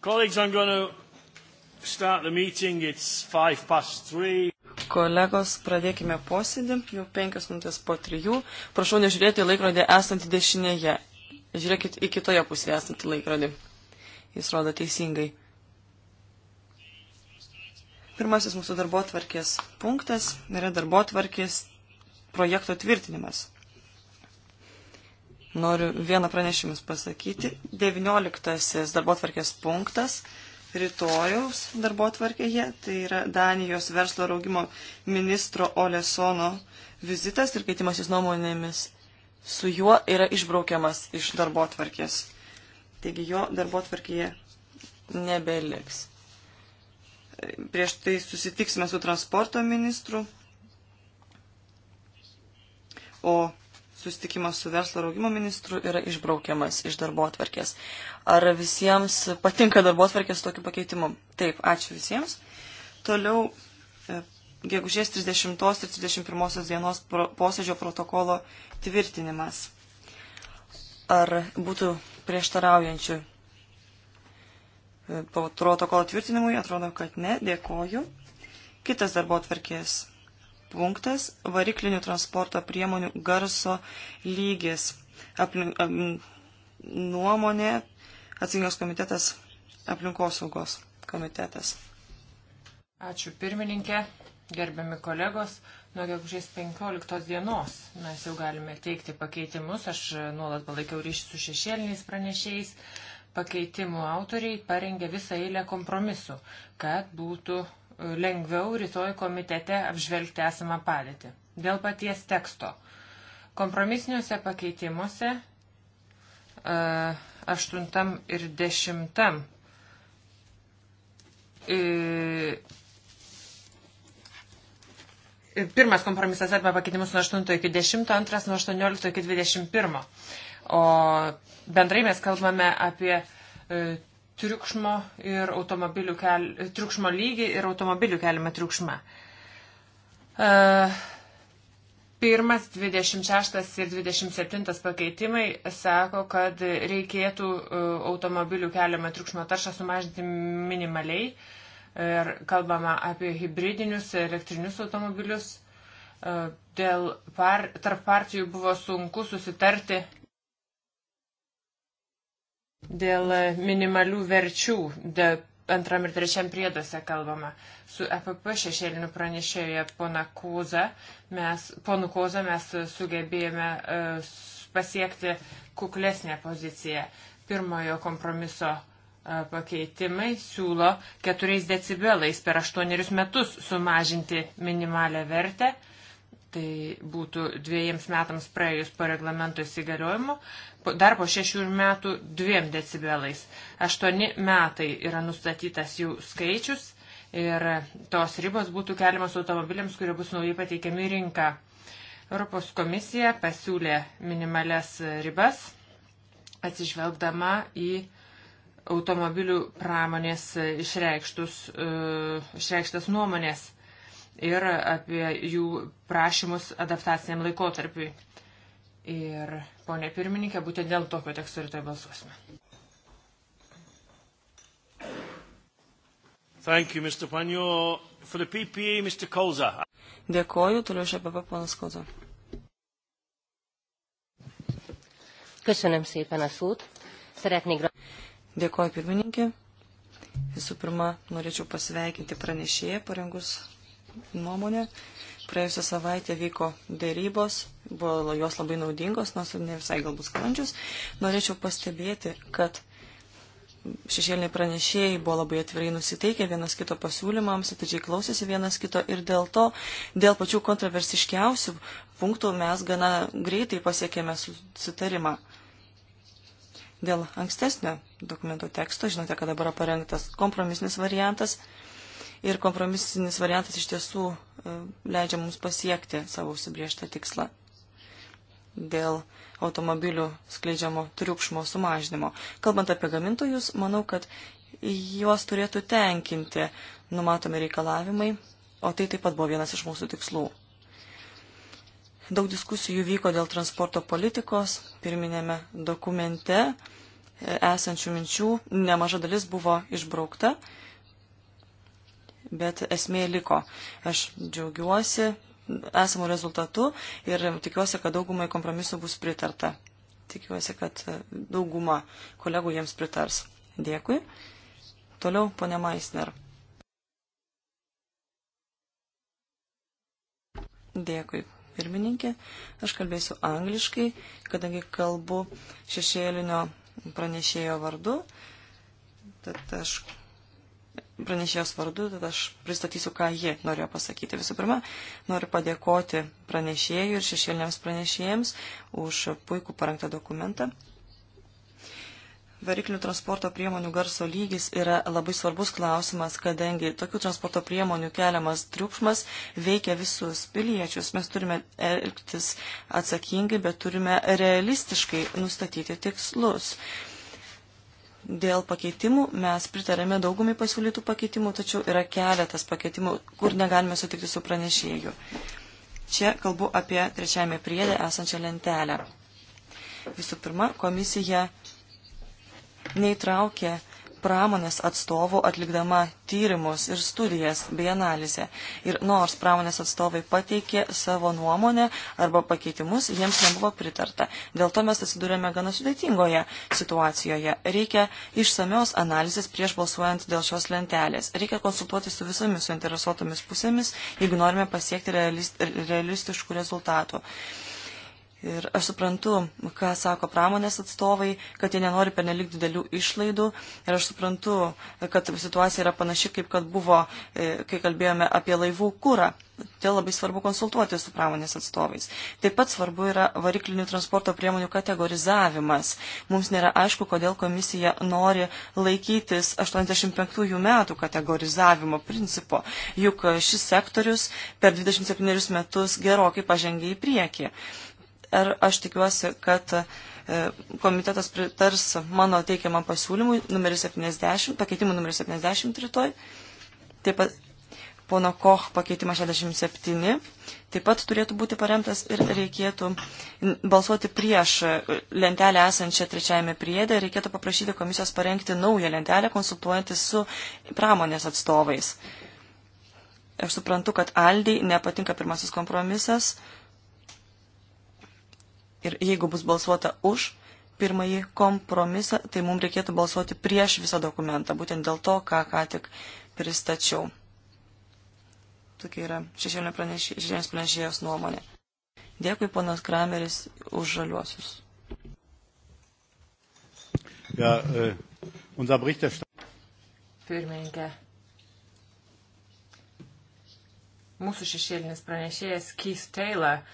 Colleagues, I'm going to start the meeting. It's five past three. Kolegos, pradėkime posėdį, jau penkios minutės po trijų. Prašau nežiūrėti į laikrodį esantį dešinėje. Žiūrėkit į kitoje pusėje esantį laikrodį. Jis rodo teisingai. Pirmasis mūsų darbo tvarkės punktas yra darbo tvarkės projekto tvirtinimas. Noriu vieną pranešimus pasakyti. 19 darbo tvarkės punktas rytojaus darbo tvarkėje, tai yra Danijos verslo raugimo ministro Olesono vizitas ir keitimasis nuomonėmis su juo yra išbraukiamas iš darbo tvarkės. Taigi jo darbo tvarkėje nebeliks. Prieš tai susitiksime su transporto ministru, o sustikimas su verslo raugimo ministru yra išbraukiamas iš darbo atvarkės. Ar visiems patinka darbo atvarkės tokiu pakeitimu? Taip, ačiū visiems. Toliau e, gegužės 30 ir 31 dienos posėdžio protokolo tvirtinimas. Ar būtų prieštaraujančių e, protokolo tvirtinimui? Atrodo, kad ne. Dėkoju. Kitas darbo atvarkės punktas - variklinių transporto priemonių garso lygis. Aplink, aplink, nuomonė atsingas komitetas aplinkosaugos komitetas. Ačiū pirmininkė, gerbiami kolegos. Nuo gegužės 15 dienos mes jau galime teikti pakeitimus. Aš e, nuolat palaikiau ryšį su šešėliniais pranešėjais. Pakeitimų autoriai parengė visą eilę kompromisų, kad būtų lengviau rytoj komitete apžvelgti esamą padėtį. Dėl paties teksto. Kompromisiniuose pakeitimuose e, aštuntam ir dešimtam e, e, pirmas kompromisas apima pakeitimus nuo 8 iki 10, antras nuo 18 iki 21. O bendrai mes kalbame apie triukšmo, ir kel, triukšmo lygį ir automobilių keliamą triukšmą. E, pirmas, 26 ir 27 pakeitimai sako, kad reikėtų e, automobilių keliamą triukšmo taršą sumažinti minimaliai. Ir kalbama apie hybridinius elektrinius automobilius. E, dėl par, tarp partijų buvo sunku susitarti Dėl minimalių verčių dėl antram ir trečiam prieduose kalbama. Su EPP šešėliniu pranešėju ponu Koza mes sugebėjome e, pasiekti kuklesnę poziciją. Pirmojo kompromiso e, pakeitimai siūlo 4 decibelais per 8 metus sumažinti minimalę vertę tai būtų dviejiems metams praėjus po reglamento įsigaliojimo, dar po šešių metų dviem decibelais. Aštuoni metai yra nustatytas jų skaičius ir tos ribos būtų keliamos automobiliams, kurie bus naujai pateikiami į rinką. Europos komisija pasiūlė minimales ribas, atsižvelgdama į automobilių pramonės išreikštus, e, išreikštas nuomonės ir apie jų prašymus adaptaciniam laikotarpiui. Ir, ponė pirmininkė, būtent dėl tokio teksto rytoj balsuosime. Thank you, Mr. Panio. For the PPA, Mr. Koza. Dėkoju, toliau šią papą, ponas Koza. Köszönöm szépen a szót. Szeretnék... Dėkoju, pirmininkė. Visų pirma, norėčiau pasveikinti pranešėją parengus nuomonė. Praėjusią savaitę vyko dėrybos, buvo jos labai naudingos, nors ir ne visai galbūt sklandžius. Norėčiau pastebėti, kad šešėliniai pranešėjai buvo labai atvirai nusiteikę vienas kito pasiūlymams, atidžiai klausėsi vienas kito ir dėl to, dėl pačių kontroversiškiausių punktų mes gana greitai pasiekėme susitarimą. Dėl ankstesnio dokumento teksto, žinote, kad dabar parengtas kompromisinis variantas, ir kompromisinis variantas iš tiesų e, leidžia mums pasiekti savo užsibriežtą tikslą dėl automobilių skleidžiamo triukšmo sumažinimo. Kalbant apie gamintojus, manau, kad juos turėtų tenkinti numatomi reikalavimai, o tai taip pat buvo vienas iš mūsų tikslų. Daug diskusijų vyko dėl transporto politikos pirminėme dokumente e, esančių minčių nemaža dalis buvo išbraukta bet esmė liko. Aš džiaugiuosi esamų rezultatų ir tikiuosi, kad daugumai kompromisų bus pritarta. Tikiuosi, kad dauguma kolegų jiems pritars. Dėkui. Toliau, ponė Maisner. Dėkui, pirmininkė. Aš kalbėsiu angliškai, kadangi kalbu šešėlinio pranešėjo vardu. Tad aš pranešėjos vardu, tad aš pristatysiu, ką ji norėjo pasakyti. Visų pirma, noriu padėkoti pranešėjui ir šešėliniams pranešėjams už puikų parengtą dokumentą. Variklių transporto priemonių garso lygis yra labai svarbus klausimas, kadangi tokių transporto priemonių keliamas triukšmas veikia visus piliečius. Mes turime elgtis atsakingai, bet turime realistiškai nustatyti tikslus dėl pakeitimų. Mes pritarėme daugumai pasiūlytų pakeitimų, tačiau yra keletas pakeitimų, kur negalime sutikti su pranešėju. Čia kalbu apie trečiame priedė esančią lentelę. Visų pirma, komisija neįtraukė pramonės atstovų atlikdama tyrimus ir studijas bei analizę. Ir nors pramonės atstovai pateikė savo nuomonę arba pakeitimus, jiems nebuvo pritarta. Dėl to mes atsidūrėme gana sudėtingoje situacijoje. Reikia išsamios analizės prieš balsuojant dėl šios lentelės. Reikia konsultuoti su visomis suinteresuotomis pusėmis, jeigu norime pasiekti realist, realistiškų rezultatų. Uh, Ir aš suprantu, ką sako pramonės atstovai, kad jie nenori pernelik didelių išlaidų. Ir aš suprantu, kad situacija yra panaši, kaip kad buvo, e, kai kalbėjome apie laivų kūrą. Todėl labai svarbu konsultuoti su pramonės atstovais. Taip pat svarbu yra variklinių transporto priemonių kategorizavimas. Mums nėra aišku, kodėl komisija nori laikytis 85 metų kategorizavimo principo, juk šis sektorius per 27 metus gerokai pažengė į priekį ir aš tikiuosi, kad e, komitetas pritars mano teikiamam pasiūlymui numeris 70, pakeitimui numeris 70 rytoj, taip pat pono Koch pakeitimas 67, taip pat turėtų būti paremtas ir reikėtų balsuoti prieš lentelę esančią trečiajame priedė, reikėtų paprašyti komisijos parengti naują lentelę, konsultuojantis su pramonės atstovais. Aš suprantu, kad Aldiai nepatinka pirmasis kompromisas, Ir jeigu bus balsuota už pirmąjį kompromisą, tai mums reikėtų balsuoti prieš visą dokumentą, būtent dėl to, ką ką tik pristačiau. Tokia yra šešėlinės pranešė, pranešėjos nuomonė. Dėkui, ponas Krameris, už žaliuosius. Ja, äh, unser Berichterstatter. Pirmininkė. Mūsų šešėlinis pranešėjas Keith Taylor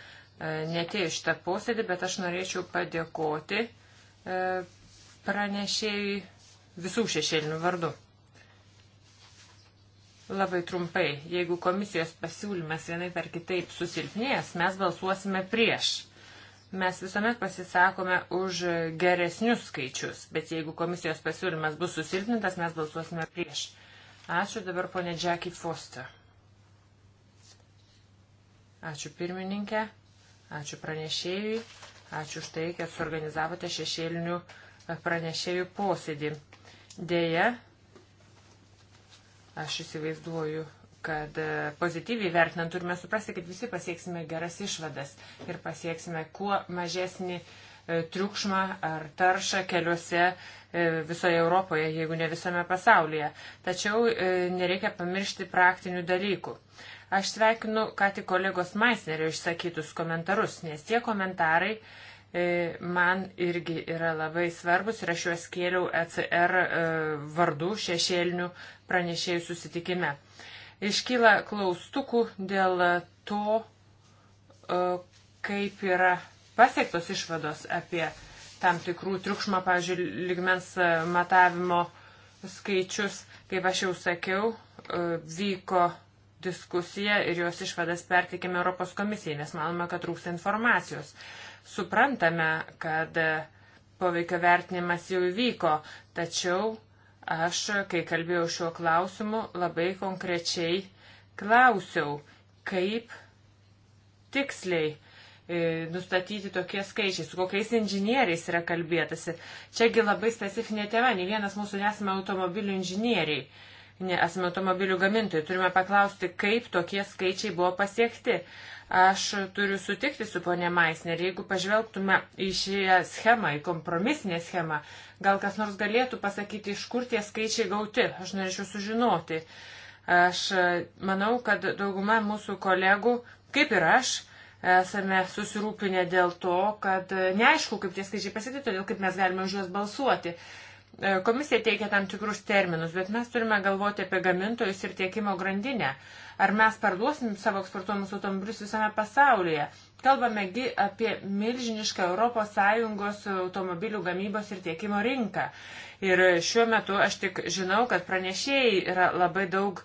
E, netėjo šitą posėdį, bet aš norėčiau padėkoti e, pranešėjai visų šešėlinių vardų. Labai trumpai, jeigu komisijos pasiūlymas vienai per kitaip susilpnės, mes balsuosime prieš. Mes visuomet pasisakome už geresnius skaičius, bet jeigu komisijos pasiūlymas bus susilpnintas, mes balsuosime prieš. Ačiū dabar ponė Jackie Foster. Ačiū pirmininkė. Ačiū pranešėjui, ačiū už tai, kad suorganizavote šešėlinių pranešėjų posėdį. Deja, aš įsivaizduoju, kad pozityviai vertinant turime suprasti, kad visi pasieksime geras išvadas ir pasieksime kuo mažesnį e, triukšmą ar taršą keliuose e, visoje Europoje, jeigu ne visame pasaulyje. Tačiau e, nereikia pamiršti praktinių dalykų. Aš sveikinu, ką tik kolegos Maisnerio išsakytus komentarus, nes tie komentarai e, man irgi yra labai svarbus ir aš juos kėliau ECR e, vardu šešėlinių pranešėjų susitikime. Iškyla klaustukų dėl to, e, kaip yra pasiektos išvados apie tam tikrų triukšmą, pavyzdžiui, ligmens matavimo skaičius. Kaip aš jau sakiau, vyko diskusiją ir jos išvadas pertikime Europos komisijai, nes manome, kad trūksta informacijos. Suprantame, kad poveikio vertinimas jau įvyko, tačiau aš, kai kalbėjau šiuo klausimu, labai konkrečiai klausiau, kaip tiksliai e, nustatyti tokie skaičiai, su kokiais inžinieriais yra kalbėtasi. Čiagi labai specifinė tema, nei vienas mūsų nesame automobilių inžinieriai esame automobilių gamintojai. Turime paklausti, kaip tokie skaičiai buvo pasiekti. Aš turiu sutikti su ponė Maisner, jeigu pažvelgtume į šią schemą, į kompromisinę schemą, gal kas nors galėtų pasakyti, iš kur tie skaičiai gauti. Aš norėčiau sužinoti. Aš e, manau, kad dauguma mūsų kolegų, kaip ir aš, esame susirūpinę dėl to, kad e, neaišku, kaip tie skaičiai pasitė, todėl kaip mes galime už juos balsuoti. E, komisija teikia tam tikrus terminus, bet mes turime galvoti apie gamintojus ir tiekimo grandinę. Ar mes parduosim savo eksportuomus automobilius visame pasaulyje? Kalbamegi apie milžinišką ES automobilių gamybos ir tiekimo rinką. Ir šiuo metu aš tik žinau, kad pranešėjai yra labai daug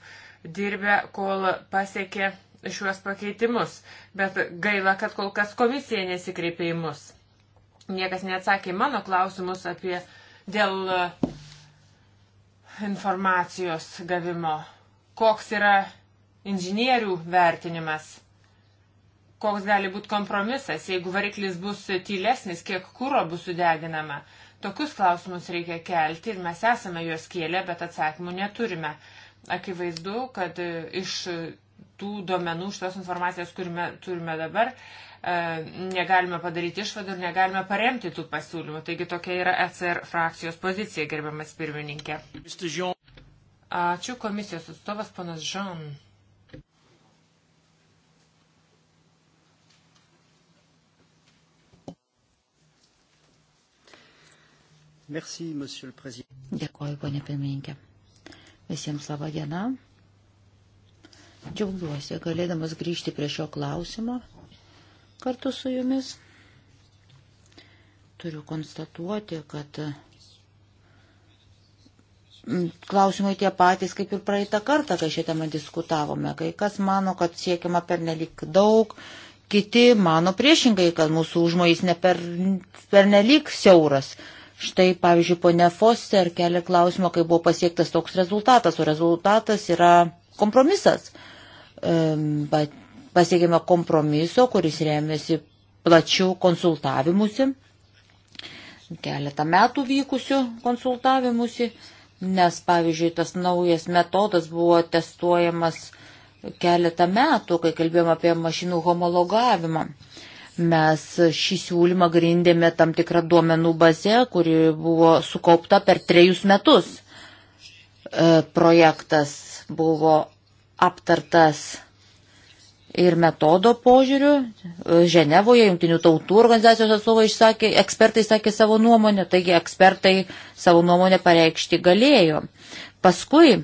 dirbę, kol pasiekė šiuos pakeitimus. Bet gaila, kad kol kas komisija nesikreipė į mus. Niekas neatsakė mano klausimus apie dėl e, informacijos gavimo, koks yra inžinierių vertinimas, koks gali būti kompromisas, jeigu variklis bus tylesnis, kiek kūro bus sudeginama. Tokius klausimus reikia kelti ir mes esame juos kėlę, bet atsakymų neturime. Akivaizdu, kad e, iš tų duomenų, šitos informacijos, kurime turime dabar, uh, E, negalime padaryti išvadų ir negalime paremti tų pasiūlymų. Taigi tokia yra ECR frakcijos pozicija, gerbiamas pirmininkė. Ačiū komisijos atstovas panas Žan. Merci, Dėkuoju, ponė pirmininkė. Visiems laba diena. Džiaugiuosi, galėdamas grįžti prie šio klausimo kartu su jumis. Turiu konstatuoti, kad mm, klausimai tie patys, kaip ir praeitą kartą, kai šią temą diskutavome. Kai kas mano, kad siekiama per nelik daug, kiti mano priešingai, kad mūsų užmojais ne per, per nelik siauras. Štai, pavyzdžiui, ponia Foster kelia klausimą, kai buvo pasiektas toks rezultatas, o rezultatas yra kompromisas. E, bet pasiekėme kompromiso, kuris remiasi plačių konsultavimusi, keletą metų vykusių konsultavimusi, nes, pavyzdžiui, tas naujas metodas buvo testuojamas keletą metų, kai kalbėjom apie mašinų homologavimą. Mes šį siūlymą grindėme tam tikrą duomenų bazę, kuri buvo sukaupta per trejus metus. E, projektas buvo aptartas ir metodo požiūriu Ženevoje jungtinių tautų organizacijos atstovai išsakė, ekspertai sakė savo nuomonę, taigi ekspertai savo nuomonę pareikšti galėjo. Paskui e,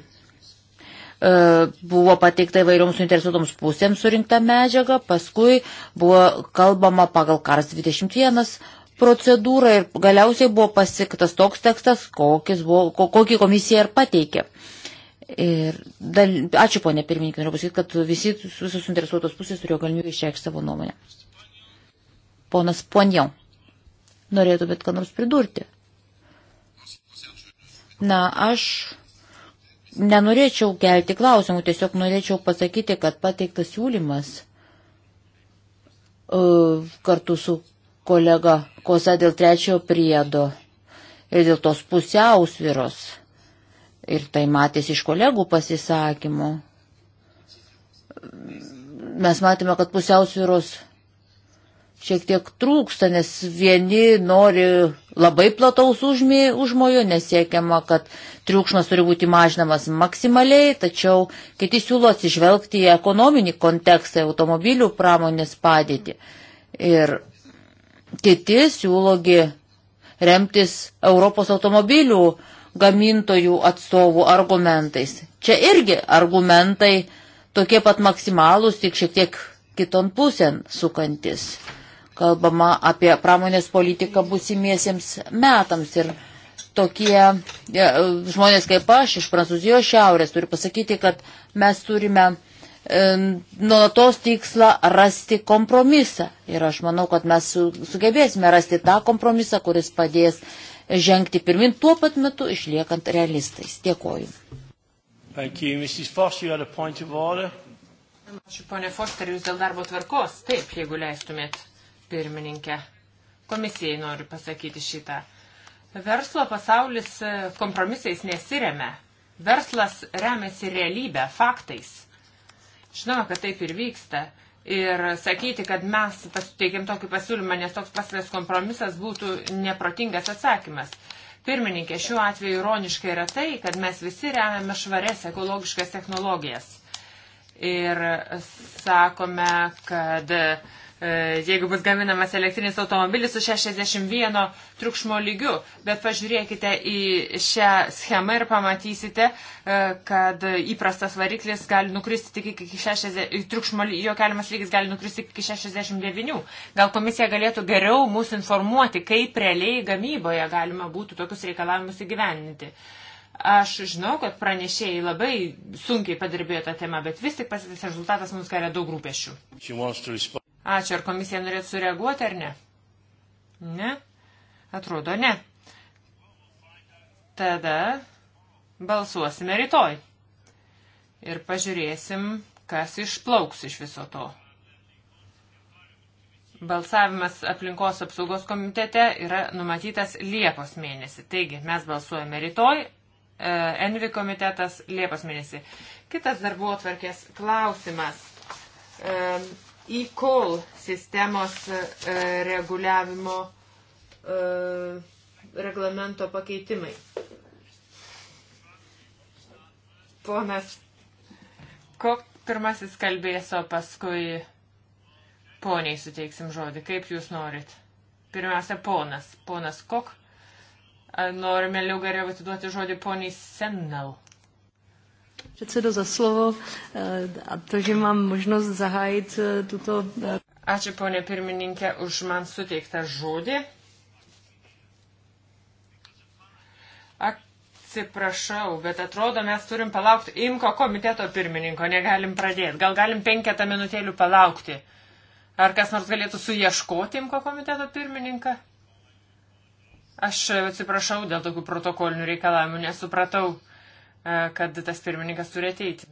buvo pateikta įvairioms suinteresuotoms pusėms surinkta medžiaga, paskui buvo kalbama pagal Kars 21 procedūrą ir galiausiai buvo pasiktas toks tekstas, buvo, kokį komisija ir pateikė. E, Ir dal, ačiū ponė pirmininkė, noriu pasakyti, kad visi, visos suinteresuotos pusės turėjo galimybę išreikšti savo nuomonę. Ponas Ponjau, norėtų bet ką nors pridurti? Na, aš nenorėčiau kelti klausimų, tiesiog norėčiau pasakyti, kad pateiktas siūlymas uh, kartu su kolega Kosa dėl trečiojo priedo ir dėl tos pusiausviros Ir tai matėsi iš kolegų pasisakymų. Mes matėme, kad pusiausvyros šiek tiek trūksta, nes vieni nori labai plataus užmė, užmojo, nesiekiama, kad triukšmas turi būti mažinamas maksimaliai, tačiau kiti siūlo atsižvelgti į ekonominį kontekstą, automobilių pramonės padėtį. Ir kiti siūlogi remtis Europos automobilių gamintojų atstovų argumentais. Čia irgi argumentai tokie pat maksimalūs, tik šiek tiek kiton pusėn sukantis. Kalbama apie pramonės politiką busimiesiems metams ir tokie ja, žmonės kaip aš iš Prancūzijos šiaurės turi pasakyti, kad mes turime e, nuolatos tikslą rasti kompromisą. Ir aš manau, kad mes sugebėsime rasti tą kompromisą, kuris padės žengti pirmin tuo pat metu išliekant realistais. Dėkoju. Ačiū, ponė Foster, jūs dėl darbo tvarkos. Taip, jeigu leistumėt, pirmininkė. Komisijai noriu pasakyti šitą. Verslo pasaulis e, kompromisais nesiremia. Verslas remiasi realybę, faktais. Žinoma, kad taip ir vyksta ir sakyti, kad mes teikėm tokį pasiūlymą, nes toks pasilės kompromisas būtų neprotingas atsakymas. Pirmininkė, šiuo atveju ironiškai yra tai, kad mes visi remiame švarias ekologiškas technologijas. Ir sakome, kad uh, E, jeigu bus gaminamas elektrinis automobilis su 61 triukšmo lygiu. Bet pažiūrėkite į šią schemą ir pamatysite, e, kad įprastas variklis gali nukristi tik iki 60, triukšmo, jo keliamas lygis gali nukristi iki 69. Gal komisija galėtų geriau mūsų informuoti, kaip realiai gamyboje galima būtų tokius reikalavimus įgyveninti. Aš žinau, kad pranešėjai labai sunkiai padirbėjo tą temą, bet vis tik pasitas rezultatas mums kelia daug rūpešių. Ačiū, ar komisija norėtų sureaguoti ar ne? Ne? Atrodo, ne. Tada balsuosime rytoj. Ir pažiūrėsim, kas išplauks iš viso to. Balsavimas aplinkos apsaugos komitete yra numatytas Liepos mėnesį. Taigi, mes balsuojame rytoj, e, Envi komitetas Liepos mėnesį. Kitas darbuotvarkės klausimas. E, e-call sistemos e, reguliavimo e, reglamento pakeitimai. Ponas, ko pirmasis kalbės, o paskui poniai suteiksim žodį, kaip jūs norit. Pirmiausia, ponas. Ponas Kok. Norime Liugariau atiduoti žodį poniai Sennel. Předsedo za slovo eh, a to, že mám možnost zahájit eh, tuto. Eh, Ačiū, ponė pirmininkė, už man suteiktą žodį. Atsiprašau, bet atrodo, mes turim palaukti Imko komiteto pirmininko, negalim pradėti. Gal galim penketą minutėlių palaukti. Ar kas nors galėtų suieškoti Imko komiteto pirmininką? Aš atsiprašau dėl tokių protokolinių reikalavimų, nesupratau. Uh, kad tas pirmininkas turi ateiti.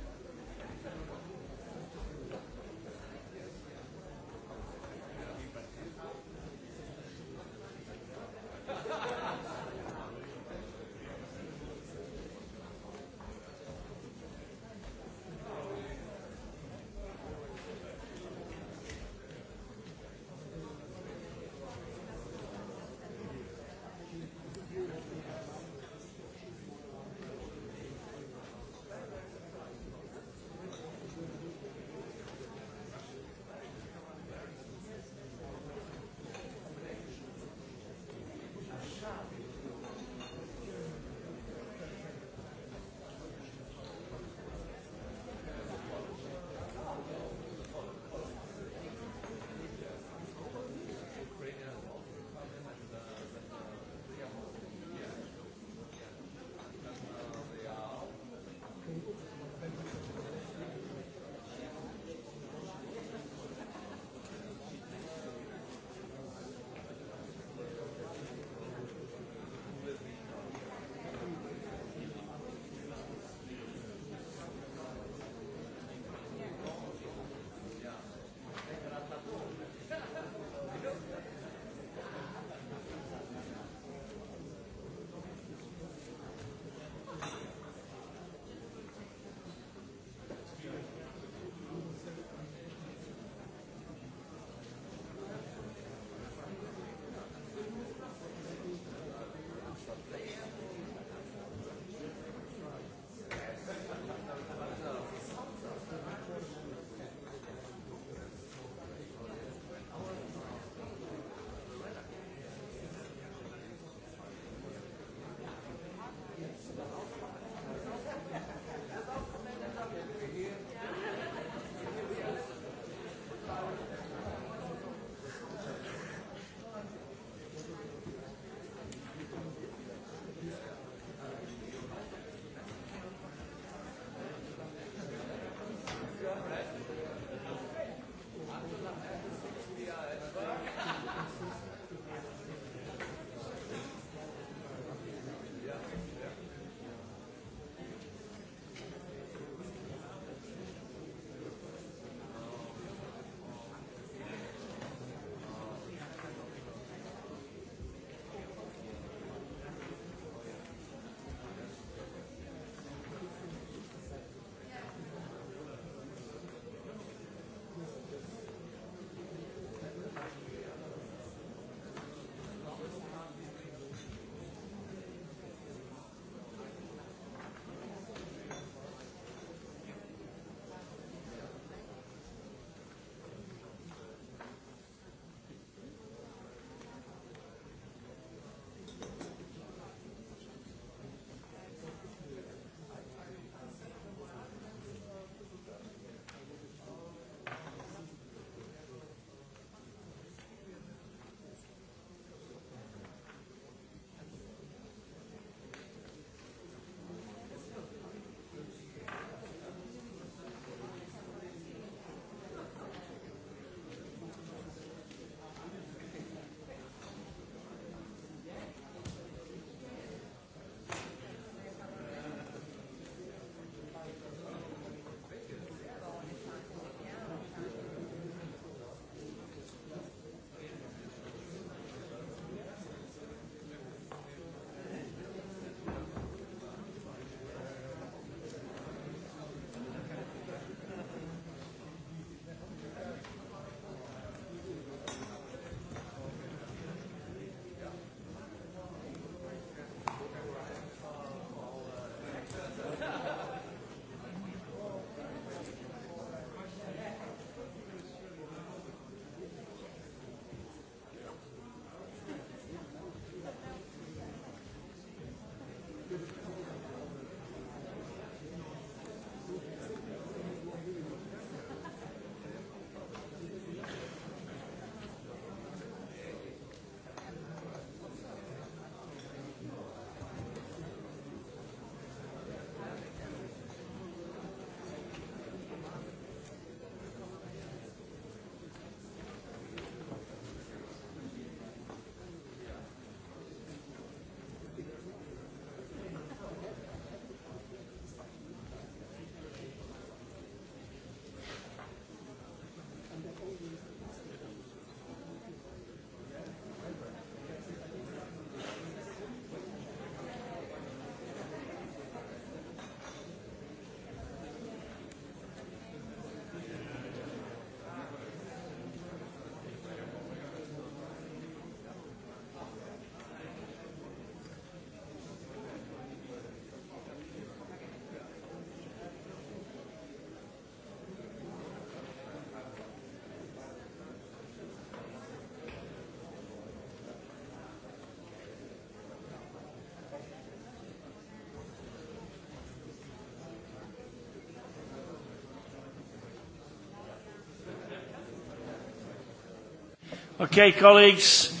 Okay, colleagues.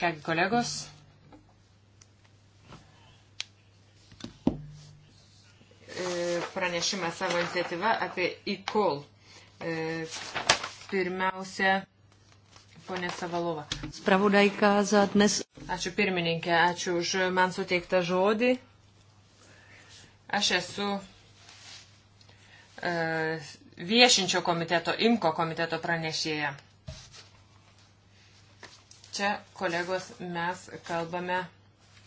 Kągi kolegos. E, pranešimą savo iniciatyvą apie e-call. E, pirmiausia, ponė Savalova. Spravodaika za dnes. Ačiū pirmininkė, ačiū už man suteiktą žodį. Aš esu uh, viešinčio komiteto, imko komiteto pranešėja. Čia, kolegos, mes kalbame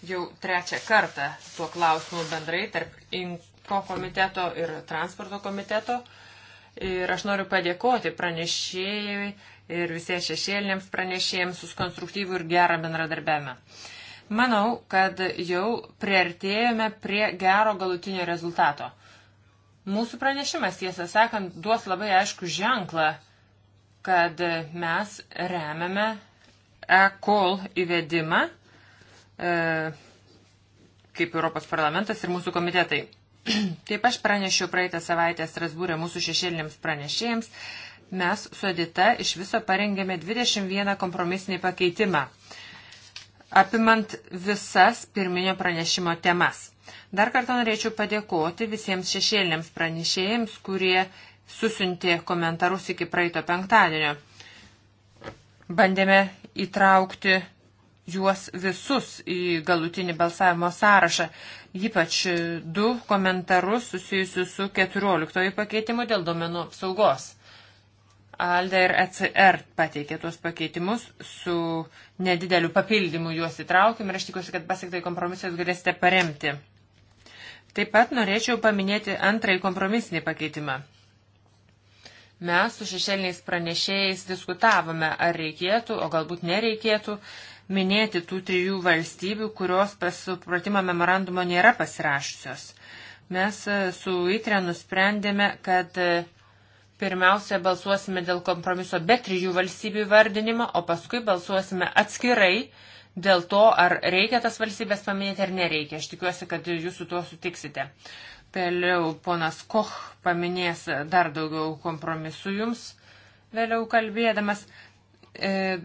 jau trečią kartą tuo klausimu bendrai tarp imko komiteto ir transporto komiteto. Ir aš noriu padėkoti pranešėjai ir visiems šešėliniams pranešėjams už konstruktyvų ir gerą bendradarbiavimą. Manau, kad jau priartėjome prie gero galutinio rezultato. Mūsų pranešimas, tiesą sakant, duos labai aišku ženklą, kad mes remiame e-call įvedimą e, kaip Europos parlamentas ir mūsų komitetai. Kaip aš pranešiau praeitą savaitę Strasbūrė mūsų šešėlinėms pranešėjams, mes su Edita iš viso parengėme 21 kompromisinį pakeitimą, apimant visas pirminio pranešimo temas. Dar kartą norėčiau padėkoti visiems šešėlėms pranešėjams, kurie susintė komentarus iki praeito penktadienio. Bandėme įtraukti juos visus į galutinį balsavimo sąrašą, ypač du komentarus susijusius su 14 pakeitimu dėl domenų apsaugos. Alde ir ECR pateikė tuos pakeitimus su nedideliu papildymu juos įtraukim ir aš tikiuosi, kad pasiektai kompromisijos galėsite paremti. Taip pat norėčiau paminėti antrąjį kompromisinį pakeitimą. Mes su šešėliniais pranešėjais diskutavome, ar reikėtų, o galbūt nereikėtų minėti tų trijų valstybių, kurios pas supratimą memorandumo nėra pasirašusios. Mes e, su ITRE nusprendėme, kad e, pirmiausia balsuosime dėl kompromiso be trijų valstybių vardinimo, o paskui balsuosime atskirai dėl to, ar reikia tas valstybės paminėti ar nereikia. Aš tikiuosi, kad jūs su tuo sutiksite. Vėliau ponas Koch paminės dar daugiau kompromisų jums, vėliau kalbėdamas. E,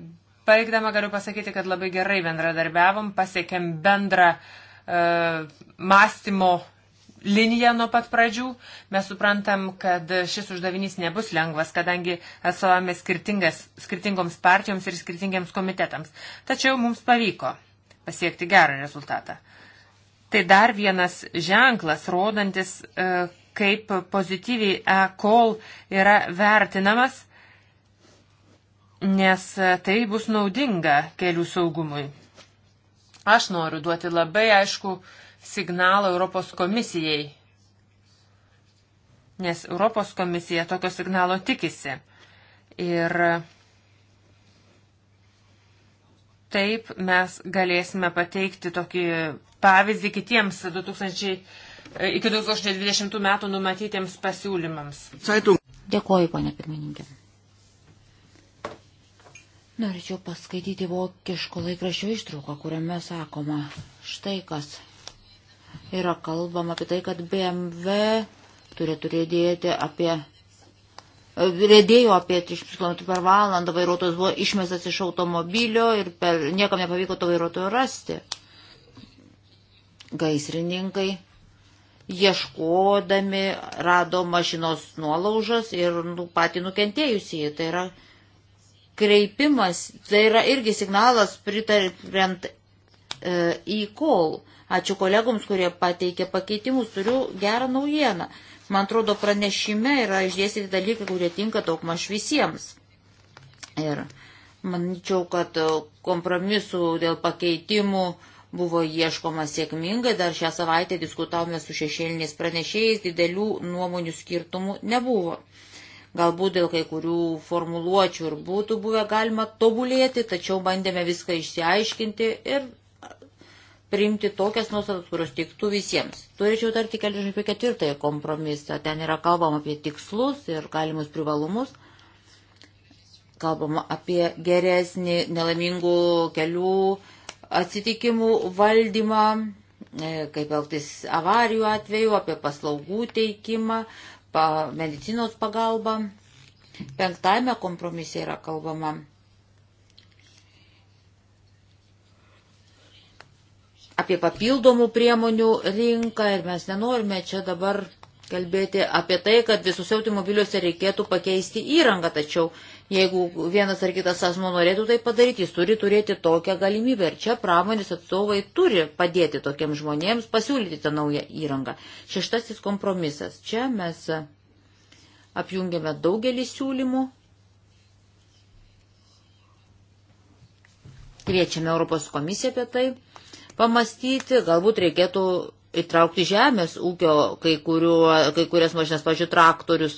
Palikdama galiu pasakyti, kad labai gerai bendradarbiavom, pasiekėm bendrą e, mąstymo liniją nuo pat pradžių. Mes suprantam, kad šis uždavinys nebus lengvas, kadangi atsovame skirtingoms partijoms ir skirtingiams komitetams. Tačiau mums pavyko pasiekti gerą rezultatą. Tai dar vienas ženklas, rodantis, e, kaip pozityviai e-call yra vertinamas, nes tai bus naudinga kelių saugumui. Aš noriu duoti labai aišku uh, signalą Europos komisijai, nes Europos komisija tokio signalo tikisi. Ir taip mes galėsime pateikti tokį pavyzdį kitiems 2000, iki 2020 metų numatytiems pasiūlymams. Dėkuoju, ponė pirmininkė. Norėčiau paskaityti vokiško laikraščio ištrauką, kuriame sakoma štai kas yra kalbama apie tai, kad BMW turėtų rėdėti apie, e, rėdėjo apie 300 km per valandą, vairuotojas buvo išmestas iš automobilio ir per, niekam nepavyko to vairuotojo rasti. Gaisrininkai ieškodami rado mašinos nuolaužas ir nu, patį nukentėjusį. Tai yra kreipimas, tai yra irgi signalas pritariant e, į kol. E, Ačiū kolegoms, kurie pateikė pakeitimus. Turiu gerą naujieną. Man atrodo, pranešime yra išdėstyti dalykai, kurie tinka daugmaž visiems. Ir manyčiau, kad kompromisų dėl pakeitimų buvo ieškoma sėkmingai. Dar šią savaitę diskutavome su šešėliniais pranešėjais, didelių nuomonių skirtumų nebuvo. Galbūt dėl kai kurių formuluočių ir būtų buvę galima tobulėti, tačiau bandėme viską išsiaiškinti ir priimti tokias nuostatas, kurios tiktų visiems. Turėčiau tarti kelius apie ketvirtąją kompromisą. Ten yra kalbama apie tikslus ir galimus privalumus. Kalbama apie geresnį nelaimingų kelių atsitikimų valdymą, e, kaip elgtis avarijų atveju, apie paslaugų teikimą, pa medicinos pagalbą. Penktame kompromise yra kalbama apie papildomų priemonių rinką ir mes nenorime čia dabar kalbėti apie tai, kad visuose automobiliuose reikėtų pakeisti įrangą, tačiau jeigu vienas ar kitas asmo norėtų tai padaryti, jis turi turėti tokią galimybę ir čia pramonės atstovai turi padėti tokiems žmonėms pasiūlyti tą naują įrangą. Šeštasis kompromisas. Čia mes apjungiame daugelį siūlymų. Kviečiame Europos komisiją apie tai pamastyti, galbūt reikėtų įtraukti žemės ūkio kai, kuriuo, kai kurias mašinas, pažiūrėjau, traktorius.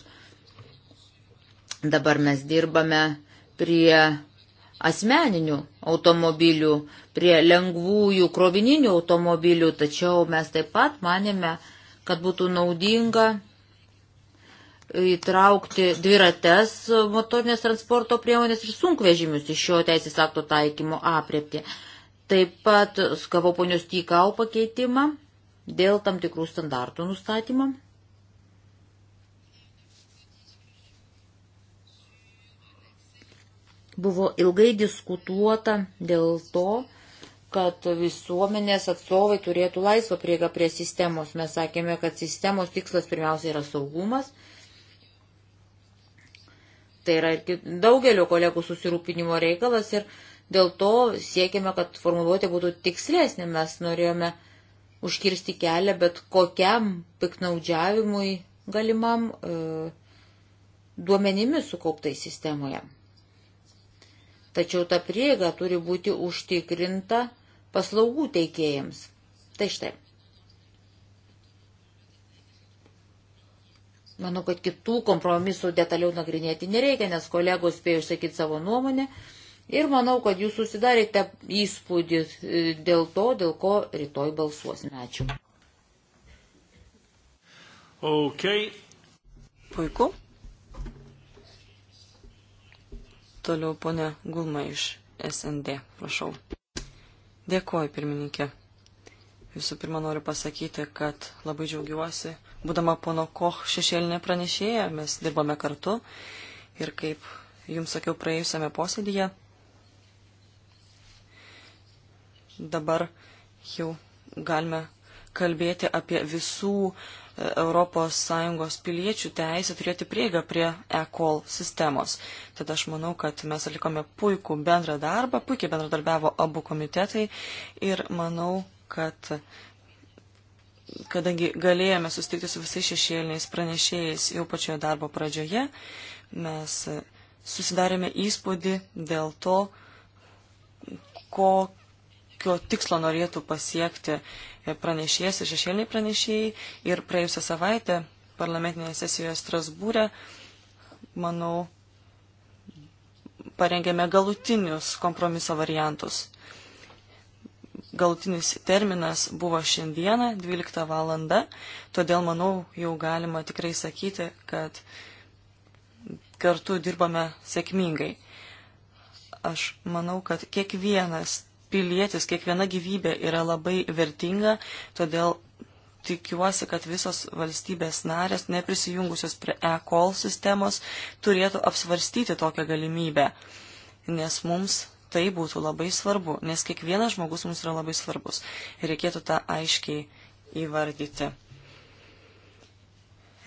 Dabar mes dirbame prie asmeninių automobilių, prie lengvųjų krovininių automobilių, tačiau mes taip pat manėme, kad būtų naudinga įtraukti dvirates motorinės transporto priemonės ir sunkvežimius iš šio teisės akto taikymo apriepti. Taip pat gavau ponios Tykau pakeitimą dėl tam tikrų standartų nustatymo. Buvo ilgai diskutuota dėl to, kad visuomenės atstovai turėtų laisvą prieigą prie sistemos. Mes sakėme, kad sistemos tikslas pirmiausia yra saugumas. Tai yra ir daugelio kolegų susirūpinimo reikalas ir Dėl to siekime, kad formuluotė būtų tikslesnė. Mes norėjome užkirsti kelią bet kokiam piknaudžiavimui galimam e, duomenimis sukauptai sistemoje. Tačiau ta prieiga turi būti užtikrinta paslaugų teikėjams. Tai štai. Manau, kad kitų kompromisų detaliau nagrinėti nereikia, nes kolegos spėjo išsakyti savo nuomonę. Ir manau, kad jūs susidarėte įspūdį e, dėl to, dėl ko rytoj balsuosime. Ačiū. Okay. Puiku. Toliau ponia Gulma iš SND, prašau. Dėkuoju, pirmininkė. Visų pirma, noriu pasakyti, kad labai džiaugiuosi, būdama pono Koch šešėlinė pranešėja, mes dirbame kartu ir kaip jums sakiau praėjusiame posėdėje, dabar jau galime kalbėti apie visų ES piliečių teisę turėti prieigą prie e-call sistemos. Tad aš manau, kad mes atlikome puikų bendrą darbą, puikiai bendradarbiavo abu komitetai ir manau, kad kadangi galėjome susitikti su visais šešėliniais pranešėjais jau pačioje darbo pradžioje, mes susidarėme įspūdį dėl to, kokį kokio tikslo norėtų pasiekti pranešėjas ir šešėliniai pranešėjai. Ir praėjusią savaitę parlamentinėje sesijoje Strasbūrė, manau, parengėme galutinius kompromiso variantus. Galutinis terminas buvo šiandieną 12 valanda, todėl manau jau galima tikrai sakyti, kad kartu dirbame sėkmingai. Aš manau, kad kiekvienas pilietis, kiekviena gyvybė yra labai vertinga, todėl tikiuosi, kad visos valstybės narės, neprisijungusios prie e-call sistemos, turėtų apsvarstyti tokią galimybę, nes mums tai būtų labai svarbu, nes kiekvienas žmogus mums yra labai svarbus ir reikėtų tą aiškiai įvardyti.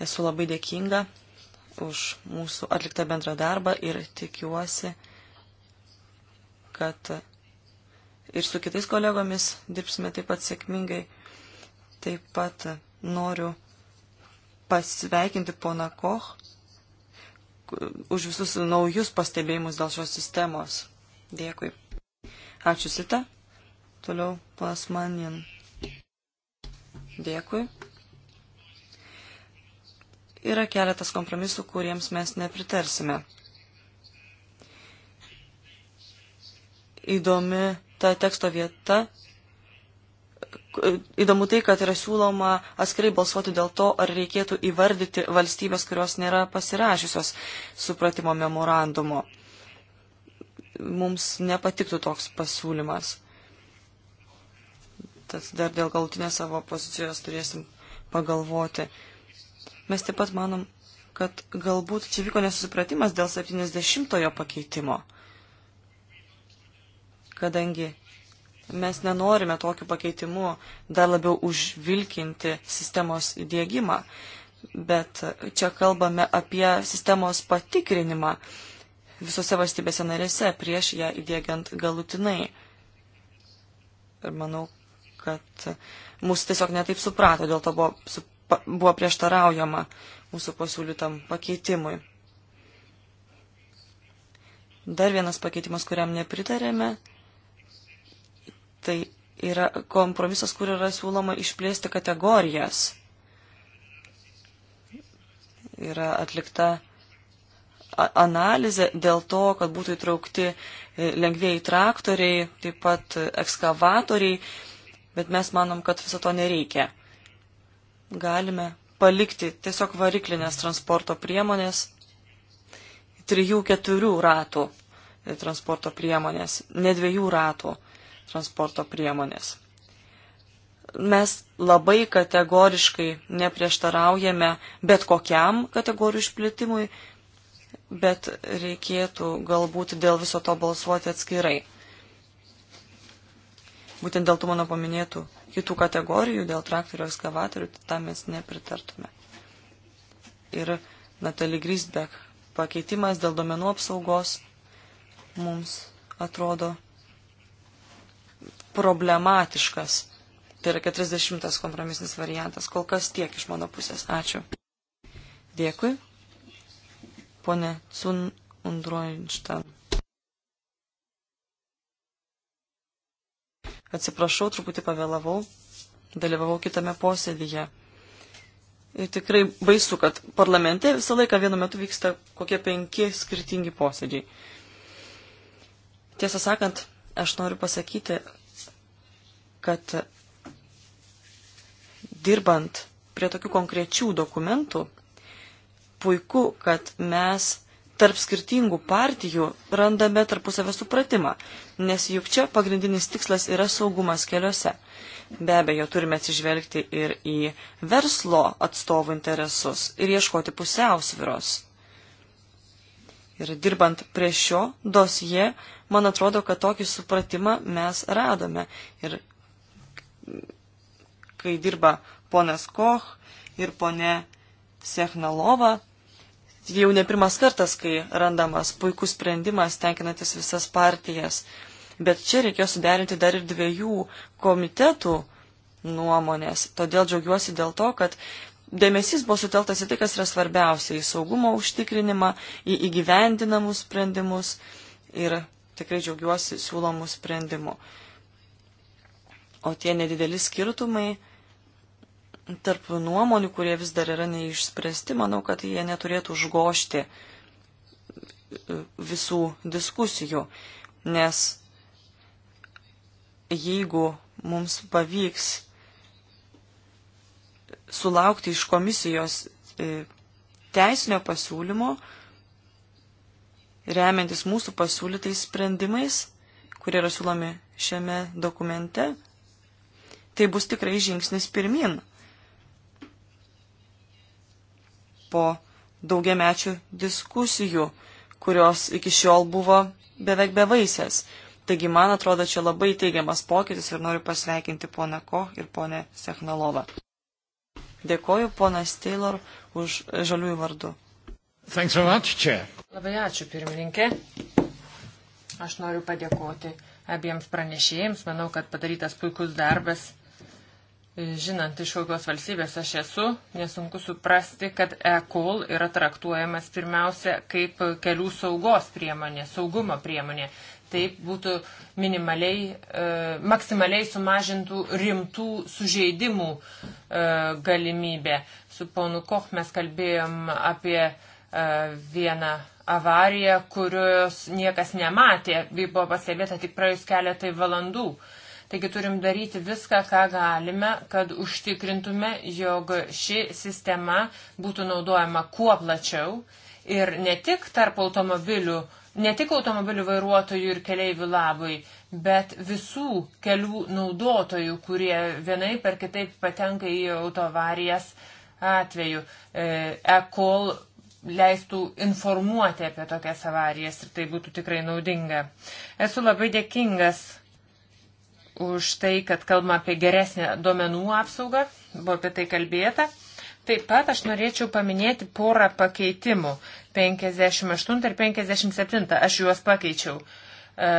Esu labai dėkinga už mūsų atliktą bendrą darbą ir tikiuosi, kad ir su kitais kolegomis dirbsime taip pat sėkmingai. Taip pat noriu pasveikinti poną Koch už visus naujus pastebėjimus dėl šios sistemos. Dėkui. Ačiū Sita. Toliau pas manin. Dėkui. Yra keletas kompromisų, kuriems mes nepritarsime. Įdomi ta teksto vieta. Įdomu tai, kad yra siūloma atskirai balsuoti dėl to, ar reikėtų įvardyti valstybės, kurios nėra pasirašiusios supratimo memorandumo. Mums nepatiktų toks pasiūlymas. Tad dar dėl galutinės savo pozicijos turėsim pagalvoti. Mes taip pat manom, kad galbūt čia vyko nesusipratimas dėl 70-ojo pakeitimo kadangi mes nenorime tokiu pakeitimu dar labiau užvilkinti sistemos įdėgymą, bet čia kalbame apie sistemos patikrinimą visose valstybėse narėse prieš ją įdėgiant galutinai. Ir manau, kad mūsų tiesiog netaip suprato, dėl to buvo, su, buvo prieštaraujama mūsų pasiūlytam pakeitimui. Dar vienas pakeitimas, kuriam nepritarėme, Tai yra kompromisas, kur yra siūloma išplėsti kategorijas. Yra atlikta analizė dėl to, kad būtų įtraukti e, lengvėjai traktoriai, taip pat ekskavatoriai, bet mes manom, kad viso to nereikia. Galime palikti tiesiog variklinės transporto priemonės, trijų, keturių ratų e, transporto priemonės, ne dviejų ratų transporto priemonės. Mes labai kategoriškai neprieštaraujame bet kokiam kategorijų išplitimui, bet reikėtų galbūt dėl viso to balsuoti atskirai. Būtent dėl tų mano paminėtų kitų kategorijų, dėl traktorių ekskavatorių, tai tam mes nepritartume. Ir Natalie Grisbeck pakeitimas dėl domenų apsaugos mums atrodo problematiškas. Tai yra 40 kompromisinis variantas. Kol kas tiek iš mano pusės. Ačiū. Dėkui. Pone Sun Undroinštan. Atsiprašau, truputį pavėlavau. Dalyvavau kitame posėdyje. Ir tikrai baisu, kad parlamente visą laiką vienu metu vyksta kokie penki skirtingi posėdžiai. Tiesą sakant, aš noriu pasakyti, kad dirbant prie tokių konkrečių dokumentų, puiku, kad mes tarp skirtingų partijų randame tarpusavę supratimą, nes juk čia pagrindinis tikslas yra saugumas keliuose. Be abejo, turime atsižvelgti ir į verslo atstovų interesus ir ieškoti pusiausviros. Ir dirbant prie šio dosje, man atrodo, kad tokį supratimą mes radome ir kai dirba ponas Koch ir ponė Sechnalova, jau ne pirmas kartas, kai randamas puikus sprendimas tenkinantis visas partijas. Bet čia reikėjo suderinti dar ir dviejų komitetų nuomonės. Todėl džiaugiuosi dėl to, kad dėmesys buvo suteltas į tai, kas yra svarbiausia - į saugumo užtikrinimą, į įgyvendinamus sprendimus ir tikrai džiaugiuosi siūlomų sprendimų. O tie nedideli skirtumai tarp nuomonių, kurie vis dar yra neišspręsti, manau, kad jie neturėtų užgošti e, visų diskusijų, nes jeigu mums pavyks sulaukti iš komisijos e, teisinio pasiūlymo, remiantis mūsų pasiūlytais sprendimais, kurie yra siūlomi šiame dokumente, tai bus tikrai žingsnis pirmin. Po daugiamečių diskusijų, kurios iki šiol buvo beveik bevaisės. Taigi, man atrodo, čia labai teigiamas pokytis ir noriu pasveikinti poną Koch ir ponę Sechnalovą. Dėkoju ponas Taylor už žaliųjų vardų. So much, Chair. labai ačiū, pirmininkė. Aš noriu padėkoti abiems pranešėjams. Manau, kad padarytas puikus darbas žinant, iš kokios valstybės aš esu, nesunku suprasti, kad e-call yra traktuojamas pirmiausia kaip kelių saugos priemonė, saugumo priemonė. Taip būtų minimaliai, e, maksimaliai sumažintų rimtų sužeidimų e, galimybė. Su ponu Koch mes kalbėjom apie e, vieną avariją, kurios niekas nematė, buvo pastebėta tik praėjus keletai valandų. E, Taigi turim daryti viską, ką galime, kad užtikrintume, jog ši sistema būtų naudojama kuo plačiau ir ne tik tarp automobilių, ne tik automobilių vairuotojų ir keleivių labui, bet visų kelių naudotojų, kurie vienai per kitaip patenka į autovarijas atveju. E, e-call leistų informuoti apie tokias avarijas ir tai būtų tikrai naudinga. Esu labai dėkingas už tai, kad kalbama apie geresnę duomenų apsaugą, buvo apie tai kalbėta. Taip pat aš norėčiau paminėti porą pakeitimų - 58 ir 57, aš juos pakeičiau. E,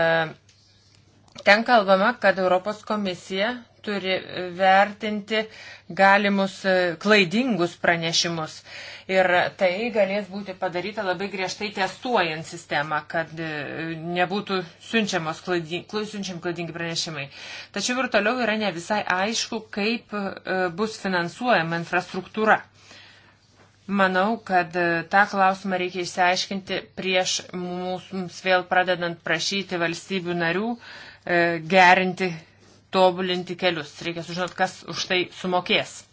ten kalbama, kad Europos komisija turi vertinti galimus e, klaidingus pranešimus. Ir tai galės būti padaryta labai griežtai testuojant sistemą, kad e, nebūtų klaidin, siunčiam klaidingi pranešimai. Tačiau ir toliau yra ne visai aišku, kaip e, bus finansuojama infrastruktūra. Manau, kad tą klausimą reikia išsiaiškinti prieš mums vėl pradedant prašyti valstybių narių gerinti tobulinti kelius. Reikia sužinoti, kas už tai sumokės.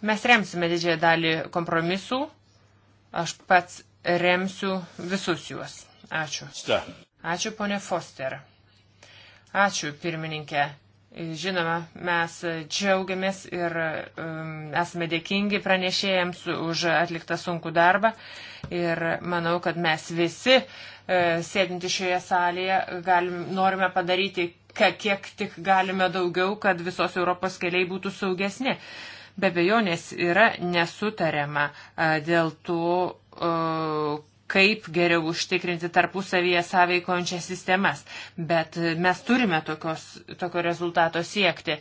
Mes remsime didžiąją dalį kompromisų. Aš pats remsiu visus juos. Ačiū. Ačiū, ponė Foster. Ačiū, pirmininkė. Žinoma, mes džiaugiamės ir um, esame dėkingi pranešėjams už atliktą sunkų darbą ir manau, kad mes visi uh, e, sėdinti šioje salėje galim, norime padaryti kiek tik galime daugiau, kad visos Europos keliai būtų saugesni. Be bejonės yra nesutariama dėl to, kaip geriau užtikrinti tarpusavyje sąveikojančias sistemas. Bet e, mes turime tokios, tokio rezultato siekti.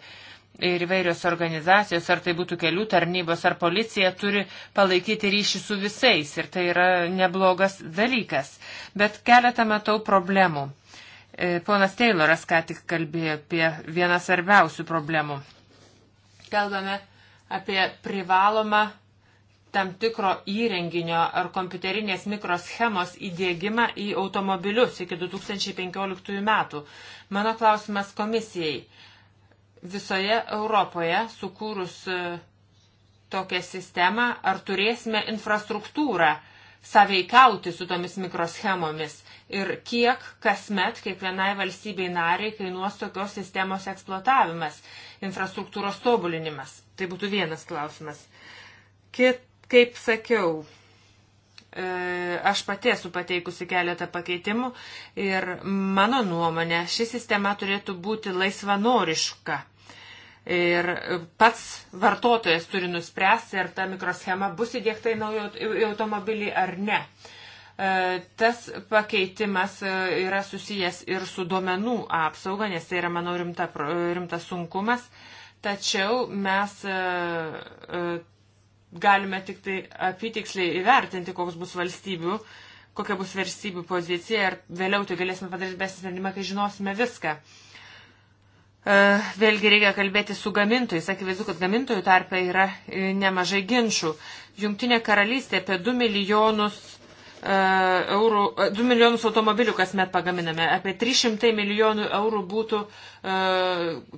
Ir įvairios organizacijos, ar tai būtų kelių tarnybos, ar policija, turi palaikyti ryšį su visais. Ir tai yra neblogas dalykas. Bet keletą matau problemų. E, ponas Tayloras ką tik kalbėjo apie vieną svarbiausių problemų. Kalbame apie privalomą tam tikro įrenginio ar kompiuterinės mikroschemos įdėgymą į automobilius iki 2015 metų. Mano klausimas komisijai. Visoje Europoje sukūrus e, tokią sistemą, ar turėsime infrastruktūrą saveikauti su tomis mikroschemomis, ir kiek kasmet kiekvienai valstybei nariai kainuos tokios sistemos eksploatavimas, infrastruktūros tobulinimas. Tai būtų vienas klausimas. Kit, kaip sakiau, e, aš pati esu pateikusi keletą pakeitimų ir mano nuomonė, ši sistema turėtų būti laisvanoriška. Ir pats vartotojas turi nuspręsti, ar ta mikroschema bus įdėkta į naują automobilį ar ne. Uh, E, tas pakeitimas e, yra susijęs ir su duomenų apsauga, nes tai yra, manau, rimta, rimtas sunkumas. Tačiau mes e, galime tik tai apitiksliai įvertinti, koks bus valstybių, kokia bus valstybių pozicija ir vėliau tai galėsime padaryti besisprendimą, kai žinosime viską. Vėlgi reikia kalbėti su gamintojais. Akivaizdu, kad gamintojų tarpe yra nemažai ginčių. Jungtinė karalystė apie 2 milijonus E, eurų, 2 e, milijonus automobilių kasmet pagaminame, apie 300 milijonų eurų būtų e,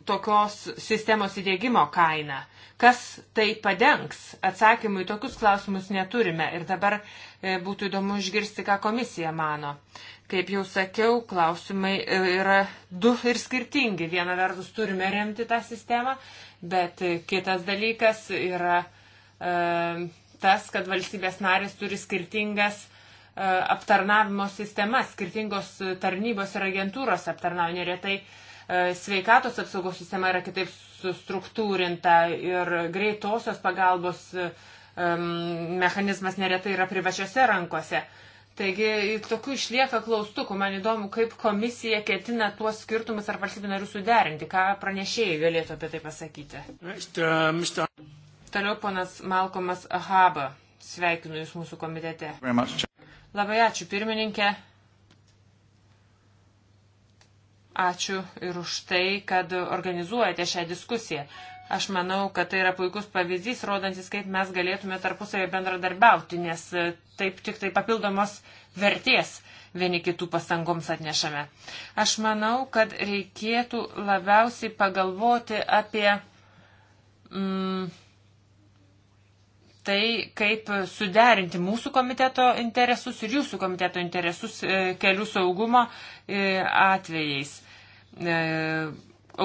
tokios sistemos įdėgymo kaina. Kas tai padengs? Atsakymų į tokius klausimus neturime ir dabar e, būtų įdomu išgirsti, ką komisija mano. Kaip jau sakiau, klausimai e, yra du ir skirtingi. Viena vertus turime remti tą sistemą, bet kitas dalykas yra. E, tas, kad valstybės narės turi skirtingas E, aptarnavimo sistemas, skirtingos tarnybos ir agentūros aptarnauja neretai. E, sveikatos apsaugos sistema yra kitaip struktūrinta ir greitosios pagalbos e, mechanizmas neretai yra privačiose rankose. Taigi tokių išlieka klaustukų. Man įdomu, kaip komisija ketina tuos skirtumus ar valstybių narių suderinti. Ką pranešėjai galėtų apie tai pasakyti? Toliau ponas Malkomas Ahaba. Sveikinu Jūs mūsų komitete. Labai ačiū pirmininkė. Ačiū ir už tai, kad organizuojate šią diskusiją. Aš manau, kad tai yra puikus pavyzdys, rodantis, kaip mes galėtume tarpusavėje bendradarbiauti, nes e, taip tik tai papildomos vertės vieni kitų pastangoms atnešame. Aš manau, kad reikėtų labiausiai pagalvoti apie mm, tai, kaip suderinti mūsų komiteto interesus ir jūsų komiteto interesus e, kelių saugumo e, atvejais, e,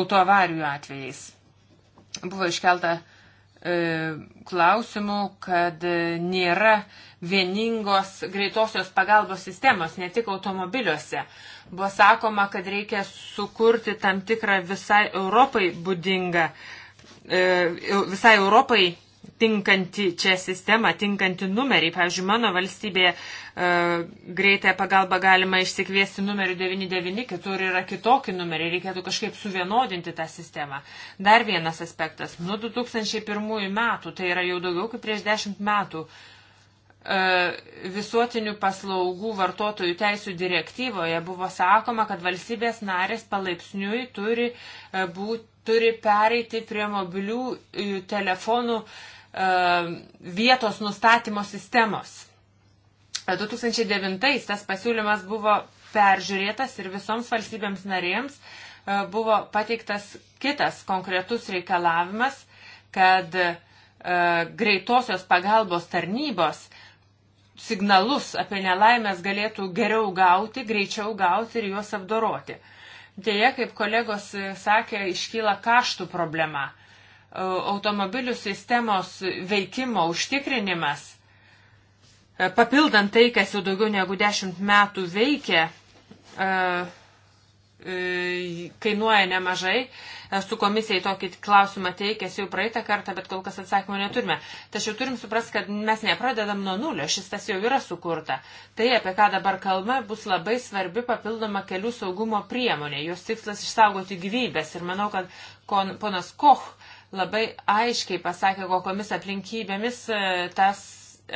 autoavarijų atvejais. Buvo iškelta klausimų, kad nėra vieningos greitosios pagalbos sistemos, ne tik automobiliuose. Buvo sakoma, kad reikia sukurti tam tikrą visai Europai būdingą, visai Europai tinkanti čia sistema, tinkanti numerį. Pavyzdžiui, mano valstybėje e, greitąją pagalbą galima išsikviesti numeriu 99, kitur yra kitokį numerį, reikėtų kažkaip suvienodinti tą sistemą. Dar vienas aspektas. Nuo 2001 metų, tai yra jau daugiau kaip prieš 10 metų, e, visuotinių paslaugų vartotojų teisų direktyvoje buvo sakoma, kad valstybės narės palaipsniui turi, e, būt, turi pereiti prie mobilių e, telefonų uh, Um, vietos nustatymo sistemos. 2009 e, tas pasiūlymas buvo peržiūrėtas ir visoms valstybėms narėms e, buvo pateiktas kitas konkretus reikalavimas, kad e, greitosios pagalbos tarnybos signalus apie nelaimės galėtų geriau gauti, greičiau gauti ir juos apdoroti. Dėja, kaip kolegos sakė, iškyla kaštų problema automobilių sistemos veikimo užtikrinimas, e, papildant tai, kas jau daugiau negu dešimt metų veikia, e, e, kainuoja nemažai. Esu komisijai tokį klausimą teikęs jau praeitą kartą, bet kol kas atsakymų neturime. Tačiau turim suprasti, kad mes nepradedam nuo nulio, šis tas jau yra sukurta. Tai, apie ką dabar kalba, bus labai svarbi papildoma kelių saugumo priemonė. Jos tikslas išsaugoti gyvybės. Ir manau, kad ponas Koch labai aiškiai pasakė, kokomis aplinkybėmis e, tas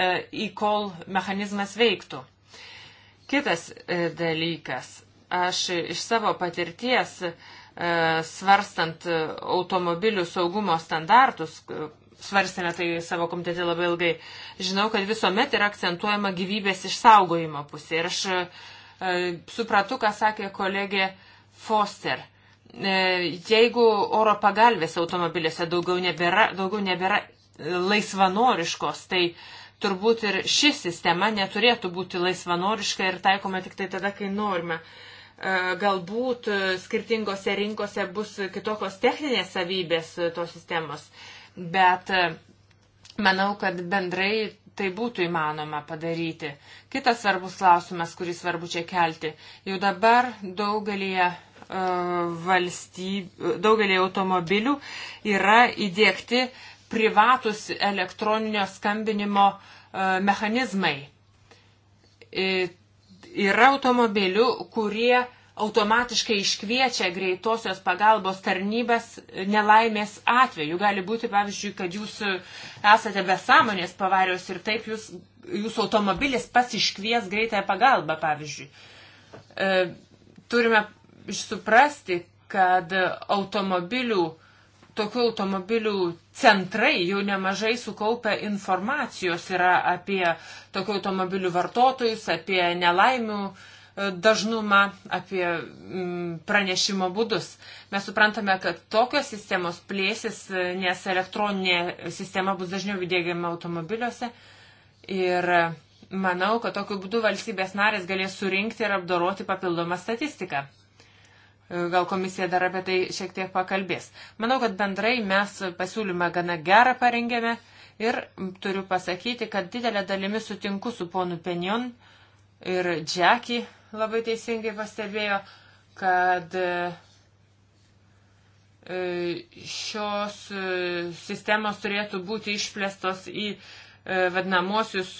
e-call mechanizmas veiktų. Kitas e, dalykas. Aš iš savo patirties e, svarstant automobilių saugumo standartus, svarstėme tai savo komitete labai ilgai, žinau, kad visuomet yra akcentuojama gyvybės išsaugojimo pusė. Ir aš supratau, ką sakė kolegė Foster. E, jeigu oro pagalbės automobilėse daugiau nebėra, daugiau nebėra laisvanoriškos, tai turbūt ir ši sistema neturėtų būti laisvanoriška ir taikoma tik tai tada, kai norime. Galbūt e, skirtingose rinkose bus kitokios techninės savybės e, tos sistemos, bet manau, kad bendrai tai būtų įmanoma padaryti. Kitas svarbus klausimas, kurį svarbu čia kelti. Jau dabar daugelįje valstybių, daugelį automobilių yra įdėkti privatus elektroninio skambinimo e, mechanizmai. E, yra automobilių, kurie automatiškai iškviečia greitosios pagalbos tarnybas nelaimės atveju. Gali būti, pavyzdžiui, kad jūs esate be sąmonės pavarios ir taip jūs, jūsų automobilis pasiškvies greitąją pagalbą, pavyzdžiui. E, turime suprasti, kad automobilių, tokių automobilių centrai jau nemažai sukaupę informacijos yra apie tokių automobilių vartotojus, apie nelaimių e, dažnumą, apie mm, pranešimo būdus. Mes suprantame, kad tokios sistemos plėsis, e, nes elektroninė sistema bus dažniau įdėgiama automobiliuose. Ir e, manau, kad tokiu būdu valstybės narės galės surinkti ir apdoroti papildomą statistiką. Gal komisija dar apie tai šiek tiek pakalbės. Manau, kad bendrai mes pasiūlymą gana gerą parengėme ir turiu pasakyti, kad didelę dalimi sutinku su ponu Penion ir Džeki labai teisingai pastebėjo, kad e, e, šios e, sistemos turėtų būti išplėstos į E, vadinamosius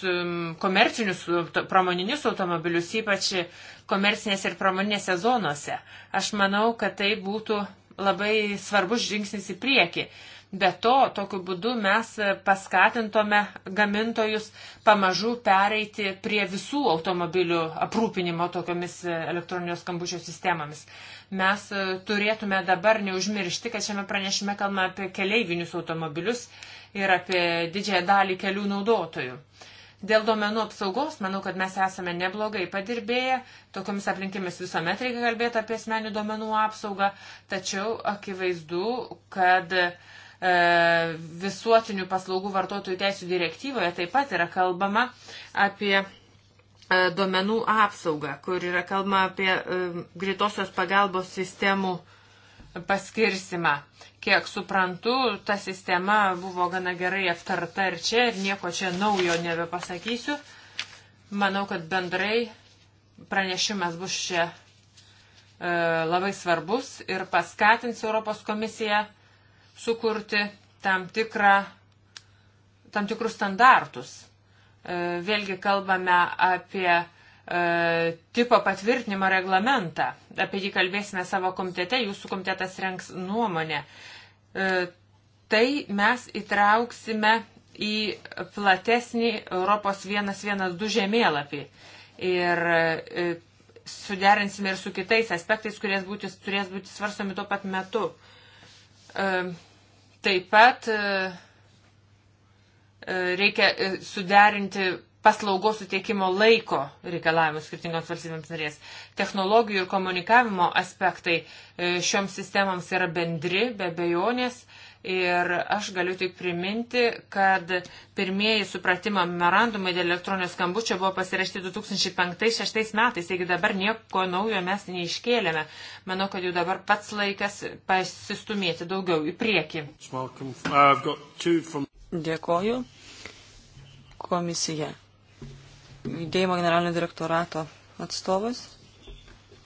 komercinius pramoninius automobilius, ypač komercinėse ir pramoninėse zonose. Aš manau, kad tai būtų labai svarbus žingsnis į priekį. Be to, tokiu būdu mes paskatintume gamintojus pamažu pereiti prie visų automobilių aprūpinimo tokiomis e, elektroninio skambučio sistemomis. Mes e, turėtume dabar neužmiršti, kad šiame pranešime kalbame apie keleivinius automobilius ir apie didžiąją dalį kelių naudotojų. Dėl duomenų apsaugos, manau, kad mes esame neblogai padirbėję, tokiamis aplinkimis visuomet reikia kalbėti apie asmenių duomenų apsaugą, tačiau akivaizdu, kad e, visuotinių paslaugų vartotojų teisų direktyvoje taip pat yra kalbama apie e, duomenų apsaugą, kur yra kalbama apie e, greitosios pagalbos sistemų paskirsimą. Kiek suprantu, ta sistema buvo gana gerai aptarta ir čia, ir nieko čia naujo nebepasakysiu. Manau, kad bendrai pranešimas bus čia e, labai svarbus ir paskatins Europos komisiją sukurti tam, tikrą, tam tikrus standartus. E, vėlgi kalbame apie E, tipo patvirtinimo reglamentą. Apie jį kalbėsime savo komitete, jūsų komitetas renks nuomonę. E, tai mes įtrauksime į platesnį Europos 112 žemėlapį. Ir e, suderinsime ir su kitais aspektais, kurie būti, turės būti svarstomi tuo pat metu. Taip pat reikia suderinti paslaugos suteikimo laiko reikalavimus skirtingoms valstybėms narės. Technologijų ir komunikavimo aspektai e, šioms sistemams yra bendri, be bejonės. Ir aš galiu tik priminti, kad pirmieji supratimo memorandumai dėl elektroninio skambučio buvo pasirašti 2005-2006 metais, taigi dabar nieko naujo mes neiškėlėme. Manau, kad jau dabar pats laikas pasistumėti daugiau į priekį. Dėkoju. Komisija judėjimo generalinio direktorato atstovas,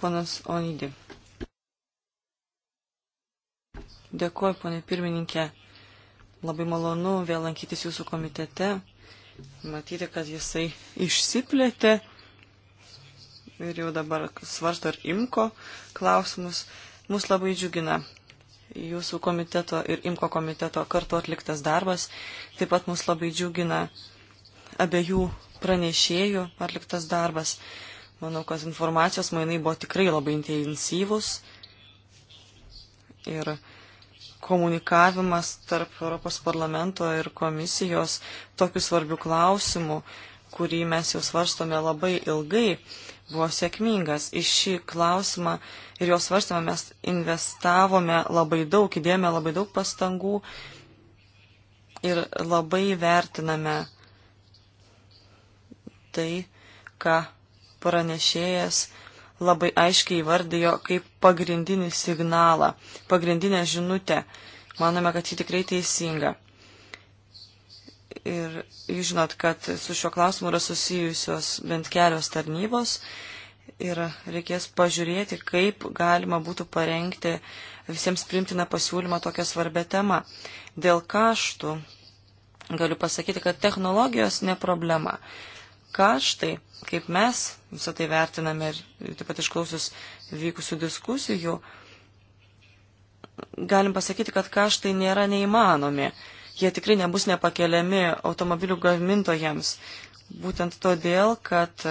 ponas Onidi. Dėkuoju, ponė pirmininkė. Labai malonu vėl lankytis jūsų komitete. Matyti, kad jisai išsiplėtė ir jau dabar svarsto ir imko klausimus. Mus labai džiugina jūsų komiteto ir imko komiteto kartu atliktas darbas. Taip pat mus labai džiugina abiejų pranešėjų atliktas darbas. Manau, kad informacijos mainai buvo tikrai labai intensyvus ir komunikavimas tarp Europos parlamento ir komisijos tokių svarbių klausimų, kurį mes jau svarstome labai ilgai, buvo sėkmingas. Į šį klausimą ir jo svarstymą mes investavome labai daug, įdėjome labai daug pastangų ir labai vertiname tai, ką pranešėjas labai aiškiai įvardijo kaip pagrindinį signalą, pagrindinę žinutę. Manome, kad ji tikrai teisinga. Ir jūs žinot, kad su šiuo klausimu yra susijusios bent kelios tarnybos ir reikės pažiūrėti, kaip galima būtų parengti visiems primtiną pasiūlymą tokią svarbę temą. Dėl kaštų galiu pasakyti, kad technologijos ne problema kaštai, kaip mes visą tai vertiname ir taip pat išklausus vykusių diskusijų, galim pasakyti, kad kaštai nėra neįmanomi. Jie tikrai nebus nepakeliami automobilių gamintojams. Būtent todėl, kad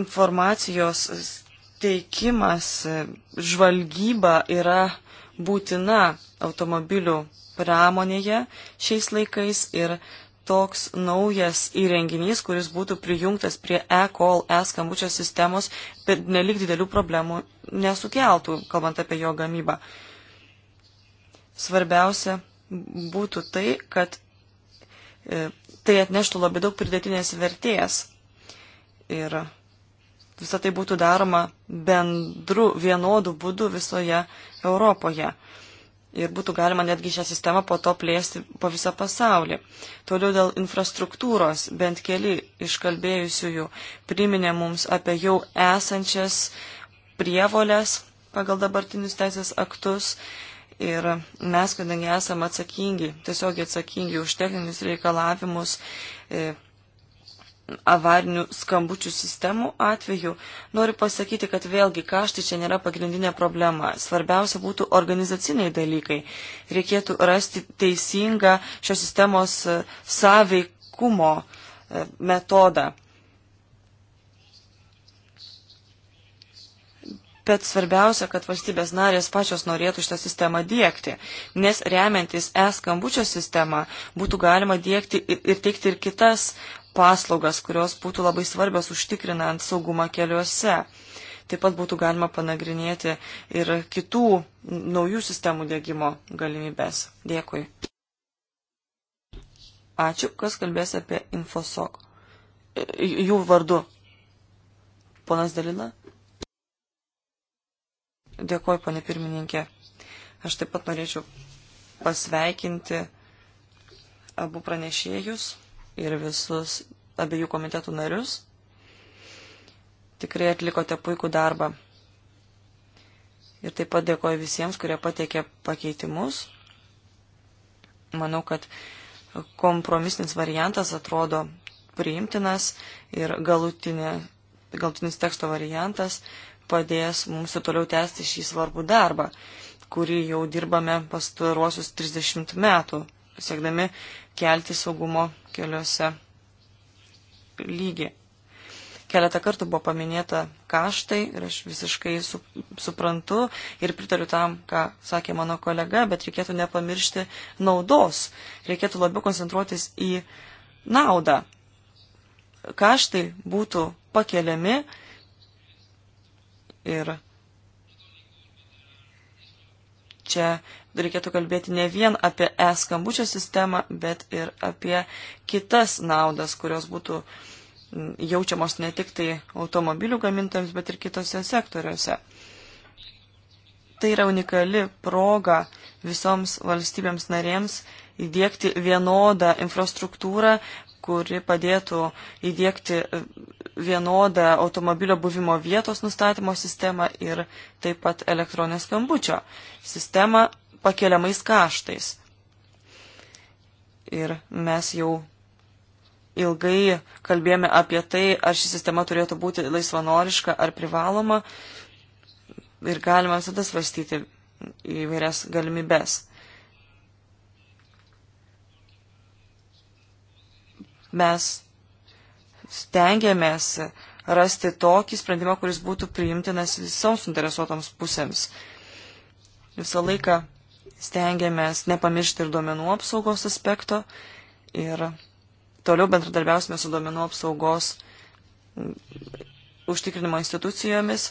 informacijos teikimas, žvalgyba yra būtina automobilių pramonėje šiais laikais ir toks naujas įrenginys, kuris būtų prijungtas prie e-call e-skambučio sistemos, bet nelik didelių problemų nesukeltų, kalbant apie jo gamybą. Svarbiausia būtų tai, kad e, tai atneštų labai daug pridėtinės vertės ir visą tai būtų daroma bendru, vienodu būdu visoje Europoje. E, ir būtų galima netgi šią sistemą po to plėsti po visą pasaulį. Toliau dėl infrastruktūros bent keli iškalbėjusiųjų priminė mums apie jau esančias prievolės pagal dabartinius teisės aktus. Ir mes, kadangi esame atsakingi, tiesiog atsakingi už techninius reikalavimus, e, avarinių skambučių sistemų atveju noriu pasakyti, kad vėlgi kaštai čia nėra pagrindinė problema. Svarbiausia būtų organizaciniai dalykai. Reikėtų rasti teisingą šios sistemos e, saveikumo e, metodą. Bet svarbiausia, kad valstybės narės pačios norėtų šitą sistemą dėkti, nes remiantis e-skambučio sistemą būtų galima dėkti ir, ir teikti ir kitas paslaugas, kurios būtų labai svarbios užtikrinant saugumą keliuose. Taip pat būtų galima panagrinėti ir kitų naujų sistemų dėgymo galimybės. Dėkui. Ačiū, kas kalbės apie infosok. E, jų vardu. Ponas Dalina. Dėkuoju, ponė pirmininkė. Aš taip pat norėčiau pasveikinti abu pranešėjus ir visus abiejų komitetų narius. Tikrai atlikote puikų darbą. Ir taip pat dėkoju visiems, kurie patiekė pakeitimus. Manau, kad kompromisinis variantas atrodo priimtinas ir galutinė, galutinis teksto variantas padės mums ir toliau tęsti šį svarbų darbą, kurį jau dirbame pastaruosius 30 metų siekdami kelti saugumo keliuose lygį. Keletą kartų buvo paminėta kaštai ir aš visiškai su, suprantu ir pritariu tam, ką sakė mano kolega, bet reikėtų nepamiršti naudos. Reikėtų labiau koncentruotis į naudą. Kaštai būtų pakeliami ir čia reikėtų kalbėti ne vien apie e-skambučio sistemą, bet ir apie kitas naudas, kurios būtų jaučiamos ne tik tai automobilių gamintams, bet ir kitose sektoriuose. Tai yra unikali proga visoms valstybėms narėms įdėkti vienodą infrastruktūrą, kuri padėtų įdėkti vienodą automobilio buvimo vietos nustatymo sistemą ir taip pat elektroninio skambučio sistemą pakeliamais kaštais. Ir mes jau ilgai kalbėjome apie tai, ar ši sistema turėtų būti laisvanoriška ar privaloma ir galima visada svarstyti įvairias galimybes. mes stengiamės rasti tokį sprendimą, kuris būtų priimtinas visoms interesuotoms pusėms. Visą laiką stengiamės nepamiršti ir duomenų apsaugos aspekto ir toliau bendradarbiausime su duomenų apsaugos užtikrinimo institucijomis,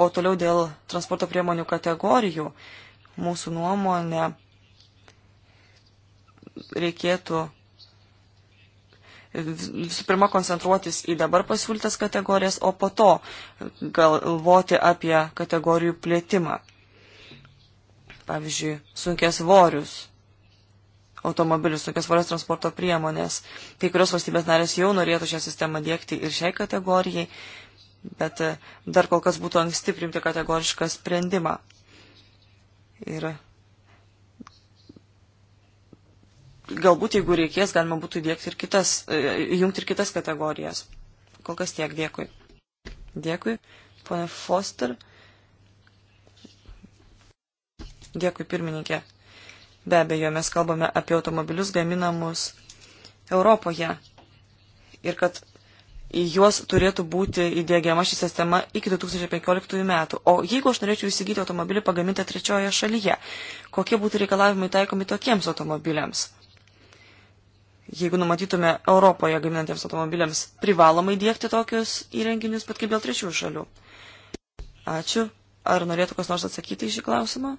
o toliau dėl transporto priemonių kategorijų mūsų nuomonė reikėtų visų pirma koncentruotis į dabar pasiūlytas kategorijas, o po to galvoti apie kategorijų plėtimą. Pavyzdžiui, sunkės svorius automobilius, tokias svarias transporto priemonės. Kai kurios valstybės narės jau norėtų šią sistemą dėkti ir šiai kategorijai, bet e, dar kol kas būtų anksti priimti kategorišką sprendimą. Ir galbūt, jeigu reikės, galima būtų ir kitas, e, jungti ir kitas kategorijas. Kol kas tiek, dėkui. Dėkui, ponė Foster. Dėkui, pirmininkė. Be abejo, mes kalbame apie automobilius gaminamus Europoje. Ir kad į juos turėtų būti įdėgiama ši sistema iki 2015 metų. O jeigu aš norėčiau įsigyti automobilį pagamintą trečioje šalyje, kokie būtų reikalavimai taikomi tokiems automobiliams? jeigu numatytume Europoje gaminantiems automobiliams privalomai dėkti tokius įrenginius, pat kaip dėl trečių šalių. Ačiū. Ar norėtų kas nors atsakyti į šį klausimą?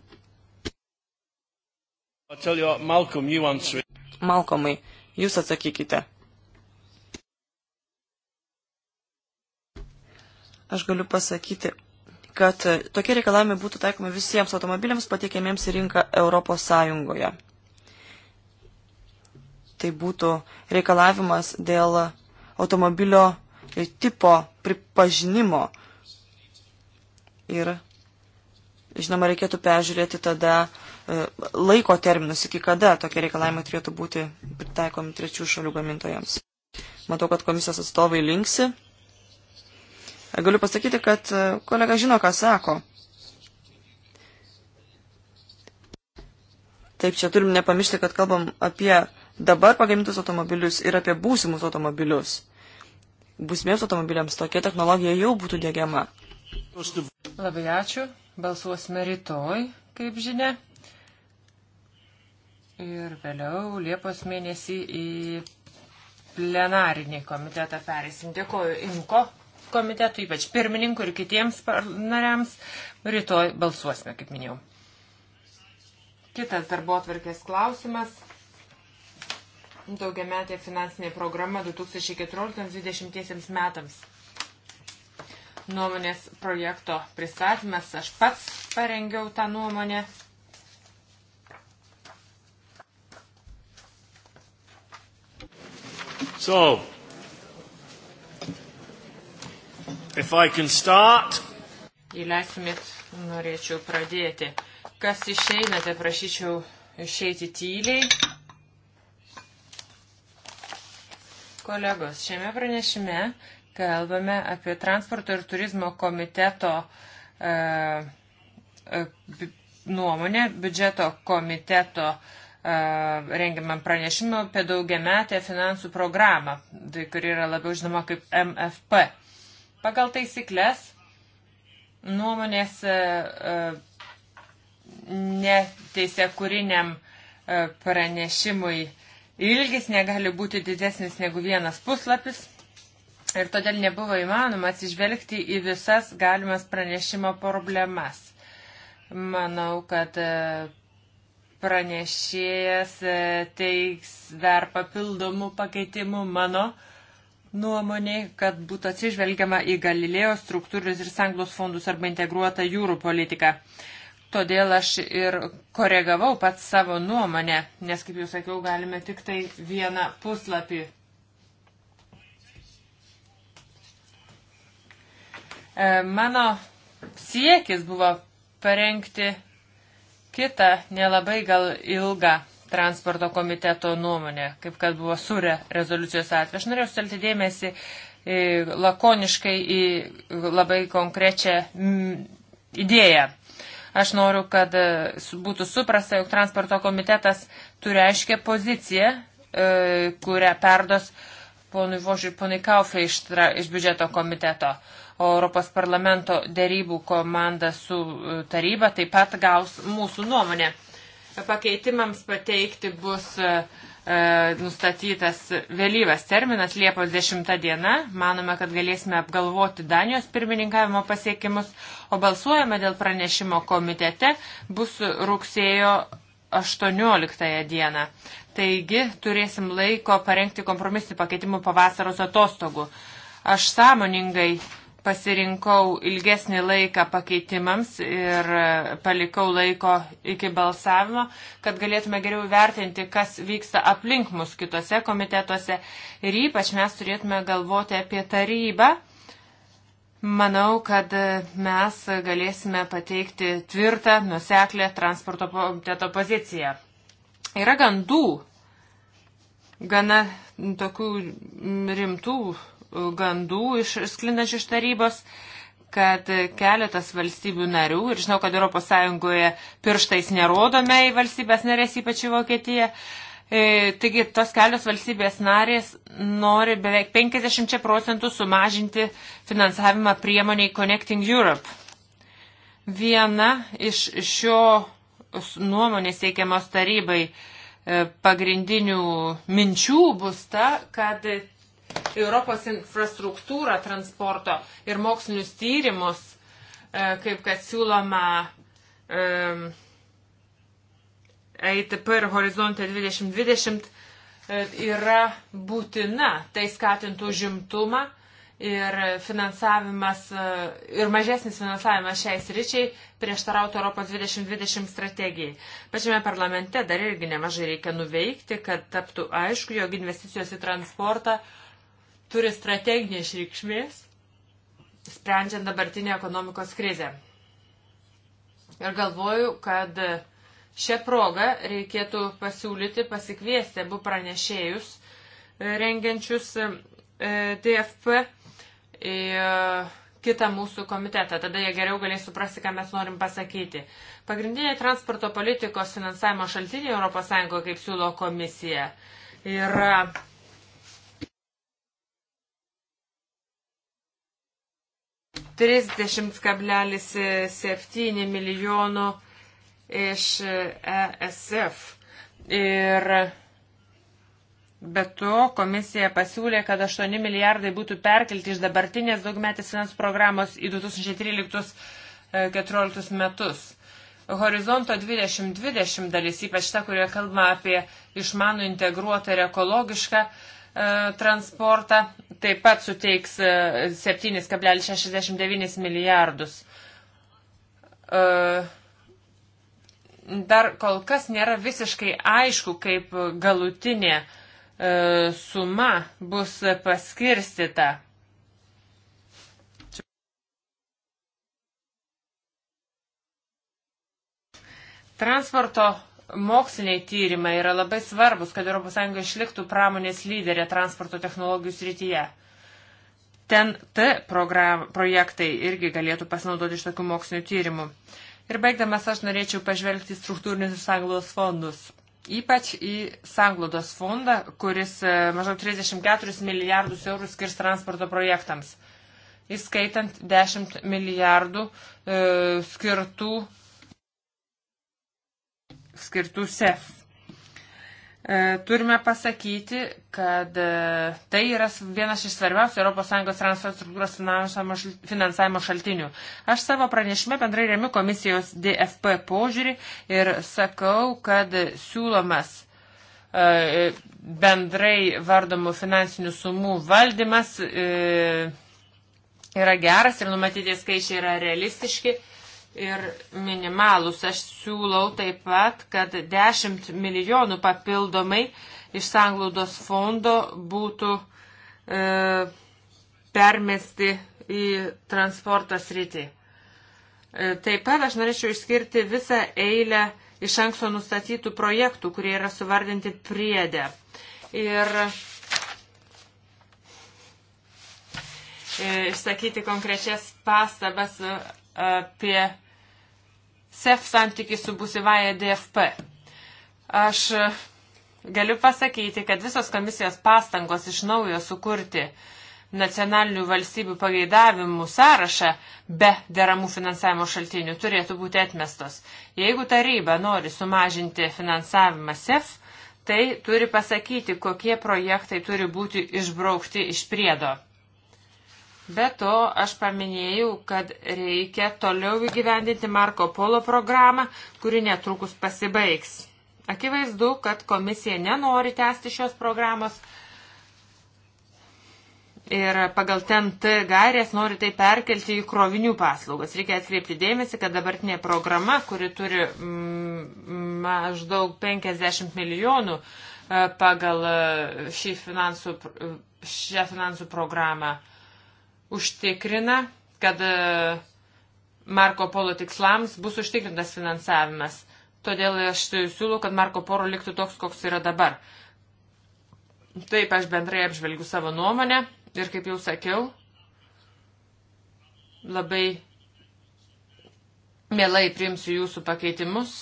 You, Malcolm, you Malcolmai, jūs atsakykite. Aš galiu pasakyti, kad tokie reikalavimai būtų taikomi visiems automobiliams patiekiamiems į rinką Europos Sąjungoje tai būtų reikalavimas dėl automobilio tipo pripažinimo. Ir, žinoma, reikėtų peržiūrėti tada e, laiko terminus, iki kada tokie reikalavimai turėtų būti pritaikomi trečių šalių gamintojams. Matau, kad komisijos atstovai linksi. Galiu pasakyti, kad e, kolega žino, ką sako. Taip, čia turim nepamiršti, kad kalbam apie dabar pagamintus automobilius ir apie būsimus automobilius. Būsimiems automobiliams tokia technologija jau būtų dėgiama. Labai ačiū. Balsuosime rytoj, kaip žinia. Ir vėliau Liepos mėnesį į plenarinį komitetą perėsim. Dėkoju Inko komitetui, ypač pirmininkui ir kitiems nariams. Rytoj balsuosime, kaip minėjau. Kitas darbo atvarkės klausimas daugiametė finansinė programa 2014-2020 metams. Nuomonės projekto pristatymas, aš pats parengiau tą nuomonę. So, if I can start. Jei leistumėt, norėčiau pradėti. Kas išeinate, tai prašyčiau išeiti tyliai. Kolegos, šiame pranešime kalbame apie transporto ir turizmo komiteto e, e, nuomonę biudžeto komiteto e, rengiamam pranešimui apie daugiametę finansų programą, tai, kuri yra labiau žinoma kaip MFP. Pagal taisyklės nuomonės e, e, neteisė kūriniam e, pranešimui Ilgis negali būti didesnis negu vienas puslapis ir todėl nebuvo įmanoma atsižvelgti į visas galimas pranešimo problemas. Manau, kad e, pranešėjas e, teiks dar papildomų pakeitimų mano nuomonė, kad būtų atsižvelgiama į Galilėjo struktūrius ir sanglos fondus arba integruotą jūrų politiką. Todėl aš ir koregavau pats savo nuomonę, nes, kaip jau sakiau, galime tik tai vieną puslapį. E, mano siekis buvo parengti kitą nelabai gal ilgą transporto komiteto nuomonę, kaip kad buvo surė rezoliucijos atveju. Aš norėjau stelti dėmesį e, lakoniškai į labai konkrečią idėją Aš noriu, kad e, būtų suprasta, jog transporto komitetas turi aiškę poziciją, e, kurią perdos ponui Vožiui ir ponui Kaufai iš, iš biudžeto komiteto. O Europos parlamento dėrybų komanda su e, taryba taip pat gaus mūsų nuomonę. Pakeitimams pateikti bus uh, E, nustatytas vėlyvas terminas Liepos 10 diena. Manome, kad galėsime apgalvoti Danijos pirmininkavimo pasiekimus, o balsuojame dėl pranešimo komitete bus rugsėjo 18 dieną. Taigi turėsim laiko parengti kompromisų pakeitimų pavasaros atostogų. Aš sąmoningai pasirinkau ilgesnį laiką pakeitimams ir palikau laiko iki balsavimo, kad galėtume geriau vertinti, kas vyksta aplink mus kitose komitetuose ir ypač mes turėtume galvoti apie tarybą. Manau, kad mes galėsime pateikti tvirtą, nuseklę transporto komiteto poziciją. Yra gandų, gana tokių rimtų gandų iš, sklindančių iš tarybos, kad keletas valstybių narių, ir žinau, kad ES pirštais nerodome į valstybės narės, ypač į Vokietiją, e, taigi tos kelios valstybės narės nori beveik 50 procentų sumažinti finansavimą priemoniai Connecting Europe. Viena iš šio nuomonės teikiamos tarybai e, pagrindinių minčių bus ta, kad Europos infrastruktūrą transporto ir mokslinius tyrimus, e, kaip kad siūloma EITP ir Horizontė 2020, yra būtina. Tai skatintų žimtumą ir finansavimas e, ir mažesnis finansavimas šiai sričiai prieštarautų Europos 2020 strategijai. Pačiame parlamente dar irgi nemažai reikia nuveikti, kad taptų aišku, jog investicijos į transportą uh, turi strateginės reikšmės, sprendžiant dabartinę ekonomikos krizę. Ir galvoju, kad šią progą reikėtų pasiūlyti pasikviesti abu pranešėjus e, rengiančius DFP e, į e, kitą mūsų komitetą. Tada jie geriau galės suprasti, ką mes norim pasakyti. Pagrindiniai transporto politikos finansavimo šaltiniai ES, kaip siūlo komisija, yra 30,7 milijonų iš ESF. E ir be to komisija pasiūlė, kad 8 milijardai būtų perkelti iš dabartinės daugmetės finansų programos į 2013-2014 e, metus. Horizonto 2020 dalis, ypač ta, kurioje kalbama apie išmanų integruotą ir ekologišką, E, transportą, taip pat suteiks 7,69 e, milijardus. E, dar kol kas nėra visiškai aišku, kaip galutinė suma bus paskirstita. Transporto moksliniai tyrimai yra labai svarbus, kad ES išliktų pramonės lyderė transporto technologijų srityje. Ten T program, projektai irgi galėtų pasinaudoti iš tokių mokslinių tyrimų. Ir baigdamas aš norėčiau pažvelgti struktūrinius ir sanglos fondus. Ypač į sanglodos fondą, kuris e, maždaug 34 milijardus eurų skirs transporto projektams. Įskaitant 10 milijardų e, skirtų skirtų SEF. E, turime pasakyti, kad e, tai yra vienas iš svarbiausių ES infrastruktūros finansavimo šaltinių. Aš savo pranešime bendrai remiu komisijos DFP požiūrį ir sakau, kad siūlomas e, bendrai vardomų finansinių sumų valdymas yra geras ir numatyti skaičiai yra realistiški ir minimalus. Aš siūlau taip pat, kad 10 milijonų papildomai iš sanglaudos fondo būtų e, permesti į transportą sritį. E, taip pat aš norėčiau išskirti visą eilę iš anksto nustatytų projektų, kurie yra suvardinti priedę. Ir e, išsakyti konkrečias pastabas e, apie SEF santykiai su būsivaja DFP. Aš e, galiu pasakyti, kad visos komisijos pastangos iš naujo sukurti nacionalinių valstybių pageidavimų sąrašą be deramų finansavimo šaltinių turėtų būti atmestos. Jeigu taryba nori sumažinti finansavimą SEF, tai turi pasakyti, kokie projektai turi būti išbraukti iš priedo. Be to, aš paminėjau, kad reikia toliau įgyvendinti Marko Polo programą, kuri netrukus pasibaigs. Akivaizdu, kad komisija nenori tęsti šios programos ir pagal TNT gairės nori tai perkelti į krovinių paslaugas. Reikia atkreipti dėmesį, kad dabartinė programa, kuri turi mm, maždaug 50 milijonų e, pagal e, šį finansų, šią finansų programą, užtikrina, kad e, Marko Polo tikslams bus užtikrintas finansavimas. Todėl aš siūlau, kad Marko Polo liktų toks, koks yra dabar. Taip, aš bendrai apžvelgiu savo nuomonę ir, kaip jau sakiau, labai mielai priimsiu jūsų pakeitimus,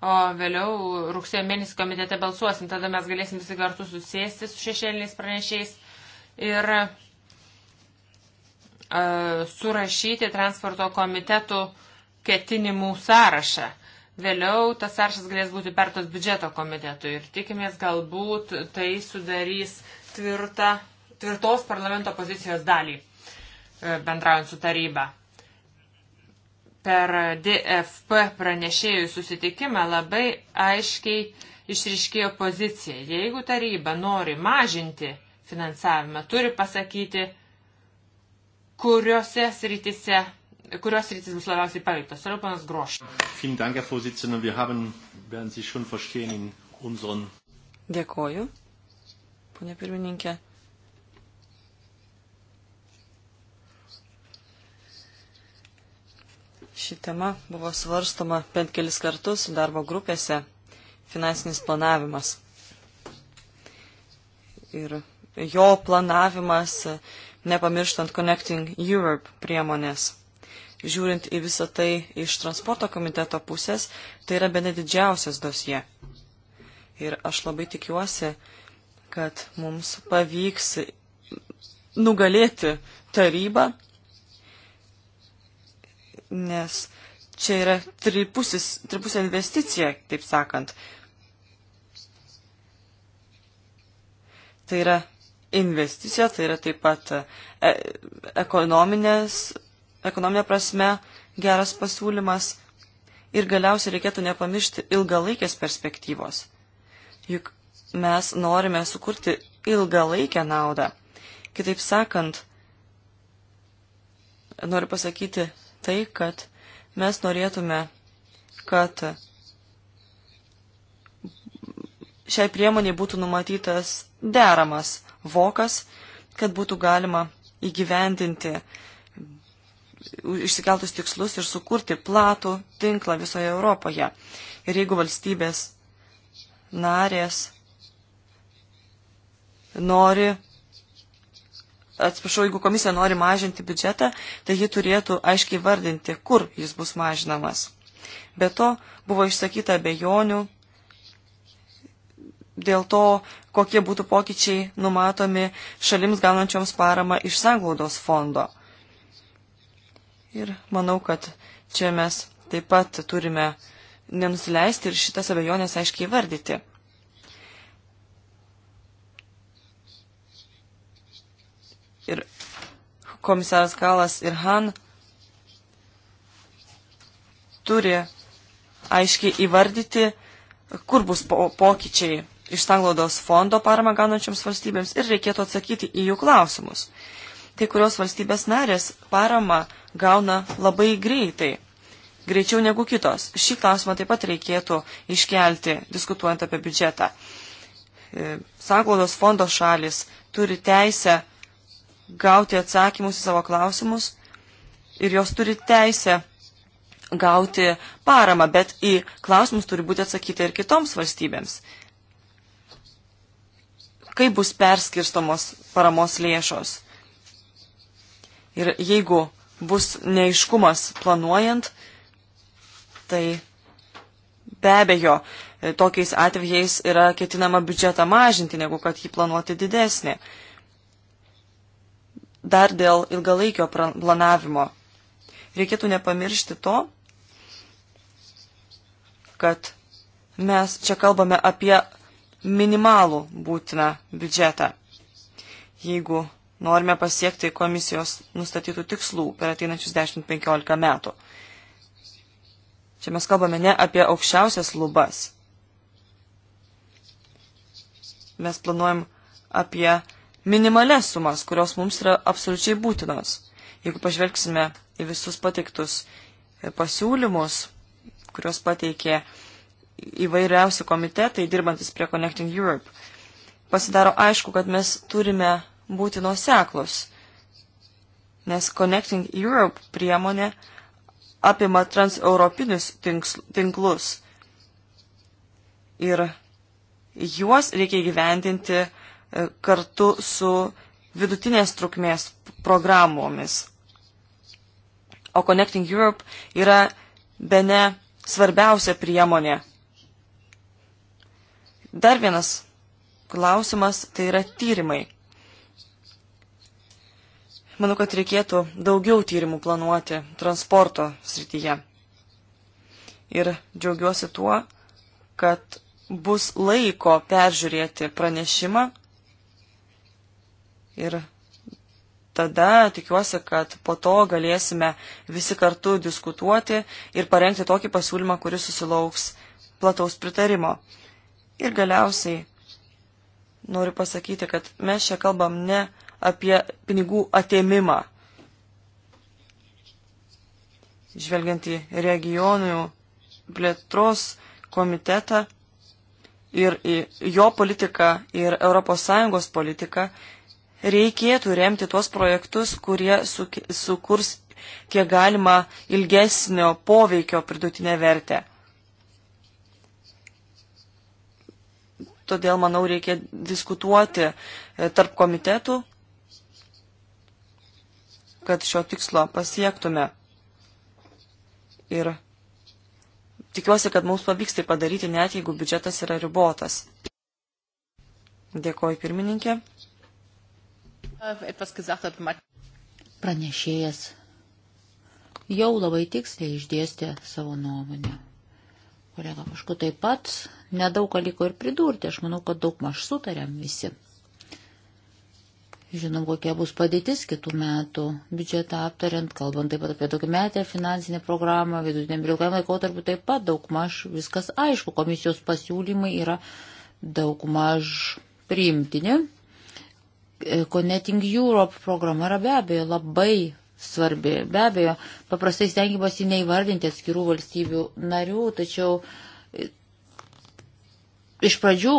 o vėliau rugsėjo mėnesį komitete balsuosim, tada mes galėsim visi kartu susėsti su šešėliniais pranešiais ir surašyti transporto komitetų ketinimų sąrašą. Vėliau tas sąrašas galės būti pertos biudžeto komitetui ir tikimės galbūt tai sudarys tvirtą, tvirtos parlamento pozicijos dalį e, bendraujant su taryba. Per DFP pranešėjų susitikimą labai aiškiai išriškėjo pozicija. Jeigu taryba nori mažinti finansavimą, turi pasakyti, kuriuose sritise, kurios sritis bus labiausiai paveiktos. Toliau panas Groš. Dėkoju, ponė pirmininkė. Ši tema buvo svarstoma bent kelis kartus darbo grupėse - finansinis planavimas. Ir jo planavimas nepamirštant Connecting Europe priemonės. Žiūrint į visą tai iš transporto komiteto pusės, tai yra bene didžiausias dosie. Ir aš labai tikiuosi, kad mums pavyks nugalėti tarybą, nes čia yra tripusis, tripusė investicija, taip sakant. Tai yra investicija, tai yra taip pat e, ekonominė prasme geras pasiūlymas. Ir galiausiai reikėtų nepamiršti ilgalaikės perspektyvos. Juk mes norime sukurti ilgalaikę naudą. Kitaip sakant, noriu pasakyti tai, kad mes norėtume, kad šiai priemoniai būtų numatytas deramas vokas, kad būtų galima įgyvendinti išsikeltus tikslus ir sukurti platų tinklą visoje Europoje. Ir jeigu valstybės narės nori, atsiprašau, jeigu komisija nori mažinti biudžetą, tai ji turėtų aiškiai vardinti, kur jis bus mažinamas. Be to buvo išsakyta bejonių dėl to, kokie būtų pokyčiai numatomi šalims gaunančioms paramą iš sanglaudos fondo. Ir manau, kad čia mes taip pat turime nenusileisti ir šitas abejonės aiškiai vardyti. Ir komisaras Kalas ir Han turi aiškiai įvardyti, kur bus po pokyčiai iš sanglaudos fondo paramą gaunančiams valstybėms ir reikėtų atsakyti į jų klausimus. Kai kurios valstybės narės paramą gauna labai greitai, greičiau negu kitos. Šį klausimą taip pat reikėtų iškelti, diskutuojant apie biudžetą. E, sanglaudos fondo šalis turi teisę gauti atsakymus į savo klausimus ir jos turi teisę gauti paramą, bet į klausimus turi būti atsakyti ir kitoms valstybėms kaip bus perskirstomos paramos lėšos. Ir jeigu bus neiškumas planuojant, tai be abejo, e, tokiais atvejais yra ketinama biudžetą mažinti, negu kad jį planuoti didesnį. Dar dėl ilgalaikio planavimo. Reikėtų nepamiršti to, kad mes čia kalbame apie minimalų būtiną biudžetą, jeigu norime pasiekti komisijos nustatytų tikslų per ateinančius 10-15 metų. Čia mes kalbame ne apie aukščiausias lubas. Mes planuojam apie minimales sumas, kurios mums yra absoliučiai būtinos. Jeigu pažvelgsime į visus pateiktus pasiūlymus, kuriuos pateikė uh, įvairiausi komitetai, dirbantis prie Connecting Europe, pasidaro aišku, kad mes turime būti nuoseklus, nes Connecting Europe priemonė apima transeuropinius tinklus ir juos reikia gyvendinti e, kartu su vidutinės trukmės programomis. O Connecting Europe yra bene svarbiausia priemonė Dar vienas klausimas tai yra tyrimai. Manau, kad reikėtų daugiau tyrimų planuoti transporto srityje. Ir džiaugiuosi tuo, kad bus laiko peržiūrėti pranešimą ir tada tikiuosi, kad po to galėsime visi kartu diskutuoti ir parengti tokį pasiūlymą, kuris susilauks plataus pritarimo. Ir galiausiai noriu pasakyti, kad mes čia kalbam ne apie pinigų atėmimą. Žvelgiant į regionų plėtros komitetą ir jo politiką ir ES politiką, reikėtų remti tuos projektus, kurie sukurs kiek galima ilgesnio poveikio pridėtinę vertę. todėl, manau, reikia diskutuoti e, tarp komitetų, kad šio tikslo pasiektume. Ir tikiuosi, kad mums pavyks tai padaryti, net jeigu biudžetas yra ribotas. Dėkoju pirmininkė. Pranešėjas jau labai tiksliai išdėstė savo nuomonę. Kolega Pašku taip pat nedaug liko ir pridurti. Aš manau, kad daug maž sutarėm visi. Žinom, kokia bus padėtis kitų metų biudžetą aptariant, kalbant taip pat apie tokį metę finansinę programą, vidutiniam ir ilgam laikotarpiu taip pat daug maž viskas aišku. Komisijos pasiūlymai yra daug maž priimtini. Connecting Europe programa yra be abejo labai svarbi. Be abejo, paprastai stengiamasi neįvardinti atskirų valstybių narių, tačiau e, iš pradžių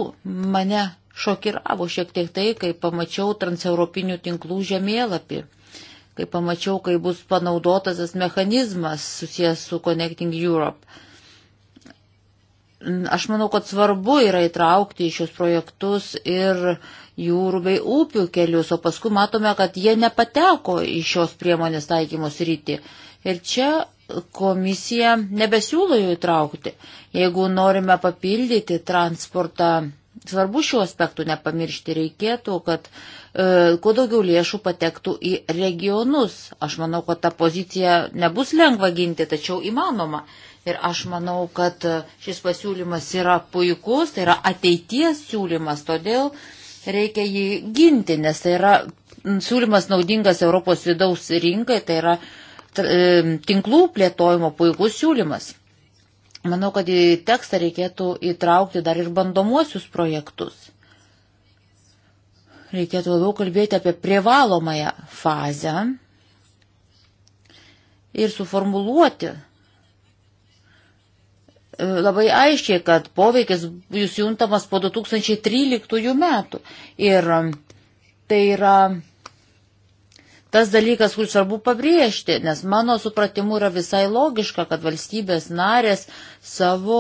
mane šokiravo šiek tiek tai, kai pamačiau transeuropinių tinklų žemėlapį, kai pamačiau, kai bus panaudotas tas mechanizmas susijęs su Connecting Europe. Aš manau, kad svarbu yra įtraukti į šios projektus ir jūrų bei upių kelius, o paskui matome, kad jie nepateko į šios priemonės taikymus rytį. Ir čia komisija nebesiūlo jų įtraukti. Jeigu norime papildyti transportą, svarbu šių aspektų nepamiršti, reikėtų, kad e, kuo daugiau lėšų patektų į regionus. Aš manau, kad ta pozicija nebus lengva ginti, tačiau įmanoma. Ir aš manau, kad šis pasiūlymas yra puikus, tai yra ateities siūlymas, todėl e, reikia jį ginti, nes tai yra siūlymas naudingas Europos vidaus rinkai, tai yra e, tinklų plėtojimo puikus siūlymas. Manau, kad į tekstą reikėtų įtraukti dar ir bandomuosius projektus. Reikėtų labiau kalbėti apie privalomąją fazę ir suformuluoti labai aiškiai, kad poveikis jūs juntamas po 2013 metų. Ir um, tai yra tas dalykas, kurį svarbu pabrėžti, nes mano supratimu yra visai logiška, kad valstybės narės savo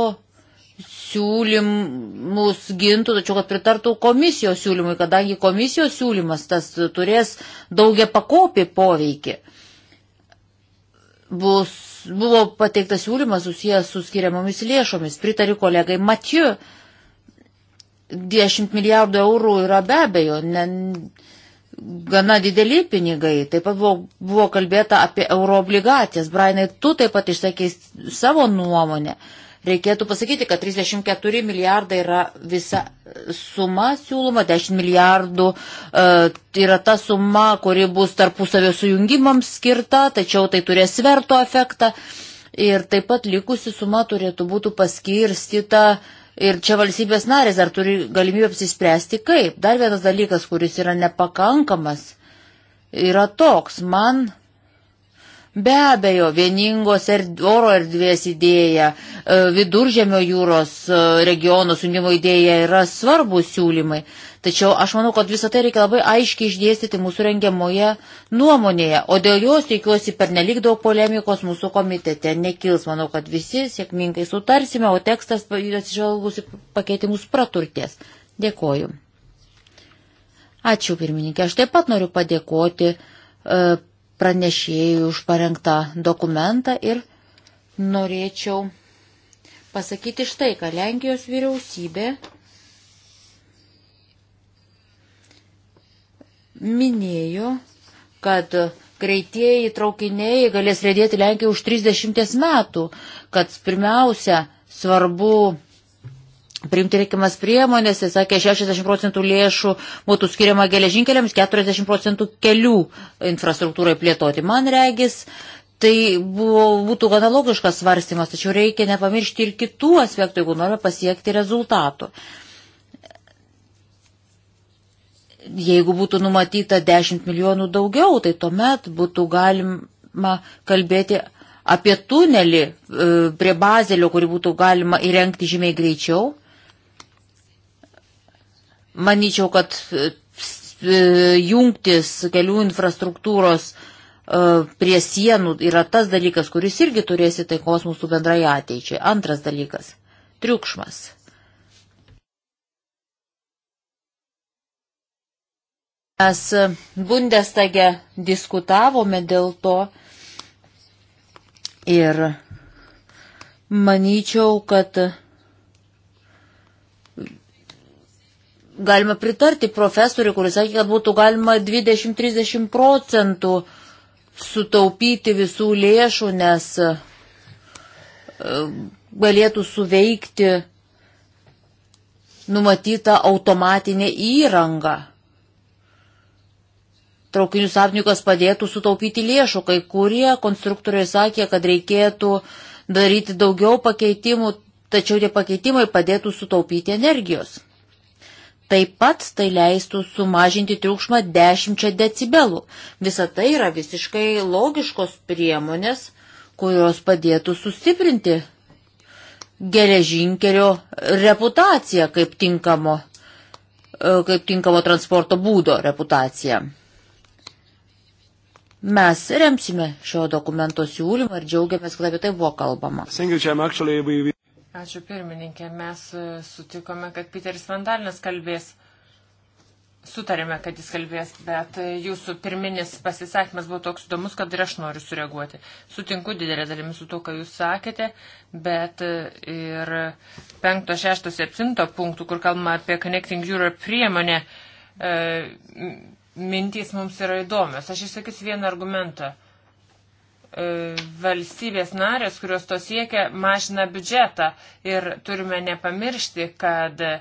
siūlymus gintų, tačiau kad pritartų komisijos siūlymui, kadangi komisijos siūlymas tas turės daugia pakopį poveikį. Bus buvo pateiktas siūlymas susijęs su skiriamomis lėšomis. Pritariu kolegai Matiu, 10 milijardų eurų yra be abejo, ne, gana dideli pinigai. Taip pat buvo, buvo kalbėta apie euroobligacijas. Brainai, tu taip pat išsakei savo nuomonę. Uh, Reikėtų pasakyti, kad 34 milijardai yra visa suma siūloma, 10 milijardų e, yra ta suma, kuri bus tarpusavio sujungimams skirta, tačiau tai turės sverto efektą ir taip pat likusi suma turėtų būti paskirstyta ir čia valstybės narės dar turi galimybę apsispręsti kaip. Dar vienas dalykas, kuris yra nepakankamas, yra toks. Man Be abejo, vieningos erd, oro erdvės idėja, e, viduržėmio jūros e, regiono sunimo idėja yra svarbus siūlymai. Tačiau aš manau, kad visą tai reikia labai aiškiai išdėstyti mūsų rengiamoje nuomonėje, o dėl jos tikiuosi per nelik daug polemikos mūsų komitete nekils. Manau, kad visi sėkmingai sutarsime, o tekstas atsižvelgusi pakeitimus praturties. Dėkoju. Ačiū pirmininkė. Aš taip pat noriu padėkoti e, pranešėjui už parengtą dokumentą ir norėčiau pasakyti štai, kad Lenkijos vyriausybė minėjo, kad greitieji traukiniai galės rėdėti Lenkiją už 30 metų, kad pirmiausia svarbu priimti reikiamas priemonės, jis sakė, 60 procentų lėšų būtų skiriama geležinkeliams, 40 procentų kelių infrastruktūrai plėtoti. Man regis, tai buvo, būtų gana logiškas svarstymas, tačiau reikia nepamiršti ir kitų aspektų, jeigu norime pasiekti rezultatų. Jeigu būtų numatyta 10 milijonų daugiau, tai tuomet būtų galima kalbėti apie tunelį e, prie Bazelio, kurį būtų galima įrengti žymiai greičiau. Manyčiau, kad e, jungtis kelių infrastruktūros e, prie sienų yra tas dalykas, kuris irgi turės įtaikos mūsų bendrai ateičiai. Antras dalykas - triukšmas. Mes Bundestage diskutavome dėl to ir manyčiau, kad galima pritarti profesoriui, kuris sakė, kad būtų galima 20-30 procentų sutaupyti visų lėšų, nes e, galėtų suveikti numatyta automatinė įranga. Traukinių sapnikas padėtų sutaupyti lėšų, kai kurie konstruktoriai sakė, kad reikėtų daryti daugiau pakeitimų, tačiau tie pakeitimai padėtų sutaupyti energijos. Taip pat tai leistų sumažinti triukšmą 10 decibelų. Visa tai yra visiškai logiškos priemonės, kurios padėtų sustiprinti geležinkelio reputaciją kaip tinkamo, e, kaip tinkamo transporto būdo reputaciją. Mes remsime šio dokumento siūlymą ir džiaugiamės, kad apie tai buvo kalbama. Ačiū pirmininkė, mes sutikome, kad Piteris Vandalinas kalbės. Sutarėme, kad jis kalbės, bet jūsų pirminis pasisakymas buvo toks įdomus, kad ir aš noriu sureaguoti. Sutinku didelė dalimi su to, ką jūs sakėte, bet ir 5, 6, 7 punktų, kur kalbama apie Connecting Europe priemonę, mintys mums yra įdomios. Aš išsakysiu vieną argumentą. E, E, valstybės narės, kurios to siekia, mažina biudžetą. Ir turime nepamiršti, kad e,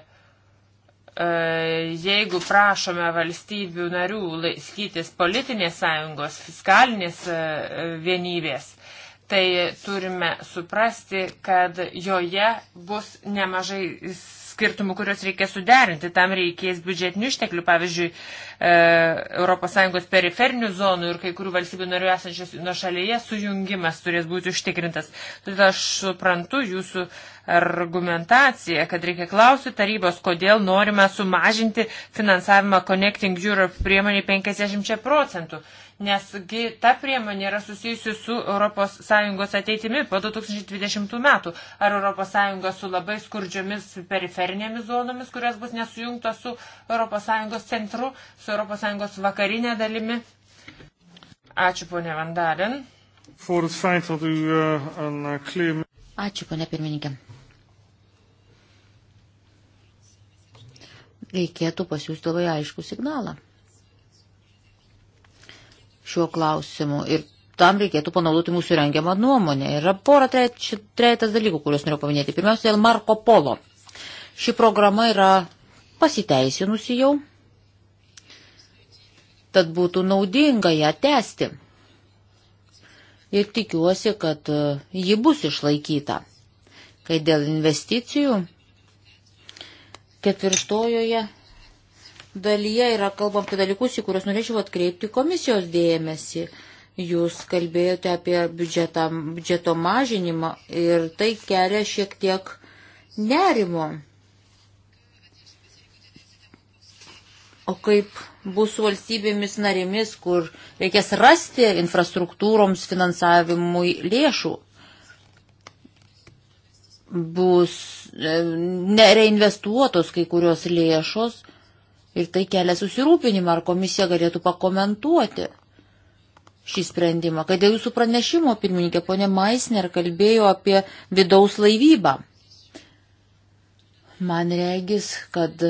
jeigu prašome valstybių narių laikytis politinės sąjungos, fiskalinės e, vienybės, tai turime suprasti, kad joje bus nemažai skirtumų, kuriuos reikia suderinti. Tam reikės biudžetinių išteklių, pavyzdžiui, ES periferinių zonų ir kai kurių valstybių narių esančios nuo šalyje sujungimas turės būti užtikrintas. Todėl aš suprantu jūsų argumentaciją, kad reikia klausyti tarybos, kodėl norime sumažinti finansavimą Connecting Europe priemonį 50 procentų nesgi ta priemonė yra susijusi su ES ateitimi po 2020 metų. Ar ES su labai skurdžiomis periferinėmis zonomis, kurios bus nesujungtos su ES centru, su ES vakarinė dalimi? Ačiū, ponė Vandalin. Eh, eh, Ačiū, ponė pirmininkė. Reikėtų pasiūsti labai aišku signalą šiuo klausimu ir tam reikėtų panaudoti mūsų rengiamą nuomonę. Yra pora trejetas dalykų, kuriuos noriu paminėti. Pirmiausia, dėl Marko Polo. Ši programa yra pasiteisinusi jau, tad būtų naudinga ją tęsti. Ir tikiuosi, kad e, ji bus išlaikyta. Kai dėl investicijų ketvirtojoje dalyje yra kalbam apie dalykus, į kuriuos norėčiau atkreipti komisijos dėmesį. Jūs kalbėjote apie biudžetą, biudžeto mažinimą ir tai kelia šiek tiek nerimo. O kaip bus su valstybėmis narėmis, kur reikės rasti infrastruktūroms finansavimui lėšų? Bus e, nereinvestuotos kai kurios lėšos Ir tai kelia susirūpinimą, ar komisija galėtų pakomentuoti šį sprendimą. Kad dėl jūsų pranešimo, pirmininkė, ponė Maisner kalbėjo apie vidaus laivybą. Man regis, kad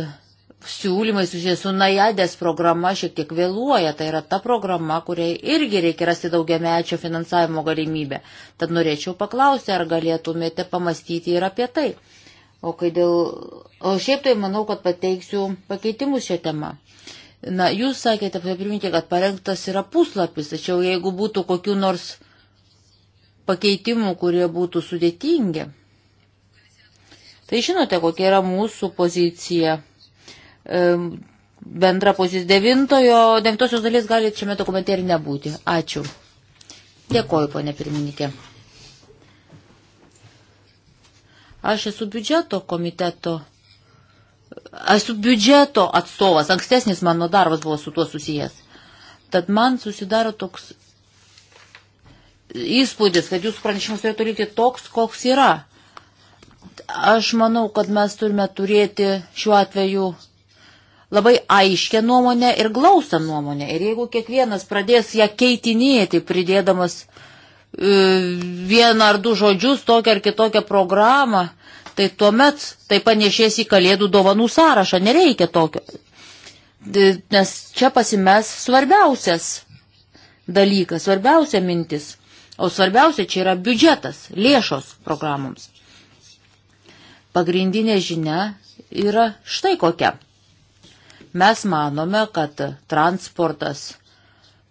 siūlymai susijęs su Najadės programa šiek tiek vėluoja. Tai yra ta programa, kuriai irgi reikia rasti daugiamečio finansavimo galimybę. Tad norėčiau paklausti, ar galėtumėte pamastyti ir apie tai. O, dėl, o šiaip tai manau, kad pateiksiu pakeitimus šią temą. Na, jūs sakėte, priminti, kad parengtas yra puslapis, tačiau jeigu būtų kokiu nors pakeitimu, kurie būtų sudėtingi, tai žinote, kokia yra mūsų pozicija. E, bendra pozicija devintojo, devintosios dalies gali šiame dokumente ir nebūti. Ačiū. Dėkoju, ponė pirmininkė. Aš esu biudžeto komiteto. Esu biudžeto atstovas. Ankstesnis mano darbas buvo su tuo susijęs. Tad man susidaro toks įspūdis, kad jūsų pranešimas turėtų likti toks, koks yra. Aš manau, kad mes turime turėti šiuo atveju labai aiškę nuomonę ir glaustą nuomonę. Ir jeigu kiekvienas pradės ją keitinėti, pridėdamas uh, E, vieną ar du žodžius, tokią ar kitokią programą, tai tuomet tai panešės į kalėdų dovanų sąrašą, nereikia tokio. E, nes čia pasimes svarbiausias dalykas, svarbiausia mintis. O svarbiausia čia yra biudžetas, lėšos programoms. Pagrindinė žinia yra štai kokia. Mes manome, kad transportas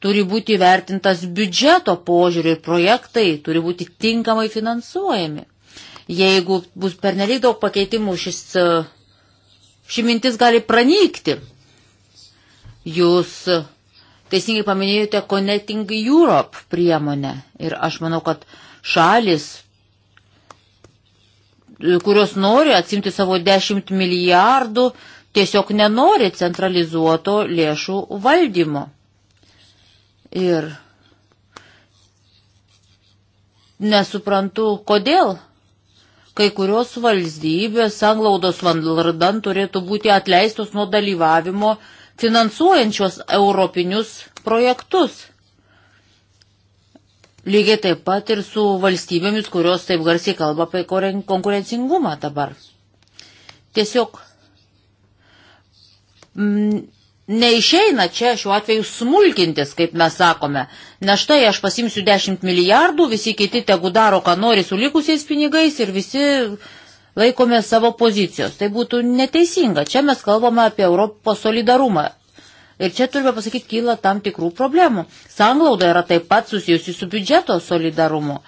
turi būti vertintas biudžeto požiūrį ir projektai turi būti tinkamai finansuojami. Jeigu bus pernelyg daug pakeitimų, šis, ši mintis gali pranykti. Jūs teisingai paminėjote Connecting Europe priemonę ir aš manau, kad šalis, kurios nori atsimti savo 10 milijardų, tiesiog nenori centralizuoto lėšų valdymo Ir nesuprantu, kodėl kai kurios valstybės sanglaudos vandardan turėtų būti atleistos nuo dalyvavimo finansuojančios europinius projektus. Lygiai taip pat ir su valstybėmis, kurios taip garsiai kalba apie konkurencingumą dabar. Tiesiog m, mm, neišeina čia šiuo atveju smulkintis, kaip mes sakome. Na štai aš pasimsiu 10 milijardų, visi kiti tegu daro, ką nori su likusiais pinigais ir visi laikome savo pozicijos. Tai būtų neteisinga. Čia mes kalbame apie Europos solidarumą. Ir čia turime pasakyti, kyla tam tikrų problemų. Sanglauda yra taip pat susijusi su biudžeto solidarumu.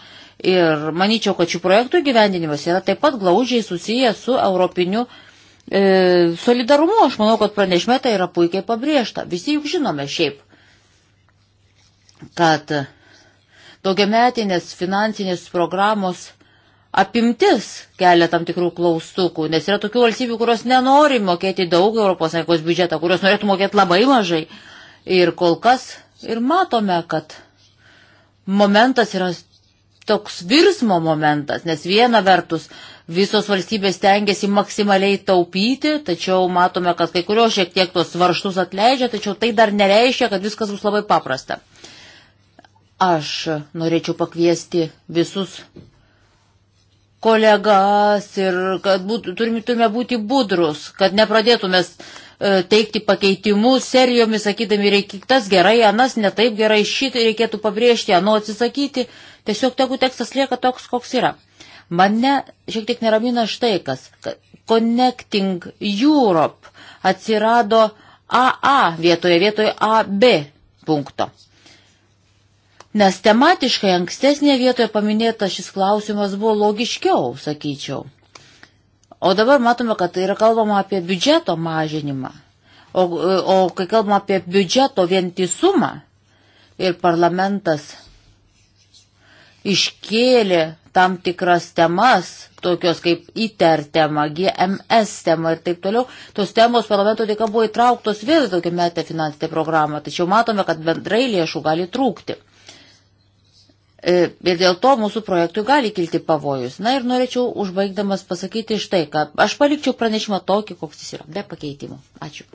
Ir manyčiau, kad šių projektų gyvendinimas yra taip pat glaužiai susijęs su europiniu solidarumu e, solidarumu, aš manau, kad pranešime tai yra puikiai pabrėžta. Visi juk žinome šiaip, kad daugiametinės finansinės programos apimtis kelia tam tikrų klaustukų, nes yra tokių valstybių, kurios nenori mokėti daug ES biudžetą, kurios norėtų mokėti labai mažai. Ir kol kas ir matome, kad momentas yra toks virsmo momentas, nes viena vertus Visos valstybės tengiasi maksimaliai taupyti, tačiau matome, kad kai kurios šiek tiek tuos varštus atleidžia, tačiau tai dar nereiškia, kad viskas bus labai paprasta. Aš norėčiau pakviesti visus kolegas ir kad būt, turime, turime būti budrus, kad nepradėtume e, teikti pakeitimus serijomis, sakydami, reikia tas gerai, anas netaip gerai, šitą reikėtų pabrėžti, anu atsisakyti. Tiesiog tegu tekstas lieka toks, koks yra. Mane šiek tiek neramina štai kas. Connecting Europe atsirado AA vietoje, vietoje AB punkto. Nes tematiškai ankstesnėje vietoje paminėtas šis klausimas buvo logiškiau, sakyčiau. O dabar matome, kad tai yra kalbama apie biudžeto mažinimą. O, o kai kalbama apie biudžeto vientisumą ir parlamentas iškėlė tam tikras temas, tokios kaip ITER tema, GMS tema ir taip toliau. Tos temos parlamento dėka buvo įtrauktos vėl į tokią metę finansinę programą, tačiau matome, kad bendrai lėšų gali trūkti. E, ir dėl to mūsų projektui gali kilti pavojus. Na ir norėčiau užbaigdamas pasakyti iš tai, kad aš palikčiau pranešimą tokį, koks jis yra, be pakeitimų. Ačiū.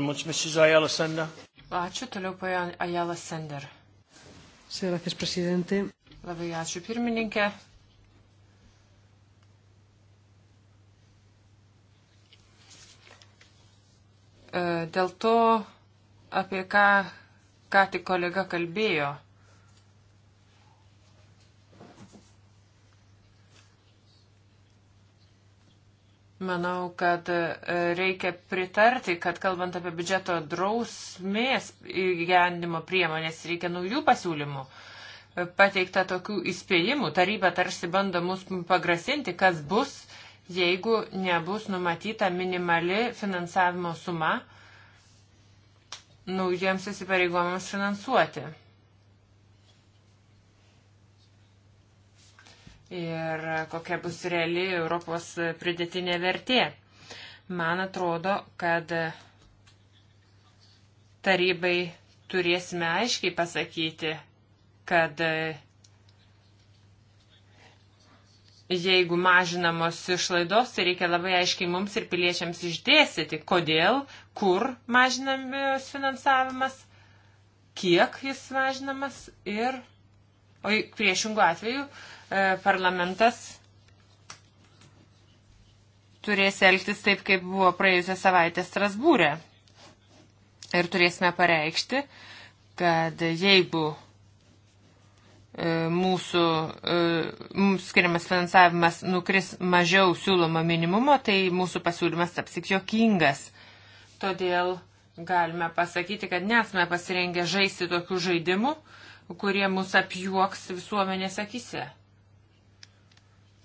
Much, Ačiū toliau, poja Ajala Sender. Gracias, prezidentė. Labai ačiū pirmininkė. E, dėl to, apie ką, ką tik kolega kalbėjo, Manau, kad e, reikia pritarti, kad kalbant apie biudžeto drausmės įgyvendimo priemonės, reikia naujų pasiūlymų. E, pateikta tokių įspėjimų, taryba tarsi bando mus pagrasinti, kas bus, jeigu nebus numatyta minimali finansavimo suma naujiems įsipareigojimams finansuoti. ir kokia bus reali Europos pridėtinė vertė. Man atrodo, kad tarybai turėsime aiškiai pasakyti, kad jeigu mažinamos išlaidos, tai reikia labai aiškiai mums ir piliečiams išdėstyti, kodėl, kur mažinamas finansavimas, kiek jis mažinamas ir, o priešingų atveju, uh, E, parlamentas turės elgtis taip, kaip buvo praėjusią savaitę Strasbūrė. Ir turėsime pareikšti, kad jeigu e, mūsų e, mums skiriamas finansavimas nukris mažiau siūloma minimumo, tai mūsų pasiūlymas taps tik jokingas. Todėl galime pasakyti, kad nesame pasirengę žaisti tokių žaidimų, kurie mus apjuoks visuomenės akise.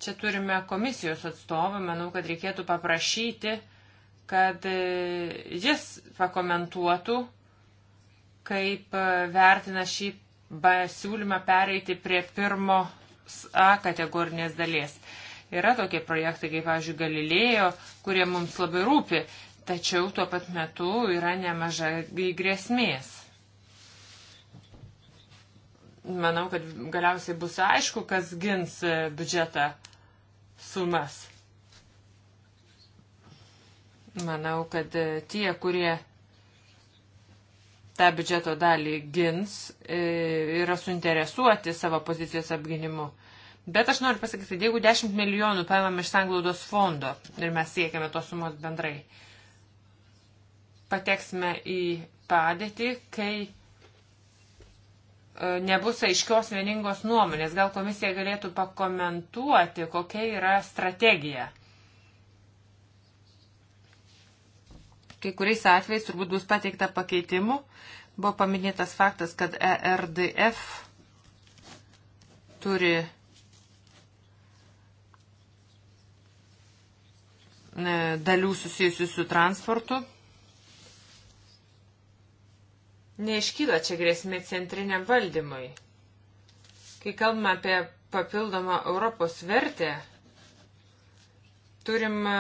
Čia turime komisijos atstovą, manau, kad reikėtų paprašyti, kad e, jis pakomentuotų, kaip e, vertina šį siūlymą pereiti prie pirmo A kategorinės dalies. Yra tokie projektai, kaip, pavyzdžiui, Galilėjo, kurie mums labai rūpi, tačiau tuo pat metu yra nemažai grėsmės. Manau, kad galiausiai bus aišku, kas gins e, biudžetą sumas. Manau, kad e, tie, kurie tą biudžeto dalį gins, e, yra suinteresuoti savo pozicijos apginimu. Bet aš noriu pasakyti, jeigu 10 milijonų paimam iš sanglaudos fondo ir mes siekiame tos sumos bendrai, pateksime į padėtį, kai E, nebus aiškios vieningos nuomonės. Gal komisija galėtų pakomentuoti, kokia yra strategija. Kai kuriais atvejais turbūt bus pateikta pakeitimu. Buvo paminėtas faktas, kad ERDF turi e, dalių susijusių su transportu. Neiškyla čia grėsmė centriniam valdymui. Kai kalbame apie papildomą Europos vertę, turim e,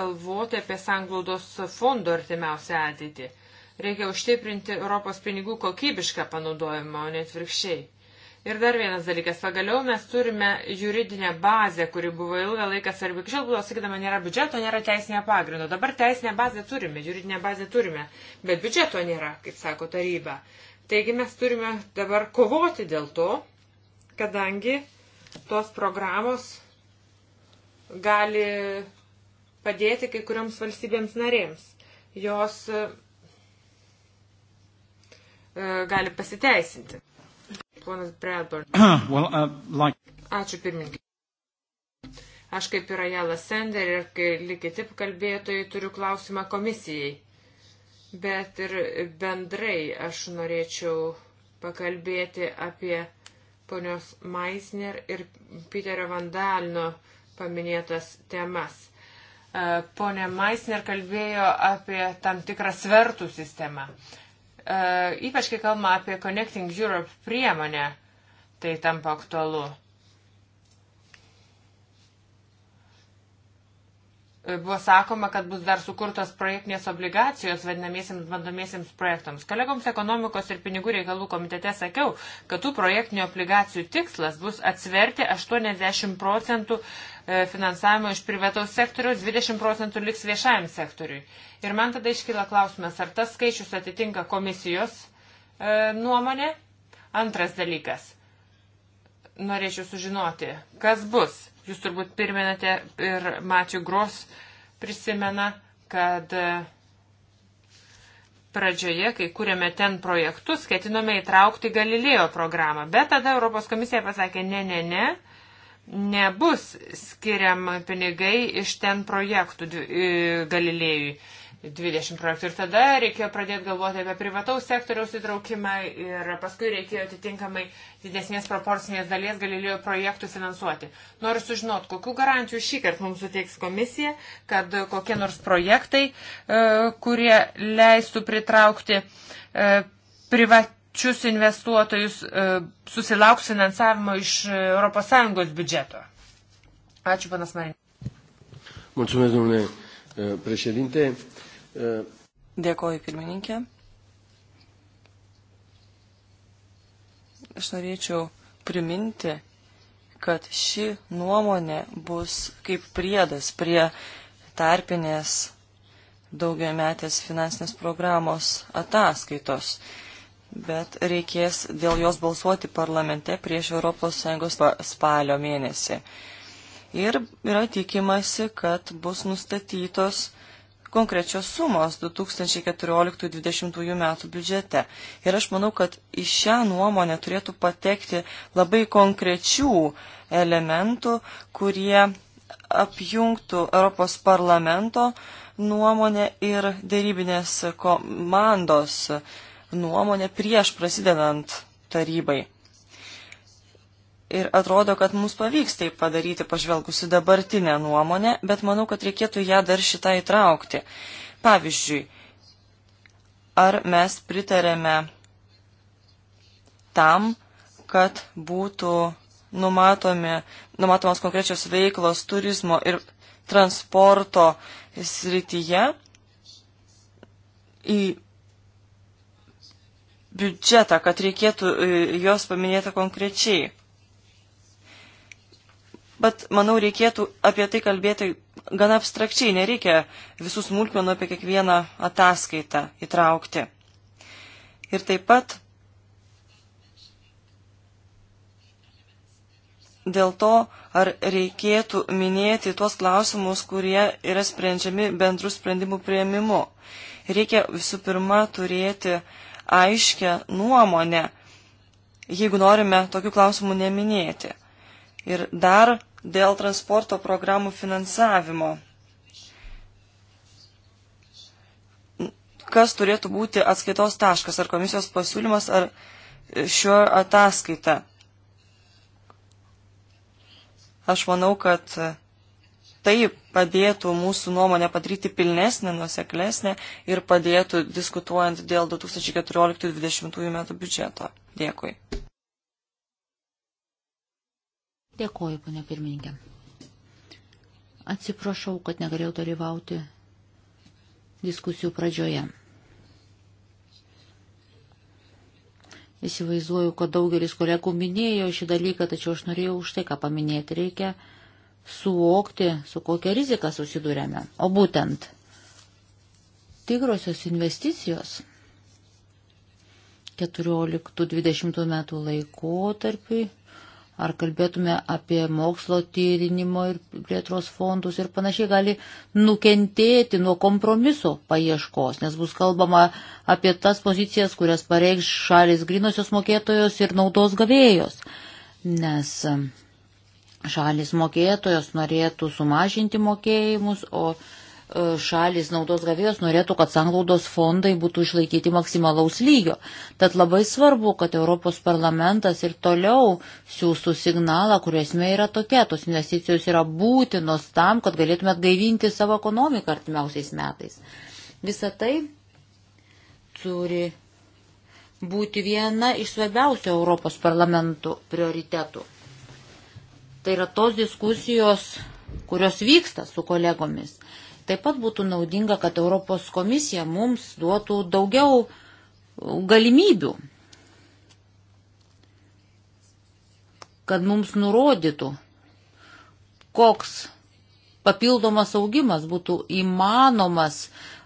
galvoti apie sanglaudos fondo artimiausią ateitį. Reikia užtikrinti Europos pinigų kokybišką panaudojimą, o ne atvirkščiai. Ir dar vienas dalykas, pagaliau mes turime juridinę bazę, kuri buvo ilgą laiką svarbi. Iki šiol buvo sakydama, nėra biudžeto, nėra teisinė pagrindo. Dabar teisinę bazę turime, juridinę bazę turime, bet biudžeto nėra, kaip sako taryba. Taigi mes turime dabar kovoti dėl to, kadangi tos programos gali padėti kai kuriams valstybėms narėms. Jos e, e, gali pasiteisinti. Ponas Bradburn. well, uh, like... Ačiū pirmininkai. Aš kaip ir Ajala Sender ir lygiai taip kalbėtojai turiu klausimą komisijai. Bet ir bendrai aš norėčiau pakalbėti apie ponios Maisner ir Piterio Vandalino paminėtas temas. Uh, Pone Maisner kalbėjo apie tam tikrą svertų sistemą. E, ypač kai kalbama apie Connecting Europe priemonę, tai tampa aktualu. E, buvo sakoma, kad bus dar sukurtos projektinės obligacijos vadinamiesiams bandomiesiams projektams. Kolegoms ekonomikos ir pinigų reikalų komitete sakiau, kad tų projektinių obligacijų tikslas bus atsverti 80 procentų e, finansavimo iš privataus sektoriaus, 20 procentų liks viešajam sektoriui. Ir man tada iškyla klausimas, ar tas skaičius atitinka komisijos e, nuomonė. Antras dalykas. Norėčiau sužinoti, kas bus Jūs turbūt pirminate ir Mačių Gros prisimena, kad e, pradžioje, kai kūrėme ten projektus, ketinome įtraukti Galilėjo programą, bet tada Europos komisija pasakė, ne, ne, ne, nebus skiriam pinigai iš ten projektų e, Galilėjui. 20 projektų. Ir tada reikėjo pradėti galvoti apie privataus sektoriaus įtraukimą ir paskui reikėjo atitinkamai didesnės proporcinės dalies galilėjo projektų finansuoti. Noriu sužinoti, kokiu garantijų šį kartą mums suteiks komisija, kad kokie nors projektai, e, kurie leistų pritraukti e, privačius investuotojus, e, susilauks finansavimo iš ES biudžeto. Ačiū, panas Marin. Mulțumesc, domnule președinte. Dėkoju, pirmininkė. Aš norėčiau priminti, kad ši nuomonė bus kaip priedas prie tarpinės daugiametės finansinės programos ataskaitos, bet reikės dėl jos balsuoti parlamente prieš ES spalio mėnesį. Ir yra tikimasi, kad bus nustatytos konkrečios sumos 2014-2020 metų biudžete. Ir aš manau, kad į šią nuomonę turėtų patekti labai konkrečių elementų, kurie apjungtų Europos parlamento nuomonę ir dėrybinės komandos nuomonę prieš prasidedant tarybai. Ir atrodo, kad mums pavyks tai padaryti pažvelgusi dabartinę nuomonę, bet manau, kad reikėtų ją dar šitą įtraukti. Pavyzdžiui, ar mes pritarėme tam, kad būtų numatomi, numatomos konkrečios veiklos turizmo ir transporto srityje į biudžetą, kad reikėtų e, juos paminėti konkrečiai bet manau reikėtų apie tai kalbėti gana abstrakčiai, nereikia visų smulkmenų apie kiekvieną ataskaitą įtraukti. Ir taip pat dėl to, ar reikėtų minėti tuos klausimus, kurie yra sprendžiami bendrų sprendimų prieimimu. Reikia visų pirma turėti aiškę nuomonę, jeigu norime tokių klausimų neminėti. Ir dar dėl transporto programų finansavimo. Kas turėtų būti atskaitos taškas, ar komisijos pasiūlymas, ar šio ataskaita? Aš manau, kad tai padėtų mūsų nuomonę padaryti pilnesnę, nuoseklesnę ir padėtų diskutuojant dėl 2014-2020 metų biudžeto. Dėkui. Dėkoju, ponė pirmininkė. Atsiprašau, kad negalėjau dalyvauti diskusijų pradžioje. Įsivaizduoju, kad daugelis kolegų minėjo šį dalyką, tačiau aš norėjau už tai, ką paminėti reikia, suvokti, su kokia rizika susidurėme. O būtent tikrosios investicijos 14-20 metų laikotarpiui ar kalbėtume apie mokslo tyrinimo ir plėtros fondus ir panašiai, gali nukentėti nuo kompromiso paieškos, nes bus kalbama apie tas pozicijas, kurias pareikš šalis grinosios mokėtojos ir naudos gavėjos. Nes e, šalis mokėtojos norėtų sumažinti mokėjimus, o šalis naudos gavėjos norėtų, kad sanglaudos fondai būtų išlaikyti maksimalaus lygio. Tad labai svarbu, kad Europos parlamentas ir toliau siūstų signalą, kur esmė yra tokia, tos investicijos yra būtinos tam, kad galėtume atgaivinti savo ekonomiką artimiausiais metais. Visą tai turi būti viena iš svarbiausių Europos parlamentų prioritetų. Tai yra tos diskusijos, kurios vyksta su kolegomis Taip pat būtų naudinga, kad Europos komisija mums duotų daugiau galimybių, kad mums nurodytų, koks papildomas augimas būtų įmanomas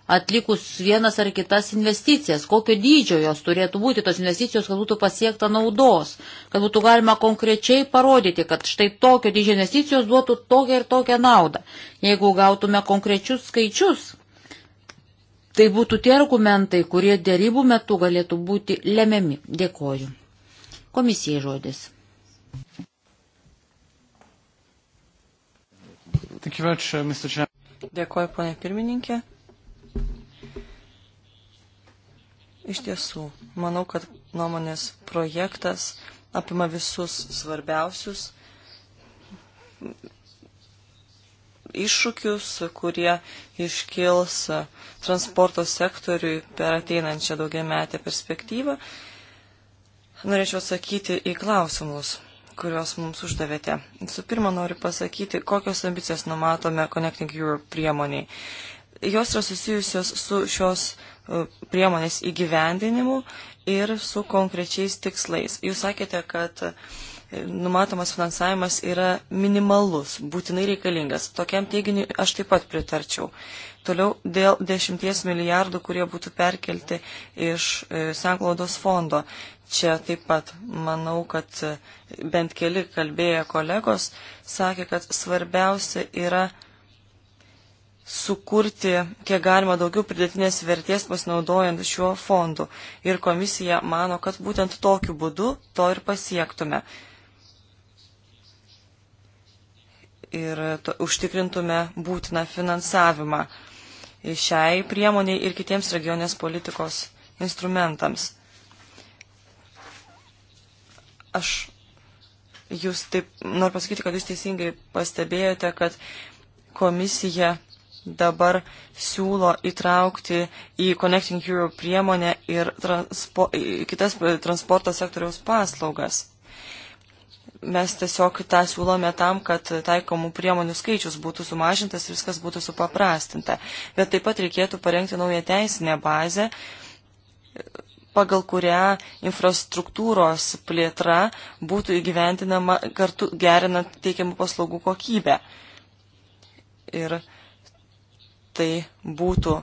atlikus vienas ar kitas investicijas, kokio dydžio jos turėtų būti, tos investicijos, kad būtų pasiekta naudos, kad būtų galima konkrečiai parodyti, kad štai tokio dydžio investicijos duotų tokią ir tokią naudą. Jeigu gautume konkrečius skaičius, tai būtų tie argumentai, kurie dėrybų metu galėtų būti lemiami. Dėkoju. Komisijai žodis. Uh, Dėkuoju, ponė pirmininkė. Iš tiesų, manau, kad nuomonės projektas apima visus svarbiausius iššūkius, kurie iškils transporto sektoriui per ateinančią daugiametę perspektyvą. Norėčiau atsakyti į klausimus, kuriuos mums uždavėte. Visų pirma, noriu pasakyti, kokios ambicijas numatome Connecting Europe priemoniai. Jos yra susijusios su šios E, priemonės įgyvendinimu ir su konkrečiais tikslais. Jūs sakėte, kad e, numatomas finansavimas yra minimalus, būtinai reikalingas. Tokiam teiginiui aš taip pat pritarčiau. Toliau dėl 10 milijardų, kurie būtų perkelti iš e, Sanklaudos fondo. Čia taip pat manau, kad bent keli kalbėję kolegos sakė, kad svarbiausia yra sukurti kiek galima daugiau pridėtinės vertės pasinaudojant šiuo fondu. Ir komisija mano, kad būtent tokiu būdu to ir pasiektume. Ir to, užtikrintume būtiną finansavimą šiai priemoniai ir kitiems regionės politikos instrumentams. Aš jūs taip noriu pasakyti, kad jūs teisingai pastebėjote, kad komisija dabar siūlo įtraukti į Connecting Europe priemonę ir transpo, kitas transporto sektoriaus paslaugas. Mes tiesiog tą siūlome tam, kad taikomų priemonių skaičius būtų sumažintas ir viskas būtų supaprastinta. Bet taip pat reikėtų parengti naują teisinę bazę, pagal kurią infrastruktūros plėtra būtų įgyventinama kartu gerinant teikiamų paslaugų kokybę. Ir tai būtų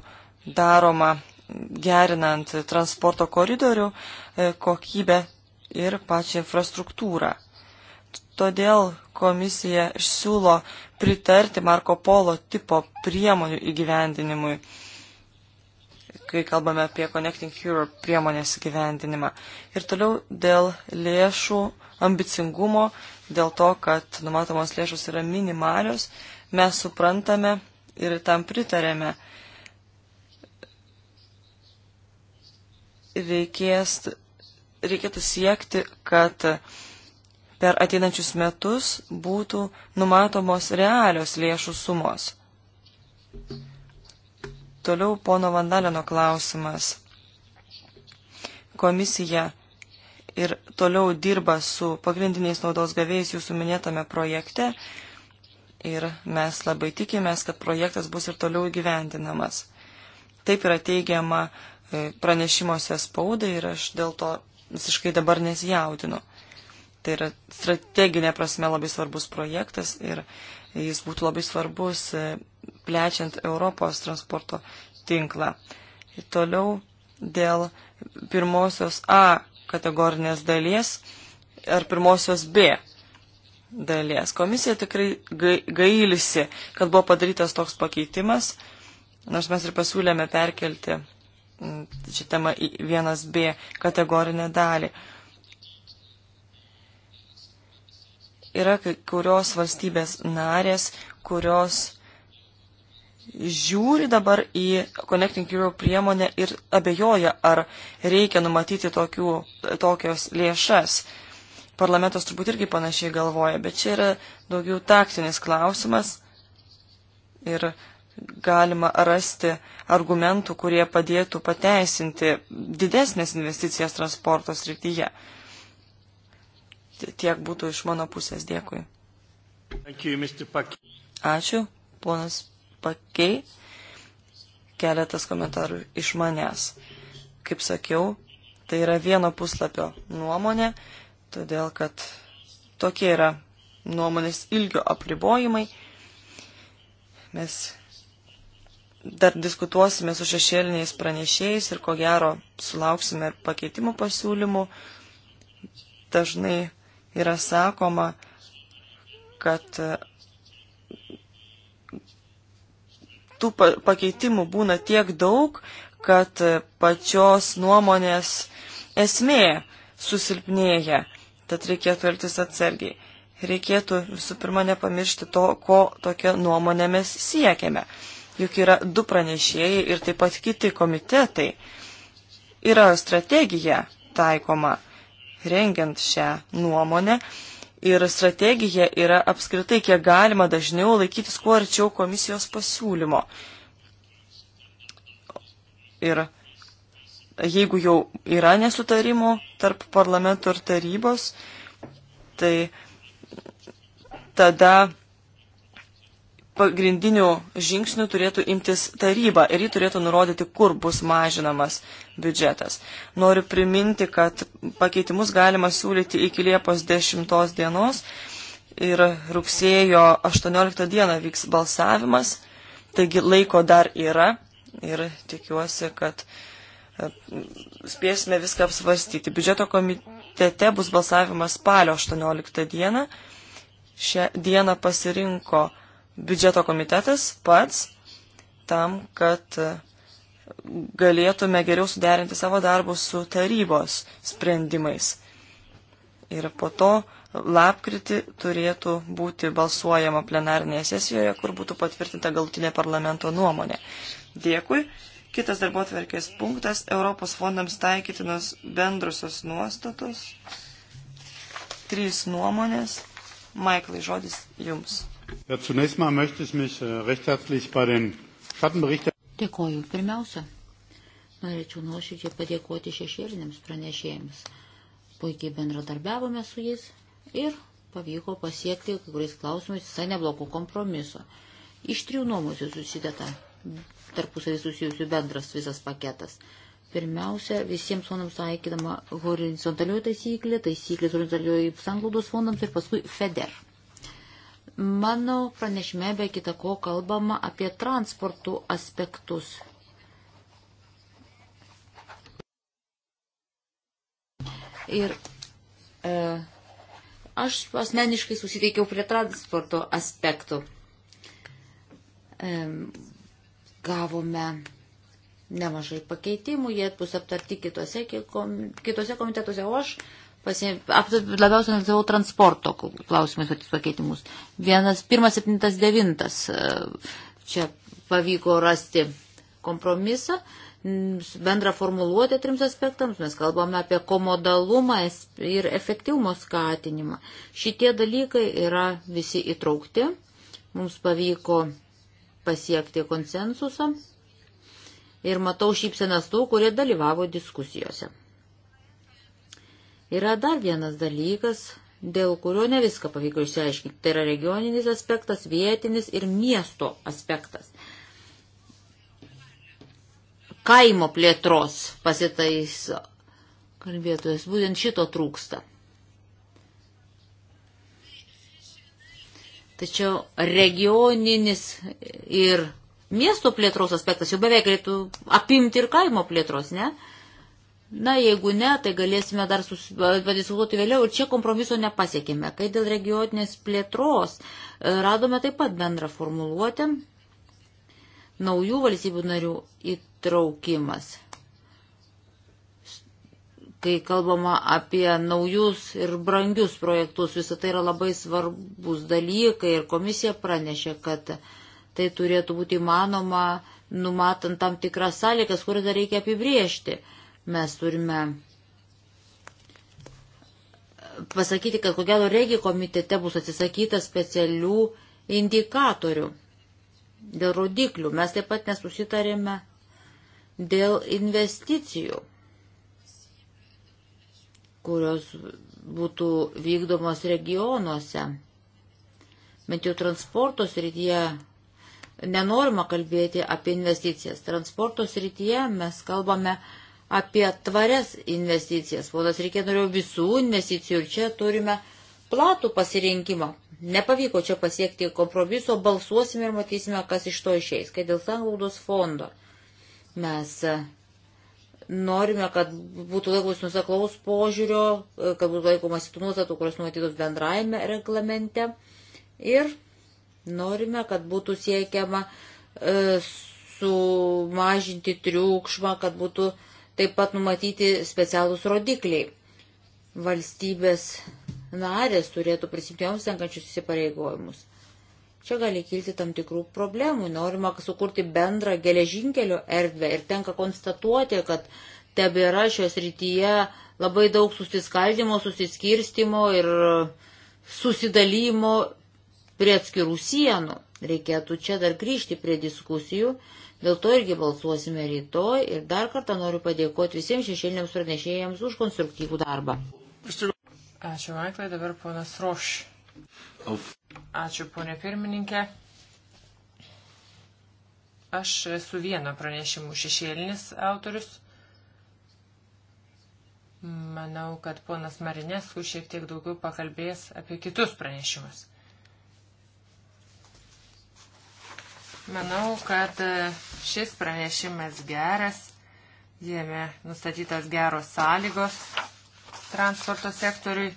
daroma gerinant transporto koridorių e, kokybę ir pačią infrastruktūrą. Todėl komisija siūlo pritarti Marko Polo tipo priemonių įgyvendinimui, kai kalbame apie Connecting Europe priemonės įgyvendinimą. Ir toliau dėl lėšų ambicingumo, dėl to, kad numatomos lėšos yra minimalios, mes suprantame, ir tam pritarėme. Reikės, reikėtų siekti, kad per ateinančius metus būtų numatomos realios lėšų sumos. Toliau pono Vandalino klausimas. Komisija ir toliau dirba su pagrindiniais naudos gavėjais jūsų minėtame projekte, ir mes labai tikimės, kad projektas bus ir toliau įgyvendinamas. Taip yra teigiama e, pranešimuose spaudai ir aš dėl to visiškai dabar nesijaudinu. Tai yra strateginė prasme labai svarbus projektas ir jis būtų labai svarbus e, plečiant Europos transporto tinklą. Ir toliau dėl pirmosios A kategorinės dalies ar pirmosios B dalies. Komisija tikrai gailisi, kad buvo padarytas toks pakeitimas, nors mes ir pasiūlėme perkelti mm, šitą temą į 1B kategorinę dalį. Yra kurios valstybės narės, kurios žiūri dabar į Connecting Europe priemonę ir abejoja, ar reikia numatyti tokių, tokios lėšas. Uh, parlamentas turbūt irgi panašiai galvoja, bet čia yra daugiau taktinis klausimas ir galima rasti argumentų, kurie padėtų pateisinti didesnės investicijas transporto srityje. Tiek būtų iš mano pusės. Dėkui. Ačiū, ponas Pakei. Keletas komentarų iš manęs. Kaip sakiau, tai yra vieno puslapio nuomonė todėl kad tokie yra nuomonės ilgio apribojimai. Mes dar diskutuosime su šešėliniais pranešėjais ir ko gero sulauksime pakeitimų pasiūlymų. Dažnai yra sakoma, kad e, tų pakeitimų būna tiek daug, kad e, pačios nuomonės esmė susilpnėja tad reikėtų elgtis atsargiai. Reikėtų visų pirma nepamiršti to, ko tokia nuomonė mes siekiame. Juk yra du pranešėjai ir taip pat kiti komitetai. Yra strategija taikoma rengiant šią nuomonę ir strategija yra apskritai kiek galima dažniau laikytis kuo arčiau komisijos pasiūlymo. Ir jeigu jau yra nesutarimų tarp parlamento ir tarybos, tai tada pagrindinių žingsnių turėtų imtis taryba ir ji turėtų nurodyti, kur bus mažinamas biudžetas. Noriu priminti, kad pakeitimus galima siūlyti iki Liepos 10 dienos ir rugsėjo 18 dieną vyks balsavimas, taigi laiko dar yra ir tikiuosi, kad uh, spėsime viską apsvarstyti. Biudžeto komitete bus balsavimas spalio 18 dieną. Šią dieną pasirinko biudžeto komitetas pats tam, kad galėtume geriau suderinti savo darbus su tarybos sprendimais. Ir po to lapkritį turėtų būti balsuojama plenarinėje sesijoje, kur būtų patvirtinta galtinė parlamento nuomonė. Dėkui. Kitas darbo atverkės punktas – Europos fondams taikytinos bendrusios nuostatos. Trys nuomonės. Maiklai, žodis jums. Ja, zunächst mal möchte ich mich äh, recht herzlich bei den Schattenberichter... Dėkoju. Pirmiausia, norėčiau nuoširdžiai padėkoti šešėliniams pranešėjams. Puikiai bendradarbiavome su jais ir pavyko pasiekti kai kuriais klausimais visai neblogų kompromiso. Iš trijų nuomonių susideda tarpusavį susijusių bendras visas paketas. Pirmiausia, visiems fondams taikydama horizontalioji taisyklė, taisyklės horizontalioji sanglaudos fondams ir paskui FEDER. Mano pranešime be kita ko kalbama apie transportų aspektus. Ir e, aš asmeniškai susiteikiau prie transporto aspektų. E, Gavome nemažai pakeitimų, jie bus aptarti kitose, kitose komitetuose, o aš pasim, ap, labiausiai analizavau transporto klausimus ir pakeitimus. Vienas, pirmas, septintas, devintas. E, čia pavyko rasti kompromisą, bendrą formuluotę trims aspektams. Mes kalbame apie komodalumą ir efektyvumo skatinimą. Šitie dalykai yra visi įtraukti. Mums pavyko pasiekti konsensusą ir matau šypsenas tų, kurie dalyvavo diskusijose. Yra dar vienas dalykas, dėl kurio ne viską pavyko išsiaiškinti. Tai yra regioninis aspektas, vietinis ir miesto aspektas. Kaimo plėtros pasitais kalbėtojas, būtent šito trūksta. Tačiau regioninis ir miesto plėtros aspektas jau beveik galėtų apimti ir kaimo plėtros, ne? Na, jeigu ne, tai galėsime dar padiskutuoti vėliau ir čia kompromiso nepasiekime. Kai dėl regioninės plėtros e, radome taip pat bendrą formuluotę naujų valstybių narių įtraukimas kai kalbama apie naujus ir brangius projektus, visą tai yra labai svarbus dalykai ir komisija pranešė, kad tai turėtų būti įmanoma, numatant tam tikras sąlygas, kurias dar reikia apibriežti. Mes turime pasakyti, kad ko gero regijų komitete bus atsisakyta specialių indikatorių dėl rodiklių. Mes taip pat nesusitarėme dėl investicijų kurios būtų vykdomos regionuose. Bent jau transporto srityje nenorima kalbėti apie investicijas. Transporto srityje mes kalbame apie tvarias investicijas. Ponas reikėjo norėjo visų investicijų ir čia turime platų pasirinkimą. Nepavyko čia pasiekti kompromiso, balsuosime ir matysime, kas iš to išeis. Kai dėl sanglaudos fondo mes Norime, kad būtų laikomas nusaklaus požiūrio, e, kad būtų laikomas tų nuostatų, kurios numatytos bendrajame reglamente. Ir norime, kad būtų siekiama e, sumažinti triukšmą, kad būtų taip pat numatyti specialūs rodikliai. Valstybės narės turėtų prisimti joms tenkančius įsipareigojimus. Čia gali kilti tam tikrų problemų. Norima sukurti bendrą geležinkelio erdvę ir tenka konstatuoti, kad tebėra šios rytyje labai daug susiskaldimo, susiskirstimo ir susidalymo prie atskirų sienų. Reikėtų čia dar grįžti prie diskusijų, dėl to irgi balsuosime rytoj ir dar kartą noriu padėkoti visiems šešėliniams pranešėjams už konstruktyvų darbą. Ačiū, Maiklai, dabar ponas Roš. Ačiū, ponė pirmininkė. Aš esu vieno pranešimų šešėlinis autorius. Manau, kad ponas Marinesku šiek tiek daugiau pakalbės apie kitus pranešimus. Manau, kad šis pranešimas geras, jame nustatytas geros sąlygos transporto sektoriui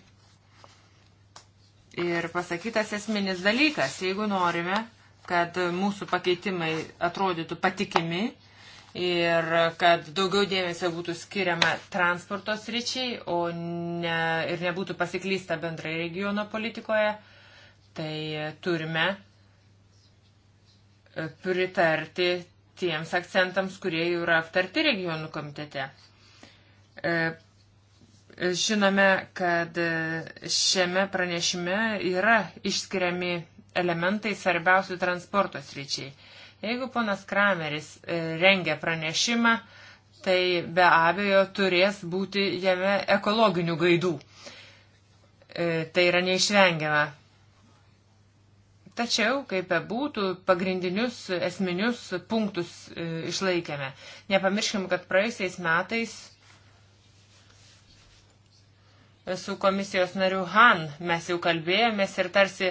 ir pasakytas esminis dalykas. Jeigu norime, kad mūsų pakeitimai atrodytų patikimi ir kad daugiau dėmesio būtų skiriama transporto sričiai ne, ir nebūtų pasiklysta bendrai regiono politikoje, tai turime e, pritarti tiems akcentams, kurie jau yra aptarti regionų komitete. E, Žinome, kad šiame pranešime yra išskiriami elementai svarbiausių transporto sričiai. Jeigu ponas Krameris e, rengia pranešimą, tai be abejo turės būti jame ekologinių gaidų. E, tai yra neišvengiama. Tačiau, kaip be būtų, pagrindinius esminius punktus e, išlaikėme. Nepamirškim, kad praeisiais metais su komisijos nariu Han. Mes jau kalbėjomės ir tarsi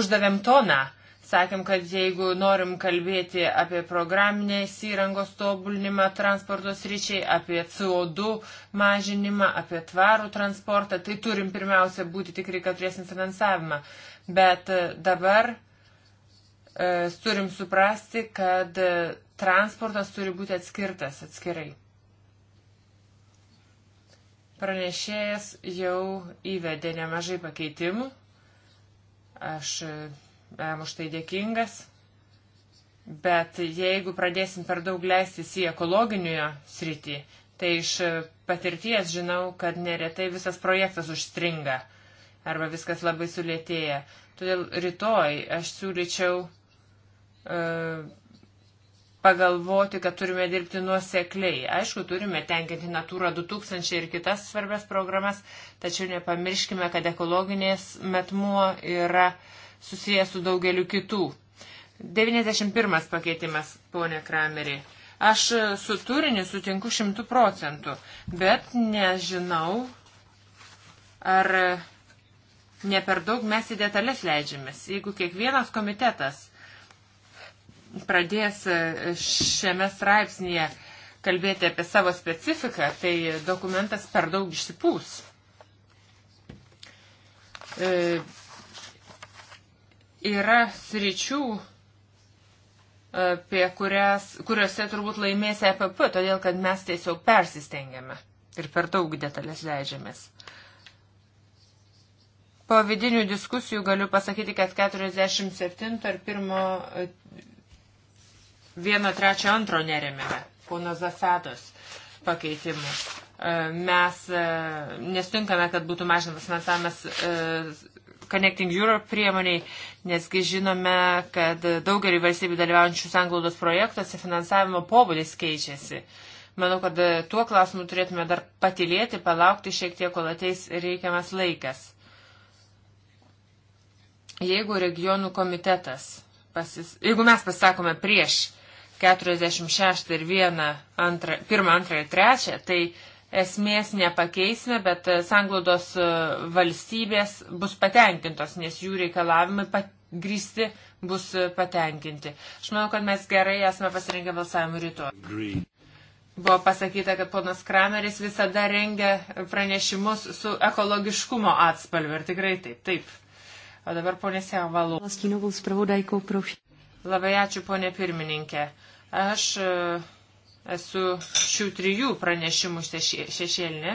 uždavėm toną. Sakėm, kad jeigu norim kalbėti apie programinės įrangos tobulinimą transporto sričiai, apie CO2 mažinimą, apie tvarų transportą, tai turim pirmiausia būti tikri, kad turėsim finansavimą. Bet e, dabar e, turim suprasti, kad e, transportas turi būti atskirtas atskirai. Pranešėjas jau įvedė nemažai pakeitimų. Aš jam e, už tai dėkingas. Bet jeigu pradėsim per daug leistis į ekologinio sritį, tai iš e, patirties žinau, kad neretai visas projektas užstringa arba viskas labai sulėtėja. Todėl rytoj aš siūlyčiau uh, pagalvoti, kad turime dirbti nuosekliai. Aišku, turime tenkinti Natūra 2000 ir kitas svarbias programas, tačiau nepamirškime, kad ekologinės metmuo yra susijęs su daugeliu kitų. 91 pakeitimas, ponė Kramerį. Aš su turiniu sutinku 100 procentų, bet nežinau, ar ne per daug mes į detalės leidžiamės. Jeigu kiekvienas komitetas pradės e, šiame straipsnėje kalbėti apie savo specifiką, tai dokumentas per daug išsipūs. E, yra sričių, e, apie kurias, kuriuose turbūt laimės EPP, todėl kad mes tiesiog persistengiame ir per daug detalės leidžiamės. Po vidinių diskusijų galiu pasakyti, kad 47 ar 1 vieno trečio antro neremėme, pono Zasados pakeitimų. E, mes e, nesutinkame, kad būtų mažinamas finansavimas e, Connecting Europe priemoniai, nesgi žinome, kad daugelį valstybių dalyvaujančių sanglaudos projektuose finansavimo pobūdis keičiasi. Manau, kad tuo klausimu turėtume dar patilėti, palaukti šiek tiek, kol ateis reikiamas laikas. Jeigu regionų komitetas, pasis... jeigu mes pasakome prieš 46 ir 1, 2, 1, 2 ir 3, tai esmės nepakeisime, bet e, sanglaudos e, valstybės bus patenkintos, nes jų reikalavimai grįsti bus e, patenkinti. Aš manau, kad mes gerai esame pasirengę balsavimui rytoj. Buvo pasakyta, kad ponas Krameris visada rengia pranešimus su ekologiškumo atspalviu ir tikrai taip, taip. O dabar ponė Sevalu. Labai ačiū, ponė pirmininkė. Aš e, esu šių trijų pranešimų šešėlinė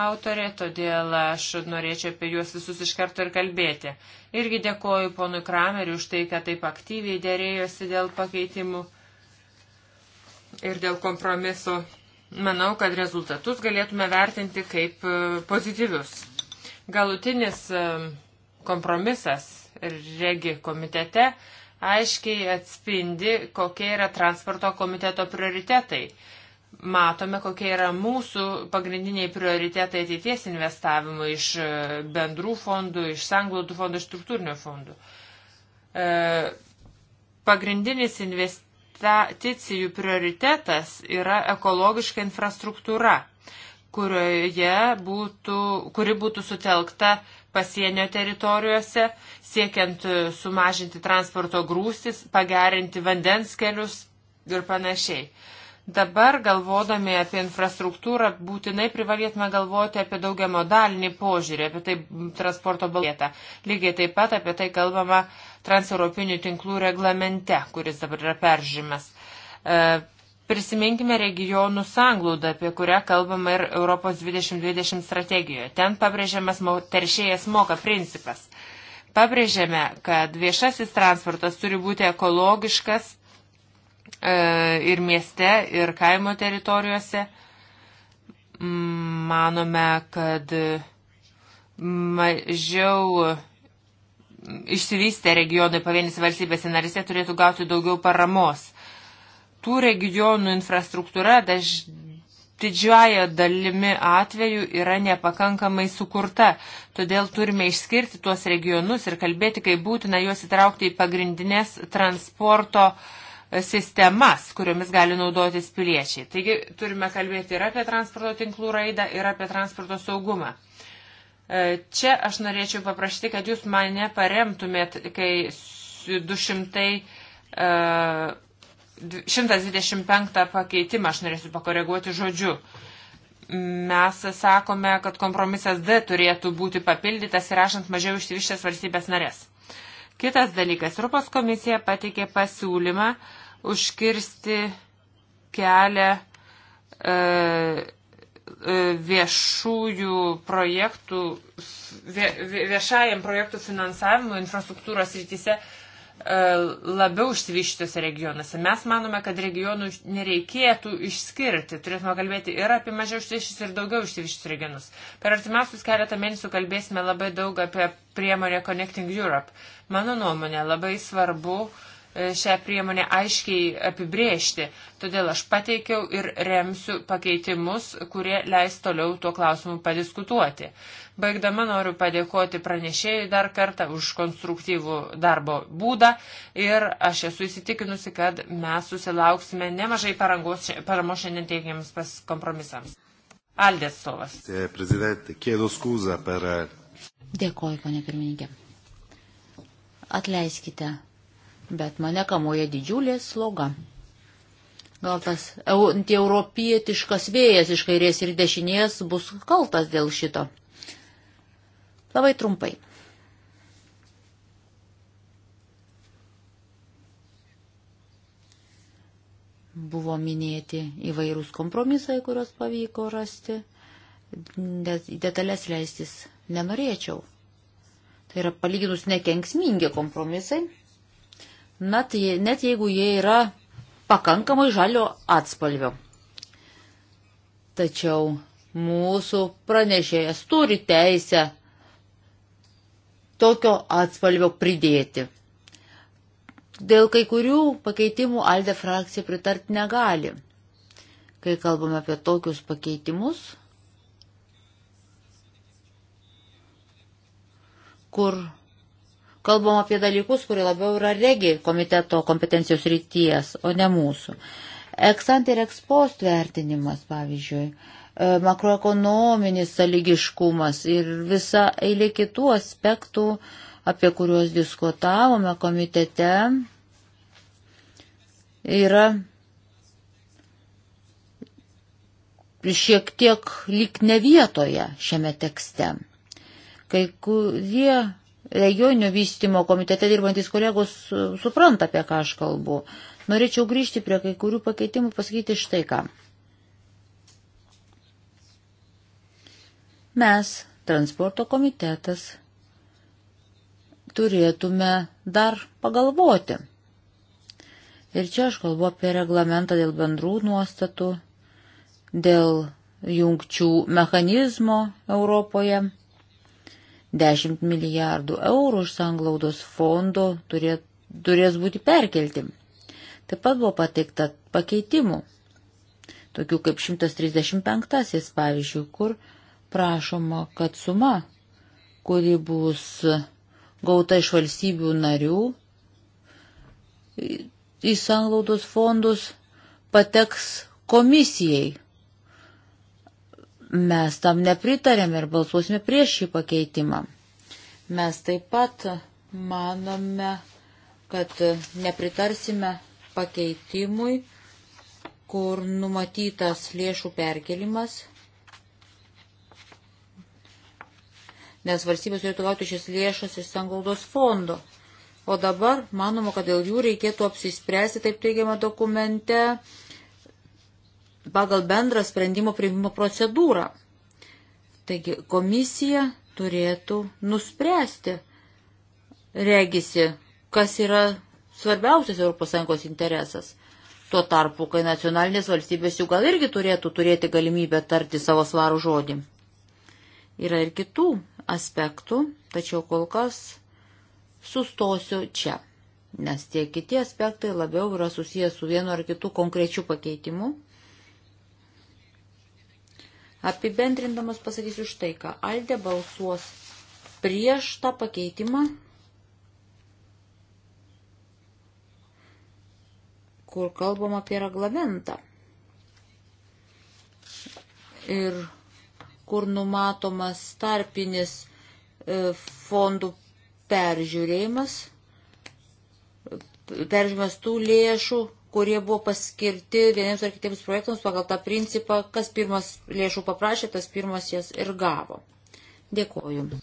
autorė, todėl aš norėčiau apie juos visus iš karto ir kalbėti. Irgi dėkoju ponui Krameriu už tai, kad taip aktyviai dėrėjosi dėl pakeitimų ir dėl kompromiso. Manau, kad rezultatus galėtume vertinti kaip e, pozityvius. Galutinis e, kompromisas regi komitete aiškiai atspindi, kokie yra transporto komiteto prioritetai. Matome, kokie yra mūsų pagrindiniai prioritetai ateities investavimui iš e, bendrų fondų, iš sanglodų fondų, iš struktūrinių fondų. E, pagrindinis investicijų prioritetas yra ekologiška infrastruktūra kurioje būtų, kuri būtų sutelkta pasienio teritorijose, siekiant sumažinti transporto grūstis, pagerinti vandens kelius ir panašiai. Dabar, galvodami apie infrastruktūrą, būtinai privalėtume galvoti apie daugiamo dalinį požiūrį, apie tai transporto balėtą. Lygiai taip pat apie tai kalbama transeuropinių tinklų reglamente, kuris dabar yra peržimas. E, Prisiminkime regionų sanglaudą, apie kurią kalbama ir Europos 2020 strategijoje. Ten pabrėžiamas teršėjas moka principas. Pabrėžiame, kad viešasis transportas turi būti ekologiškas e, ir mieste, ir kaimo teritorijose. Manome, kad mažiau išsivystę regionai pavienis valstybėse narise turėtų gauti daugiau paramos tų regionų infrastruktūra daž, didžiaja dalimi atveju yra nepakankamai sukurta. Todėl turime išskirti tuos regionus ir kalbėti, kaip būtina juos įtraukti į pagrindinės transporto e, sistemas, kuriomis gali naudotis piliečiai. Taigi turime kalbėti ir apie transporto tinklų raidą, ir apie transporto saugumą. E, čia aš norėčiau paprašyti, kad jūs mane paremtumėt, kai 200 uh, 125 pakeitimą aš norėsiu pakoreguoti žodžiu. Mes sakome, kad kompromisas D turėtų būti papildytas įrašant mažiau išsivyščias valstybės narės. Kitas dalykas, Europos komisija pateikė pasiūlymą užkirsti kelią e, e viešųjų projektų, vie, viešajam projektų finansavimui infrastruktūros rytise e, E, labiau išsivyščiusiuose regionuose. Mes manome, kad regionų nereikėtų išskirti. Turėtume kalbėti ir apie mažiau išsivyščius ir daugiau išsivyščius regionus. Per artimiausius keletą mėnesių kalbėsime labai daug apie priemonę Connecting Europe. Mano nuomonė, labai svarbu uh, E, šią priemonę aiškiai apibriežti. Todėl aš pateikiau ir remsiu pakeitimus, kurie leis toliau tuo klausimu padiskutuoti. Baigdama noriu padėkoti pranešėjai dar kartą už konstruktyvų darbo būdą ir aš esu įsitikinusi, kad mes susilauksime nemažai parangos, paramos šiandien teikiams pas kompromisams. Aldės Sovas. Eh, Dėkoju, ponė pirmininkė. Atleiskite bet mane kamuoja didžiulė sloga. Gal tas antieuropietiškas vėjas iš kairės ir dešinės bus kaltas dėl šito. Labai trumpai. Buvo minėti įvairūs kompromisai, kuriuos pavyko rasti, bet į detalės leistis nenorėčiau. Tai yra palyginus nekenksmingi kompromisai, net, tai net jeigu jie yra pakankamai žalio atspalvio. Tačiau mūsų pranešėjas turi teisę tokio atspalvio pridėti. Dėl kai kurių pakeitimų Alde frakcija pritart negali. Kai kalbame apie tokius pakeitimus, kur Kalbam apie dalykus, kurie labiau yra regi komiteto kompetencijos ryties, o ne mūsų. Eksant ir ekspost vertinimas, pavyzdžiui, e, makroekonominis saligiškumas ir visa eilė kitų aspektų, apie kuriuos diskutavome komitete, yra šiek tiek lyg ne vietoje šiame tekste. Kai kurie regioninio vystimo komitete dirbantis kolegos supranta, apie ką aš kalbu. Norėčiau grįžti prie kai kurių pakeitimų, pasakyti štai ką. Mes, transporto komitetas, turėtume dar pagalvoti. Ir čia aš kalbu apie reglamentą dėl bendrų nuostatų, dėl jungčių mechanizmo Europoje 10 milijardų eurų iš sanglaudos fondo turė, turės būti perkelti. Taip pat buvo pateikta pakeitimų, tokių kaip 135, pavyzdžiui, kur prašoma, kad suma, kuri bus gauta iš valstybių narių į sanglaudos fondus, pateks komisijai Mes tam nepritarėme ir balsuosime prieš šį pakeitimą. Mes taip pat manome, kad nepritarsime pakeitimui, kur numatytas lėšų perkelimas, nes valstybės turėtų gauti šis lėšas iš sangaldos fondo. O dabar manoma, kad dėl jų reikėtų apsispręsti, taip teigiama dokumente, pagal bendrą sprendimo priimimo procedūrą. Taigi komisija turėtų nuspręsti, regisi, kas yra svarbiausias ES interesas. Tuo tarpu, kai nacionalinės valstybės jau gal irgi turėtų turėti galimybę tarti savo svarų žodį. Yra ir kitų aspektų, tačiau kol kas sustosiu čia, nes tie kiti aspektai labiau yra susijęs su vienu ar kitu konkrečiu pakeitimu Apibendrindamas pasakysiu štai ką. Aldė balsuos prieš tą pakeitimą, kur kalbam apie reglamentą. Ir kur numatomas tarpinis e, fondų peržiūrėjimas, peržiūrėjimas tų lėšų, kurie buvo paskirti vieniems ar kitiems projektams pagal tą principą, kas pirmas lėšų paprašė, tas pirmas jas ir gavo. Dėkoju.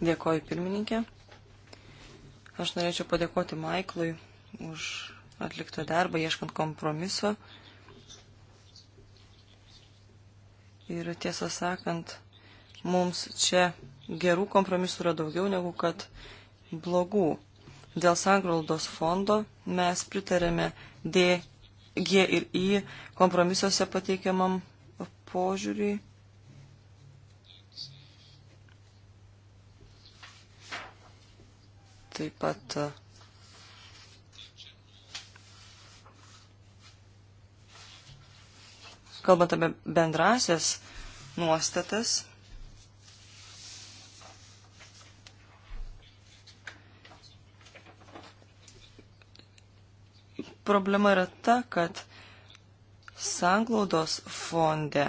Dėkoju pirmininkė. Aš norėčiau padėkoti Maiklui už atliktą darbą, ieškant kompromiso. Ir tiesą sakant, mums čia gerų kompromisų yra daugiau negu kad blogų. Dėl sangraudos fondo mes pritarėme D, G ir I kompromisuose pateikiamam požiūriui. Taip pat e, kalbant apie bendrasias nuostatas, problema yra ta, kad sanglaudos fonde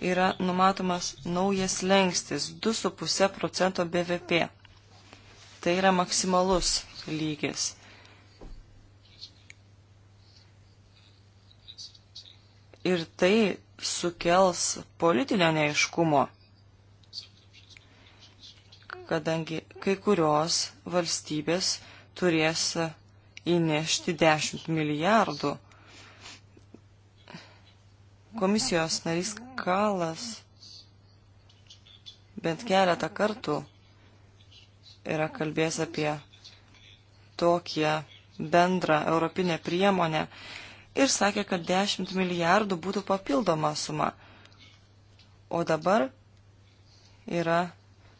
yra numatomas naujas lengstis 2,5 procento BVP. Tai yra maksimalus lygis. Ir tai sukels politinio neiškumo, kadangi kai kurios valstybės turės įnešti 10 milijardų. Komisijos narys Kalas bent keletą kartų yra kalbėjęs apie tokią bendrą europinę priemonę ir sakė, kad 10 milijardų būtų papildoma suma. O dabar yra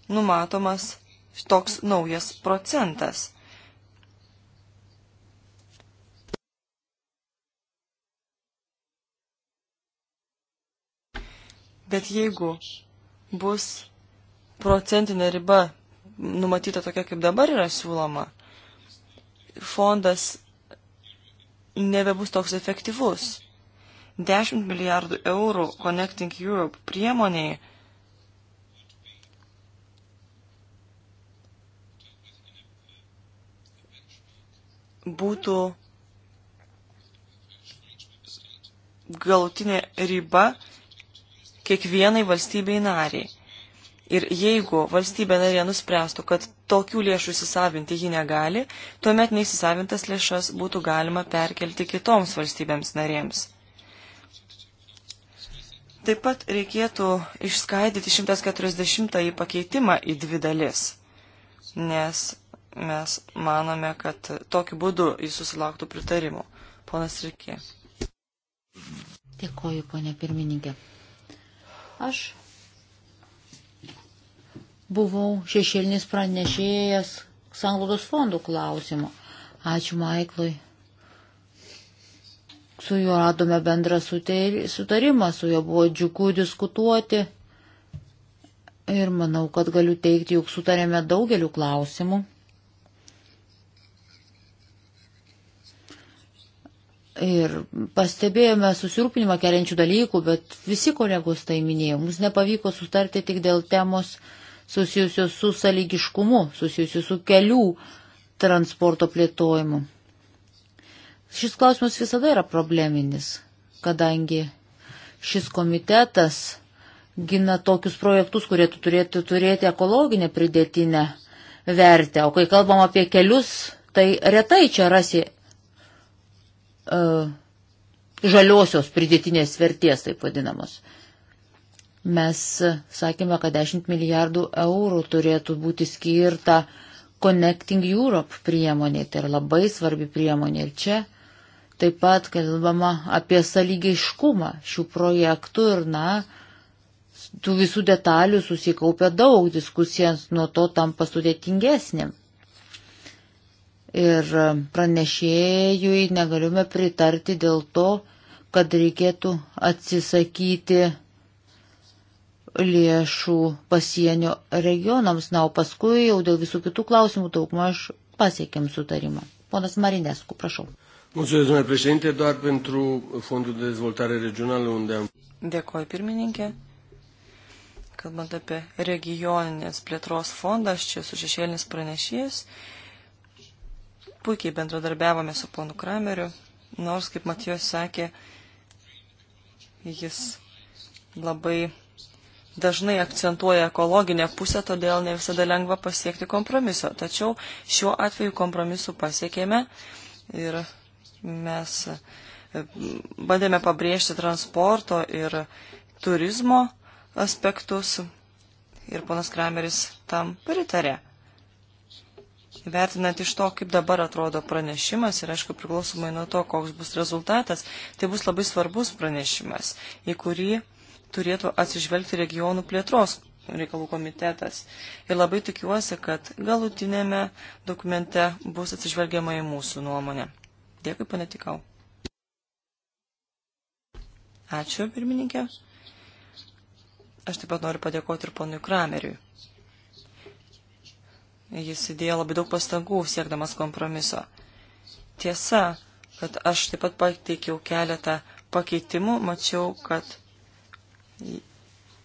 numatomas toks naujas procentas. Bet jeigu bus procentinė riba numatyta tokia, kaip dabar yra siūloma, fondas nebebus toks efektyvus. 10 milijardų eurų Connecting Europe priemoniai būtų galutinė riba kiekvienai valstybei nariai. Ir jeigu valstybė narė nuspręstų, kad tokių lėšų įsisavinti ji negali, tuomet neįsisavintas lėšas būtų galima perkelti kitoms valstybėms narėms. Taip pat reikėtų išskaidyti 140 pakeitimą į dvi dalis, nes mes manome, kad tokiu būdu jis susilauktų pritarimų. Ponas Rikė. Dėkoju, ponė pirmininkė. Aš buvau šešėlinis pranešėjas sanglaudos fondų klausimu. Ačiū Maiklui. Su juo radome bendrą sutarimą, su juo buvo džiugu diskutuoti. Ir manau, kad galiu teikti, jog sutarėme daugeliu klausimų. Ir pastebėjome susirūpinimą keliančių dalykų, bet visi kolegos tai minėjo. Mums nepavyko sutarti tik dėl temos susijusios su sąlygiškumu, susijusios su kelių transporto plėtojimu. Šis klausimas visada yra probleminis, kadangi šis komitetas gina tokius projektus, kurie turėtų turėti ekologinę pridėtinę vertę. O kai kalbam apie kelius, tai retai čia rasi uh, žaliosios pridėtinės vertės, taip vadinamos. Mes sakėme, kad 10 milijardų eurų turėtų būti skirta Connecting Europe priemonė, tai yra labai svarbi priemonė ir čia taip pat kalbama apie sąlygiškumą šių projektų ir, na, tų visų detalių susikaupia daug, diskusijans nuo to tampa sudėtingesnėm ir pranešėjui negaliume pritarti dėl to, kad reikėtų atsisakyti lėšų pasienio regionams, na, o paskui jau dėl visų kitų klausimų daugmaž pasiekėm sutarimą. Ponas Marinescu, prašau. Mulțumesc, domnule președinte, doar pentru Fondul de Dezvoltare Regională, unde am... Dėkoju, pirmininkė. Kalbant apie regioninės plėtros fondą, aš čia su šešėlinis pranešėjas. Uh, Puikiai bendradarbiavome su ponu Krameriu, nors, kaip Matijos sakė, jis labai dažnai akcentuoja ekologinę pusę, todėl ne visada lengva pasiekti kompromiso. Tačiau šiuo atveju kompromisu pasiekėme ir mes e, bandėme pabrėžti transporto ir turizmo aspektus ir ponas Krameris tam pritarė vertinant iš to, kaip dabar atrodo pranešimas ir, aišku, priklausomai nuo to, koks bus rezultatas, tai bus labai svarbus pranešimas, į kurį turėtų atsižvelgti regionų plėtros reikalų komitetas. Ir labai tikiuosi, kad galutinėme dokumente bus atsižvelgiama į mūsų nuomonę. Dėkui, panetikau. Ačiū, pirmininkė. Aš taip pat noriu padėkoti ir ponui Krameriui Jis įdėjo labai daug pastangų siekdamas kompromiso. Tiesa, kad aš taip pat pateikiau keletą pakeitimų, mačiau, kad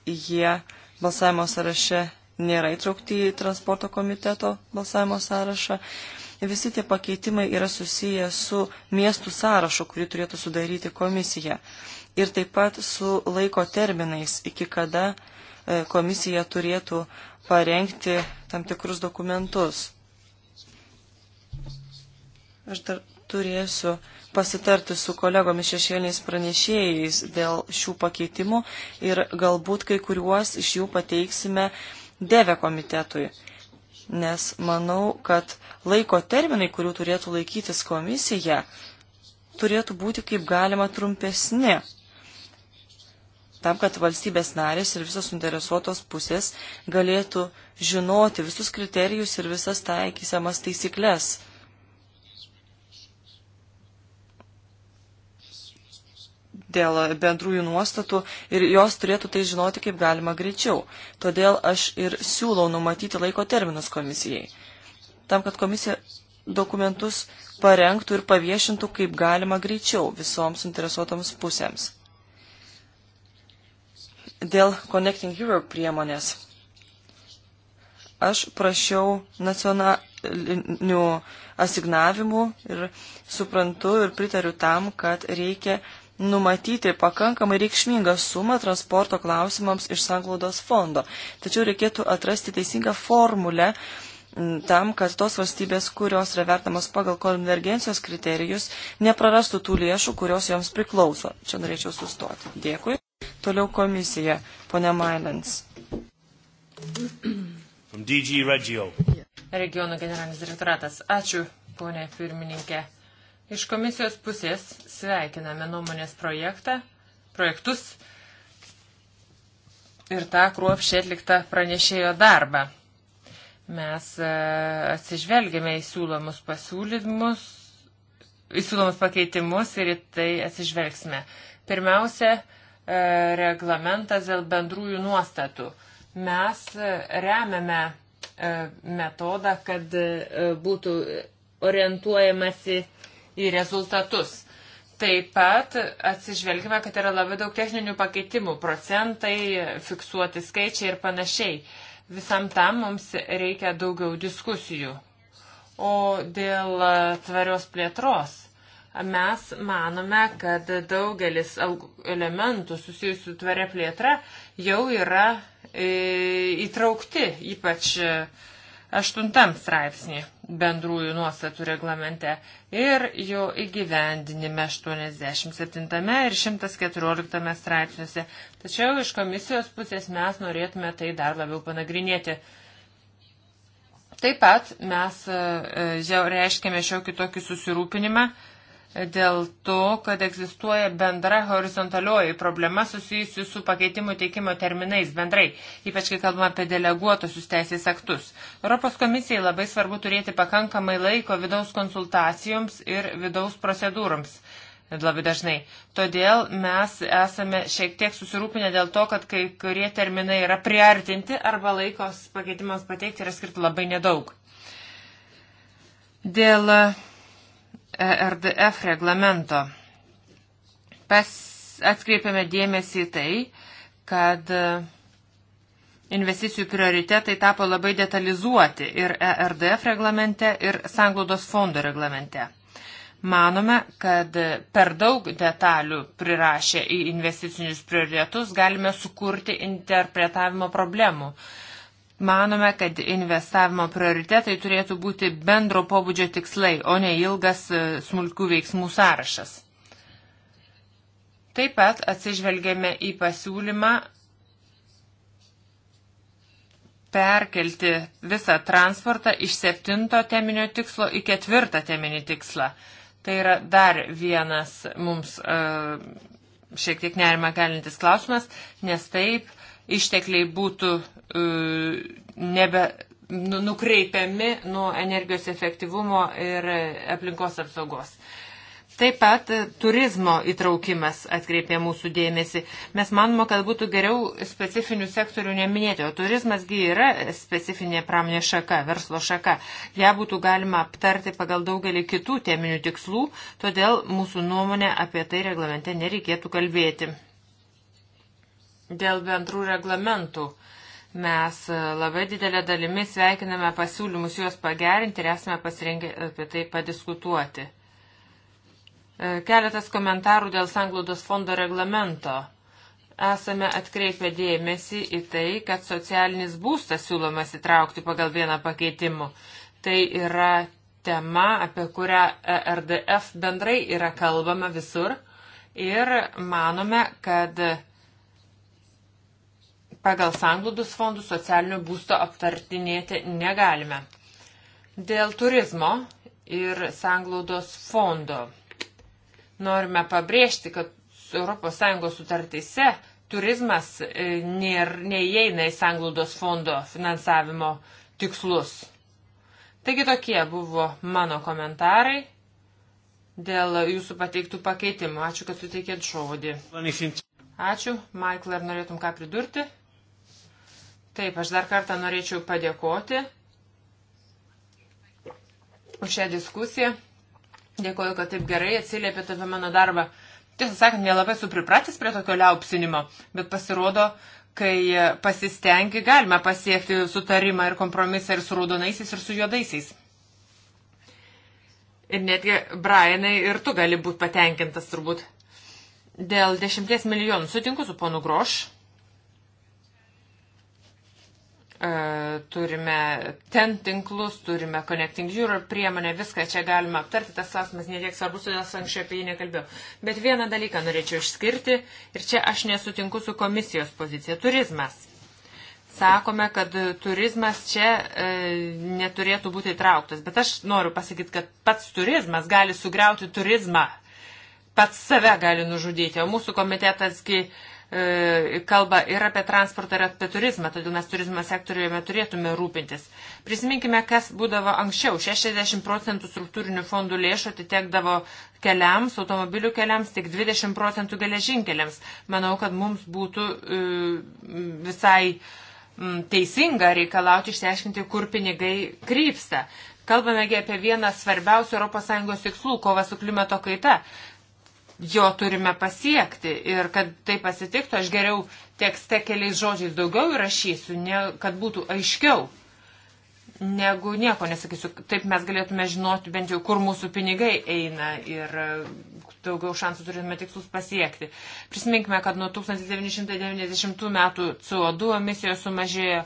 jie balsavimo sąraše nėra įtraukti į transporto komiteto balsavimo sąrašą. Visi tie pakeitimai yra susiję su miestų sąrašu, kurį turėtų sudaryti komisija. Ir taip pat su laiko terminais, iki kada E, komisija turėtų parengti tam tikrus dokumentus. Aš dar turėsiu pasitarti su kolegomis šešėliniais pranešėjais dėl šių pakeitimų ir galbūt kai kuriuos iš jų pateiksime deve komitetui. Nes manau, kad laiko terminai, kurių turėtų laikytis komisija, turėtų būti kaip galima trumpesni tam, kad valstybės narės ir visos interesuotos pusės galėtų žinoti visus kriterijus ir visas taikysiamas taisyklės. dėl bendrųjų nuostatų ir jos turėtų tai žinoti kaip galima greičiau. Todėl aš ir siūlau numatyti laiko terminus komisijai. Tam, kad komisija dokumentus parengtų ir paviešintų kaip galima greičiau visoms interesuotoms pusėms dėl Connecting Europe priemonės. Aš prašiau nacionalinių asignavimų ir suprantu ir pritariu tam, kad reikia numatyti pakankamai reikšmingą sumą transporto klausimams iš sanglaudos fondo. Tačiau reikėtų atrasti teisingą formulę tam, kad tos valstybės, kurios yra vertamos pagal konvergencijos kriterijus, neprarastų tų lėšų, kurios joms priklauso. Čia norėčiau sustoti. Dėkui. Toliau komisija, ponia Mailens. Regionų generalinis direktoratas. Ačiū, ponė pirmininkė. Iš komisijos pusės sveikiname nuomonės projektą, projektus ir tą kruopšį atliktą pranešėjo darbą. Mes e, atsižvelgėme į siūlomus pasiūlymus, į siūlomus pakeitimus ir į tai atsižvelgsime. Pirmiausia, E, reglamentas dėl bendrųjų nuostatų. Mes remiame e, metodą, kad e, būtų orientuojamasi į rezultatus. Taip pat atsižvelgime, kad yra labai daug techninių pakeitimų, procentai, fiksuoti skaičiai ir panašiai. Visam tam mums reikia daugiau diskusijų. O dėl tvarios plėtros Mes manome, kad daugelis elementų susijusių tvaria plėtra jau yra e, įtraukti, ypač e, aštuntam straipsnį bendrųjų nuostatų reglamente ir jo įgyvendinime 87 ir 114 straipsniuose. Tačiau iš komisijos pusės mes norėtume tai dar labiau panagrinėti. Taip pat mes e, jau reiškėme šiokį tokį susirūpinimą dėl to, kad egzistuoja bendra horizontalioji problema susijusi su pakeitimų teikimo terminais bendrai, ypač kai kalbame apie deleguotusius teisės aktus. Europos komisijai labai svarbu turėti pakankamai laiko vidaus konsultacijoms ir vidaus procedūroms. Labai dažnai. Todėl mes esame šiek tiek susirūpinę dėl to, kad kai kurie terminai yra priartinti arba laikos pakeitimams pateikti yra skirti labai nedaug. Dėl uh, ERDF reglamento. Pas atkreipiame dėmesį į tai, kad investicijų prioritetai tapo labai detalizuoti ir ERDF reglamente, ir Sanglaudos fondo reglamente. Manome, kad per daug detalių prirašę į investicinius prioritetus galime sukurti interpretavimo problemų. Uh, Manome, kad investavimo prioritetai turėtų būti bendro pobūdžio tikslai, o ne ilgas e, smulkių veiksmų sąrašas. Taip pat atsižvelgėme į pasiūlymą perkelti visą transportą iš septinto teminio tikslo į ketvirtą teminį tikslą. Tai yra dar vienas mums e, šiek tiek nerima galintis klausimas, nes taip ištekliai būtų E, nebe nu, nukreipiami nuo energijos efektyvumo ir aplinkos apsaugos. Taip pat turizmo įtraukimas atkreipė mūsų dėmesį. Mes manome, kad būtų geriau specifinių sektorių neminėti, o turizmasgi yra specifinė pramonė šaka, verslo šaka. Ja būtų galima aptarti pagal daugelį kitų teminių tikslų, todėl mūsų nuomonė apie tai reglamente nereikėtų kalbėti. Dėl bendrų reglamentų. Uh, Mes e, labai didelę dalimi sveikiname pasiūlymus juos pagerinti ir esame pasirengę apie tai padiskutuoti. E, keletas komentarų dėl Sanglaudos fondo reglamento. Esame atkreipę dėmesį į tai, kad socialinis būstas siūlomas įtraukti pagal vieną pakeitimų. Tai yra tema, apie kurią e RDF bendrai yra kalbama visur ir manome, kad pagal sanglūdus fondus socialinio būsto aptartinėti negalime. Dėl turizmo ir sanglaudos fondo norime pabrėžti, kad ES sutartyse turizmas e, nėr, neįeina į sanglaudos fondo finansavimo tikslus. Taigi tokie buvo mano komentarai dėl jūsų pateiktų pakeitimų. Ačiū, kad suteikėt žodį. Ačiū. Michael, ar norėtum ką pridurti? Taip, aš dar kartą norėčiau padėkoti už šią diskusiją. Dėkoju, kad taip gerai atsiliepėte apie mano darbą. Tiesą sakant, nelabai supripratęs prie tokio liaupsinimo, bet pasirodo, kai pasistengi, galime pasiekti sutarimą ir kompromisą ir su raudonaisiais, ir su juodaisiais. Ir netgi, Brianai, ir tu gali būti patenkintas turbūt. Dėl dešimties milijonų sutinku su ponu Grošu. E, turime ten tinklus, turime Connecting Europe priemonę, viską čia galima aptarti, tas klausimas netiek svarbus, nes anksčiau apie jį nekalbėjau. Bet vieną dalyką norėčiau išskirti ir čia aš nesutinku su komisijos pozicija - turizmas. Sakome, kad turizmas čia e, neturėtų būti įtrauktas, bet aš noriu pasakyti, kad pats turizmas gali sugriauti turizmą, pats save gali nužudyti, o mūsų komitetasgi e, E, kalba ir apie transportą, ir apie turizmą, todėl mes turizmo sektoriuje turėtume rūpintis. Prisiminkime, kas būdavo anksčiau. 60 procentų struktūrinių fondų lėšų atitekdavo keliams, automobilių keliams, tik 20 procentų geležinkeliams. Manau, kad mums būtų e, visai teisinga reikalauti išsiaiškinti, kur pinigai krypsta. Kalbamegi apie vieną svarbiausių ES tikslų - kova su klimato kaita jo turime pasiekti. Ir kad tai pasitiktų, aš geriau tekste keliais žodžiais daugiau įrašysiu, ne, kad būtų aiškiau, negu nieko nesakysiu. Taip mes galėtume žinoti bent jau, kur mūsų pinigai eina ir e, daugiau šansų turėtume tikslus pasiekti. Prisiminkime, kad nuo 1990 metų CO2 emisijos sumažėjo e,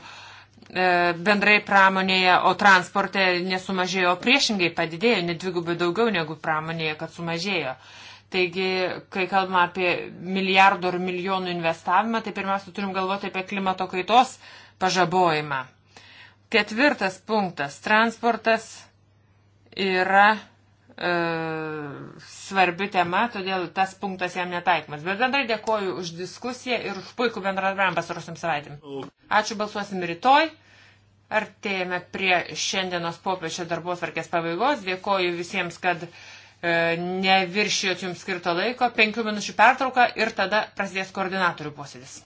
bendrai pramonėje, o transporte nesumažėjo, o priešingai padidėjo, net dvigubai daugiau negu pramonėje, kad sumažėjo. Uh, Taigi, kai kalbame apie milijardų ar milijonų investavimą, tai pirmiausia turim galvoti apie klimato kaitos pažabojimą. Ketvirtas punktas. Transportas yra e, svarbi tema, todėl tas punktas jam netaikmas. Bet bendrai dėkoju už diskusiją ir už puikų bendradarbiavimą pasarosiam savaitėm. Ačiū, balsuosim rytoj. Artėjame prie šiandienos popiečio darbos varkės pabaigos. Dėkoju visiems, kad E, neviršijot jums skirto laiko, penkių minučių pertrauka ir tada prasidės koordinatorių posėdis.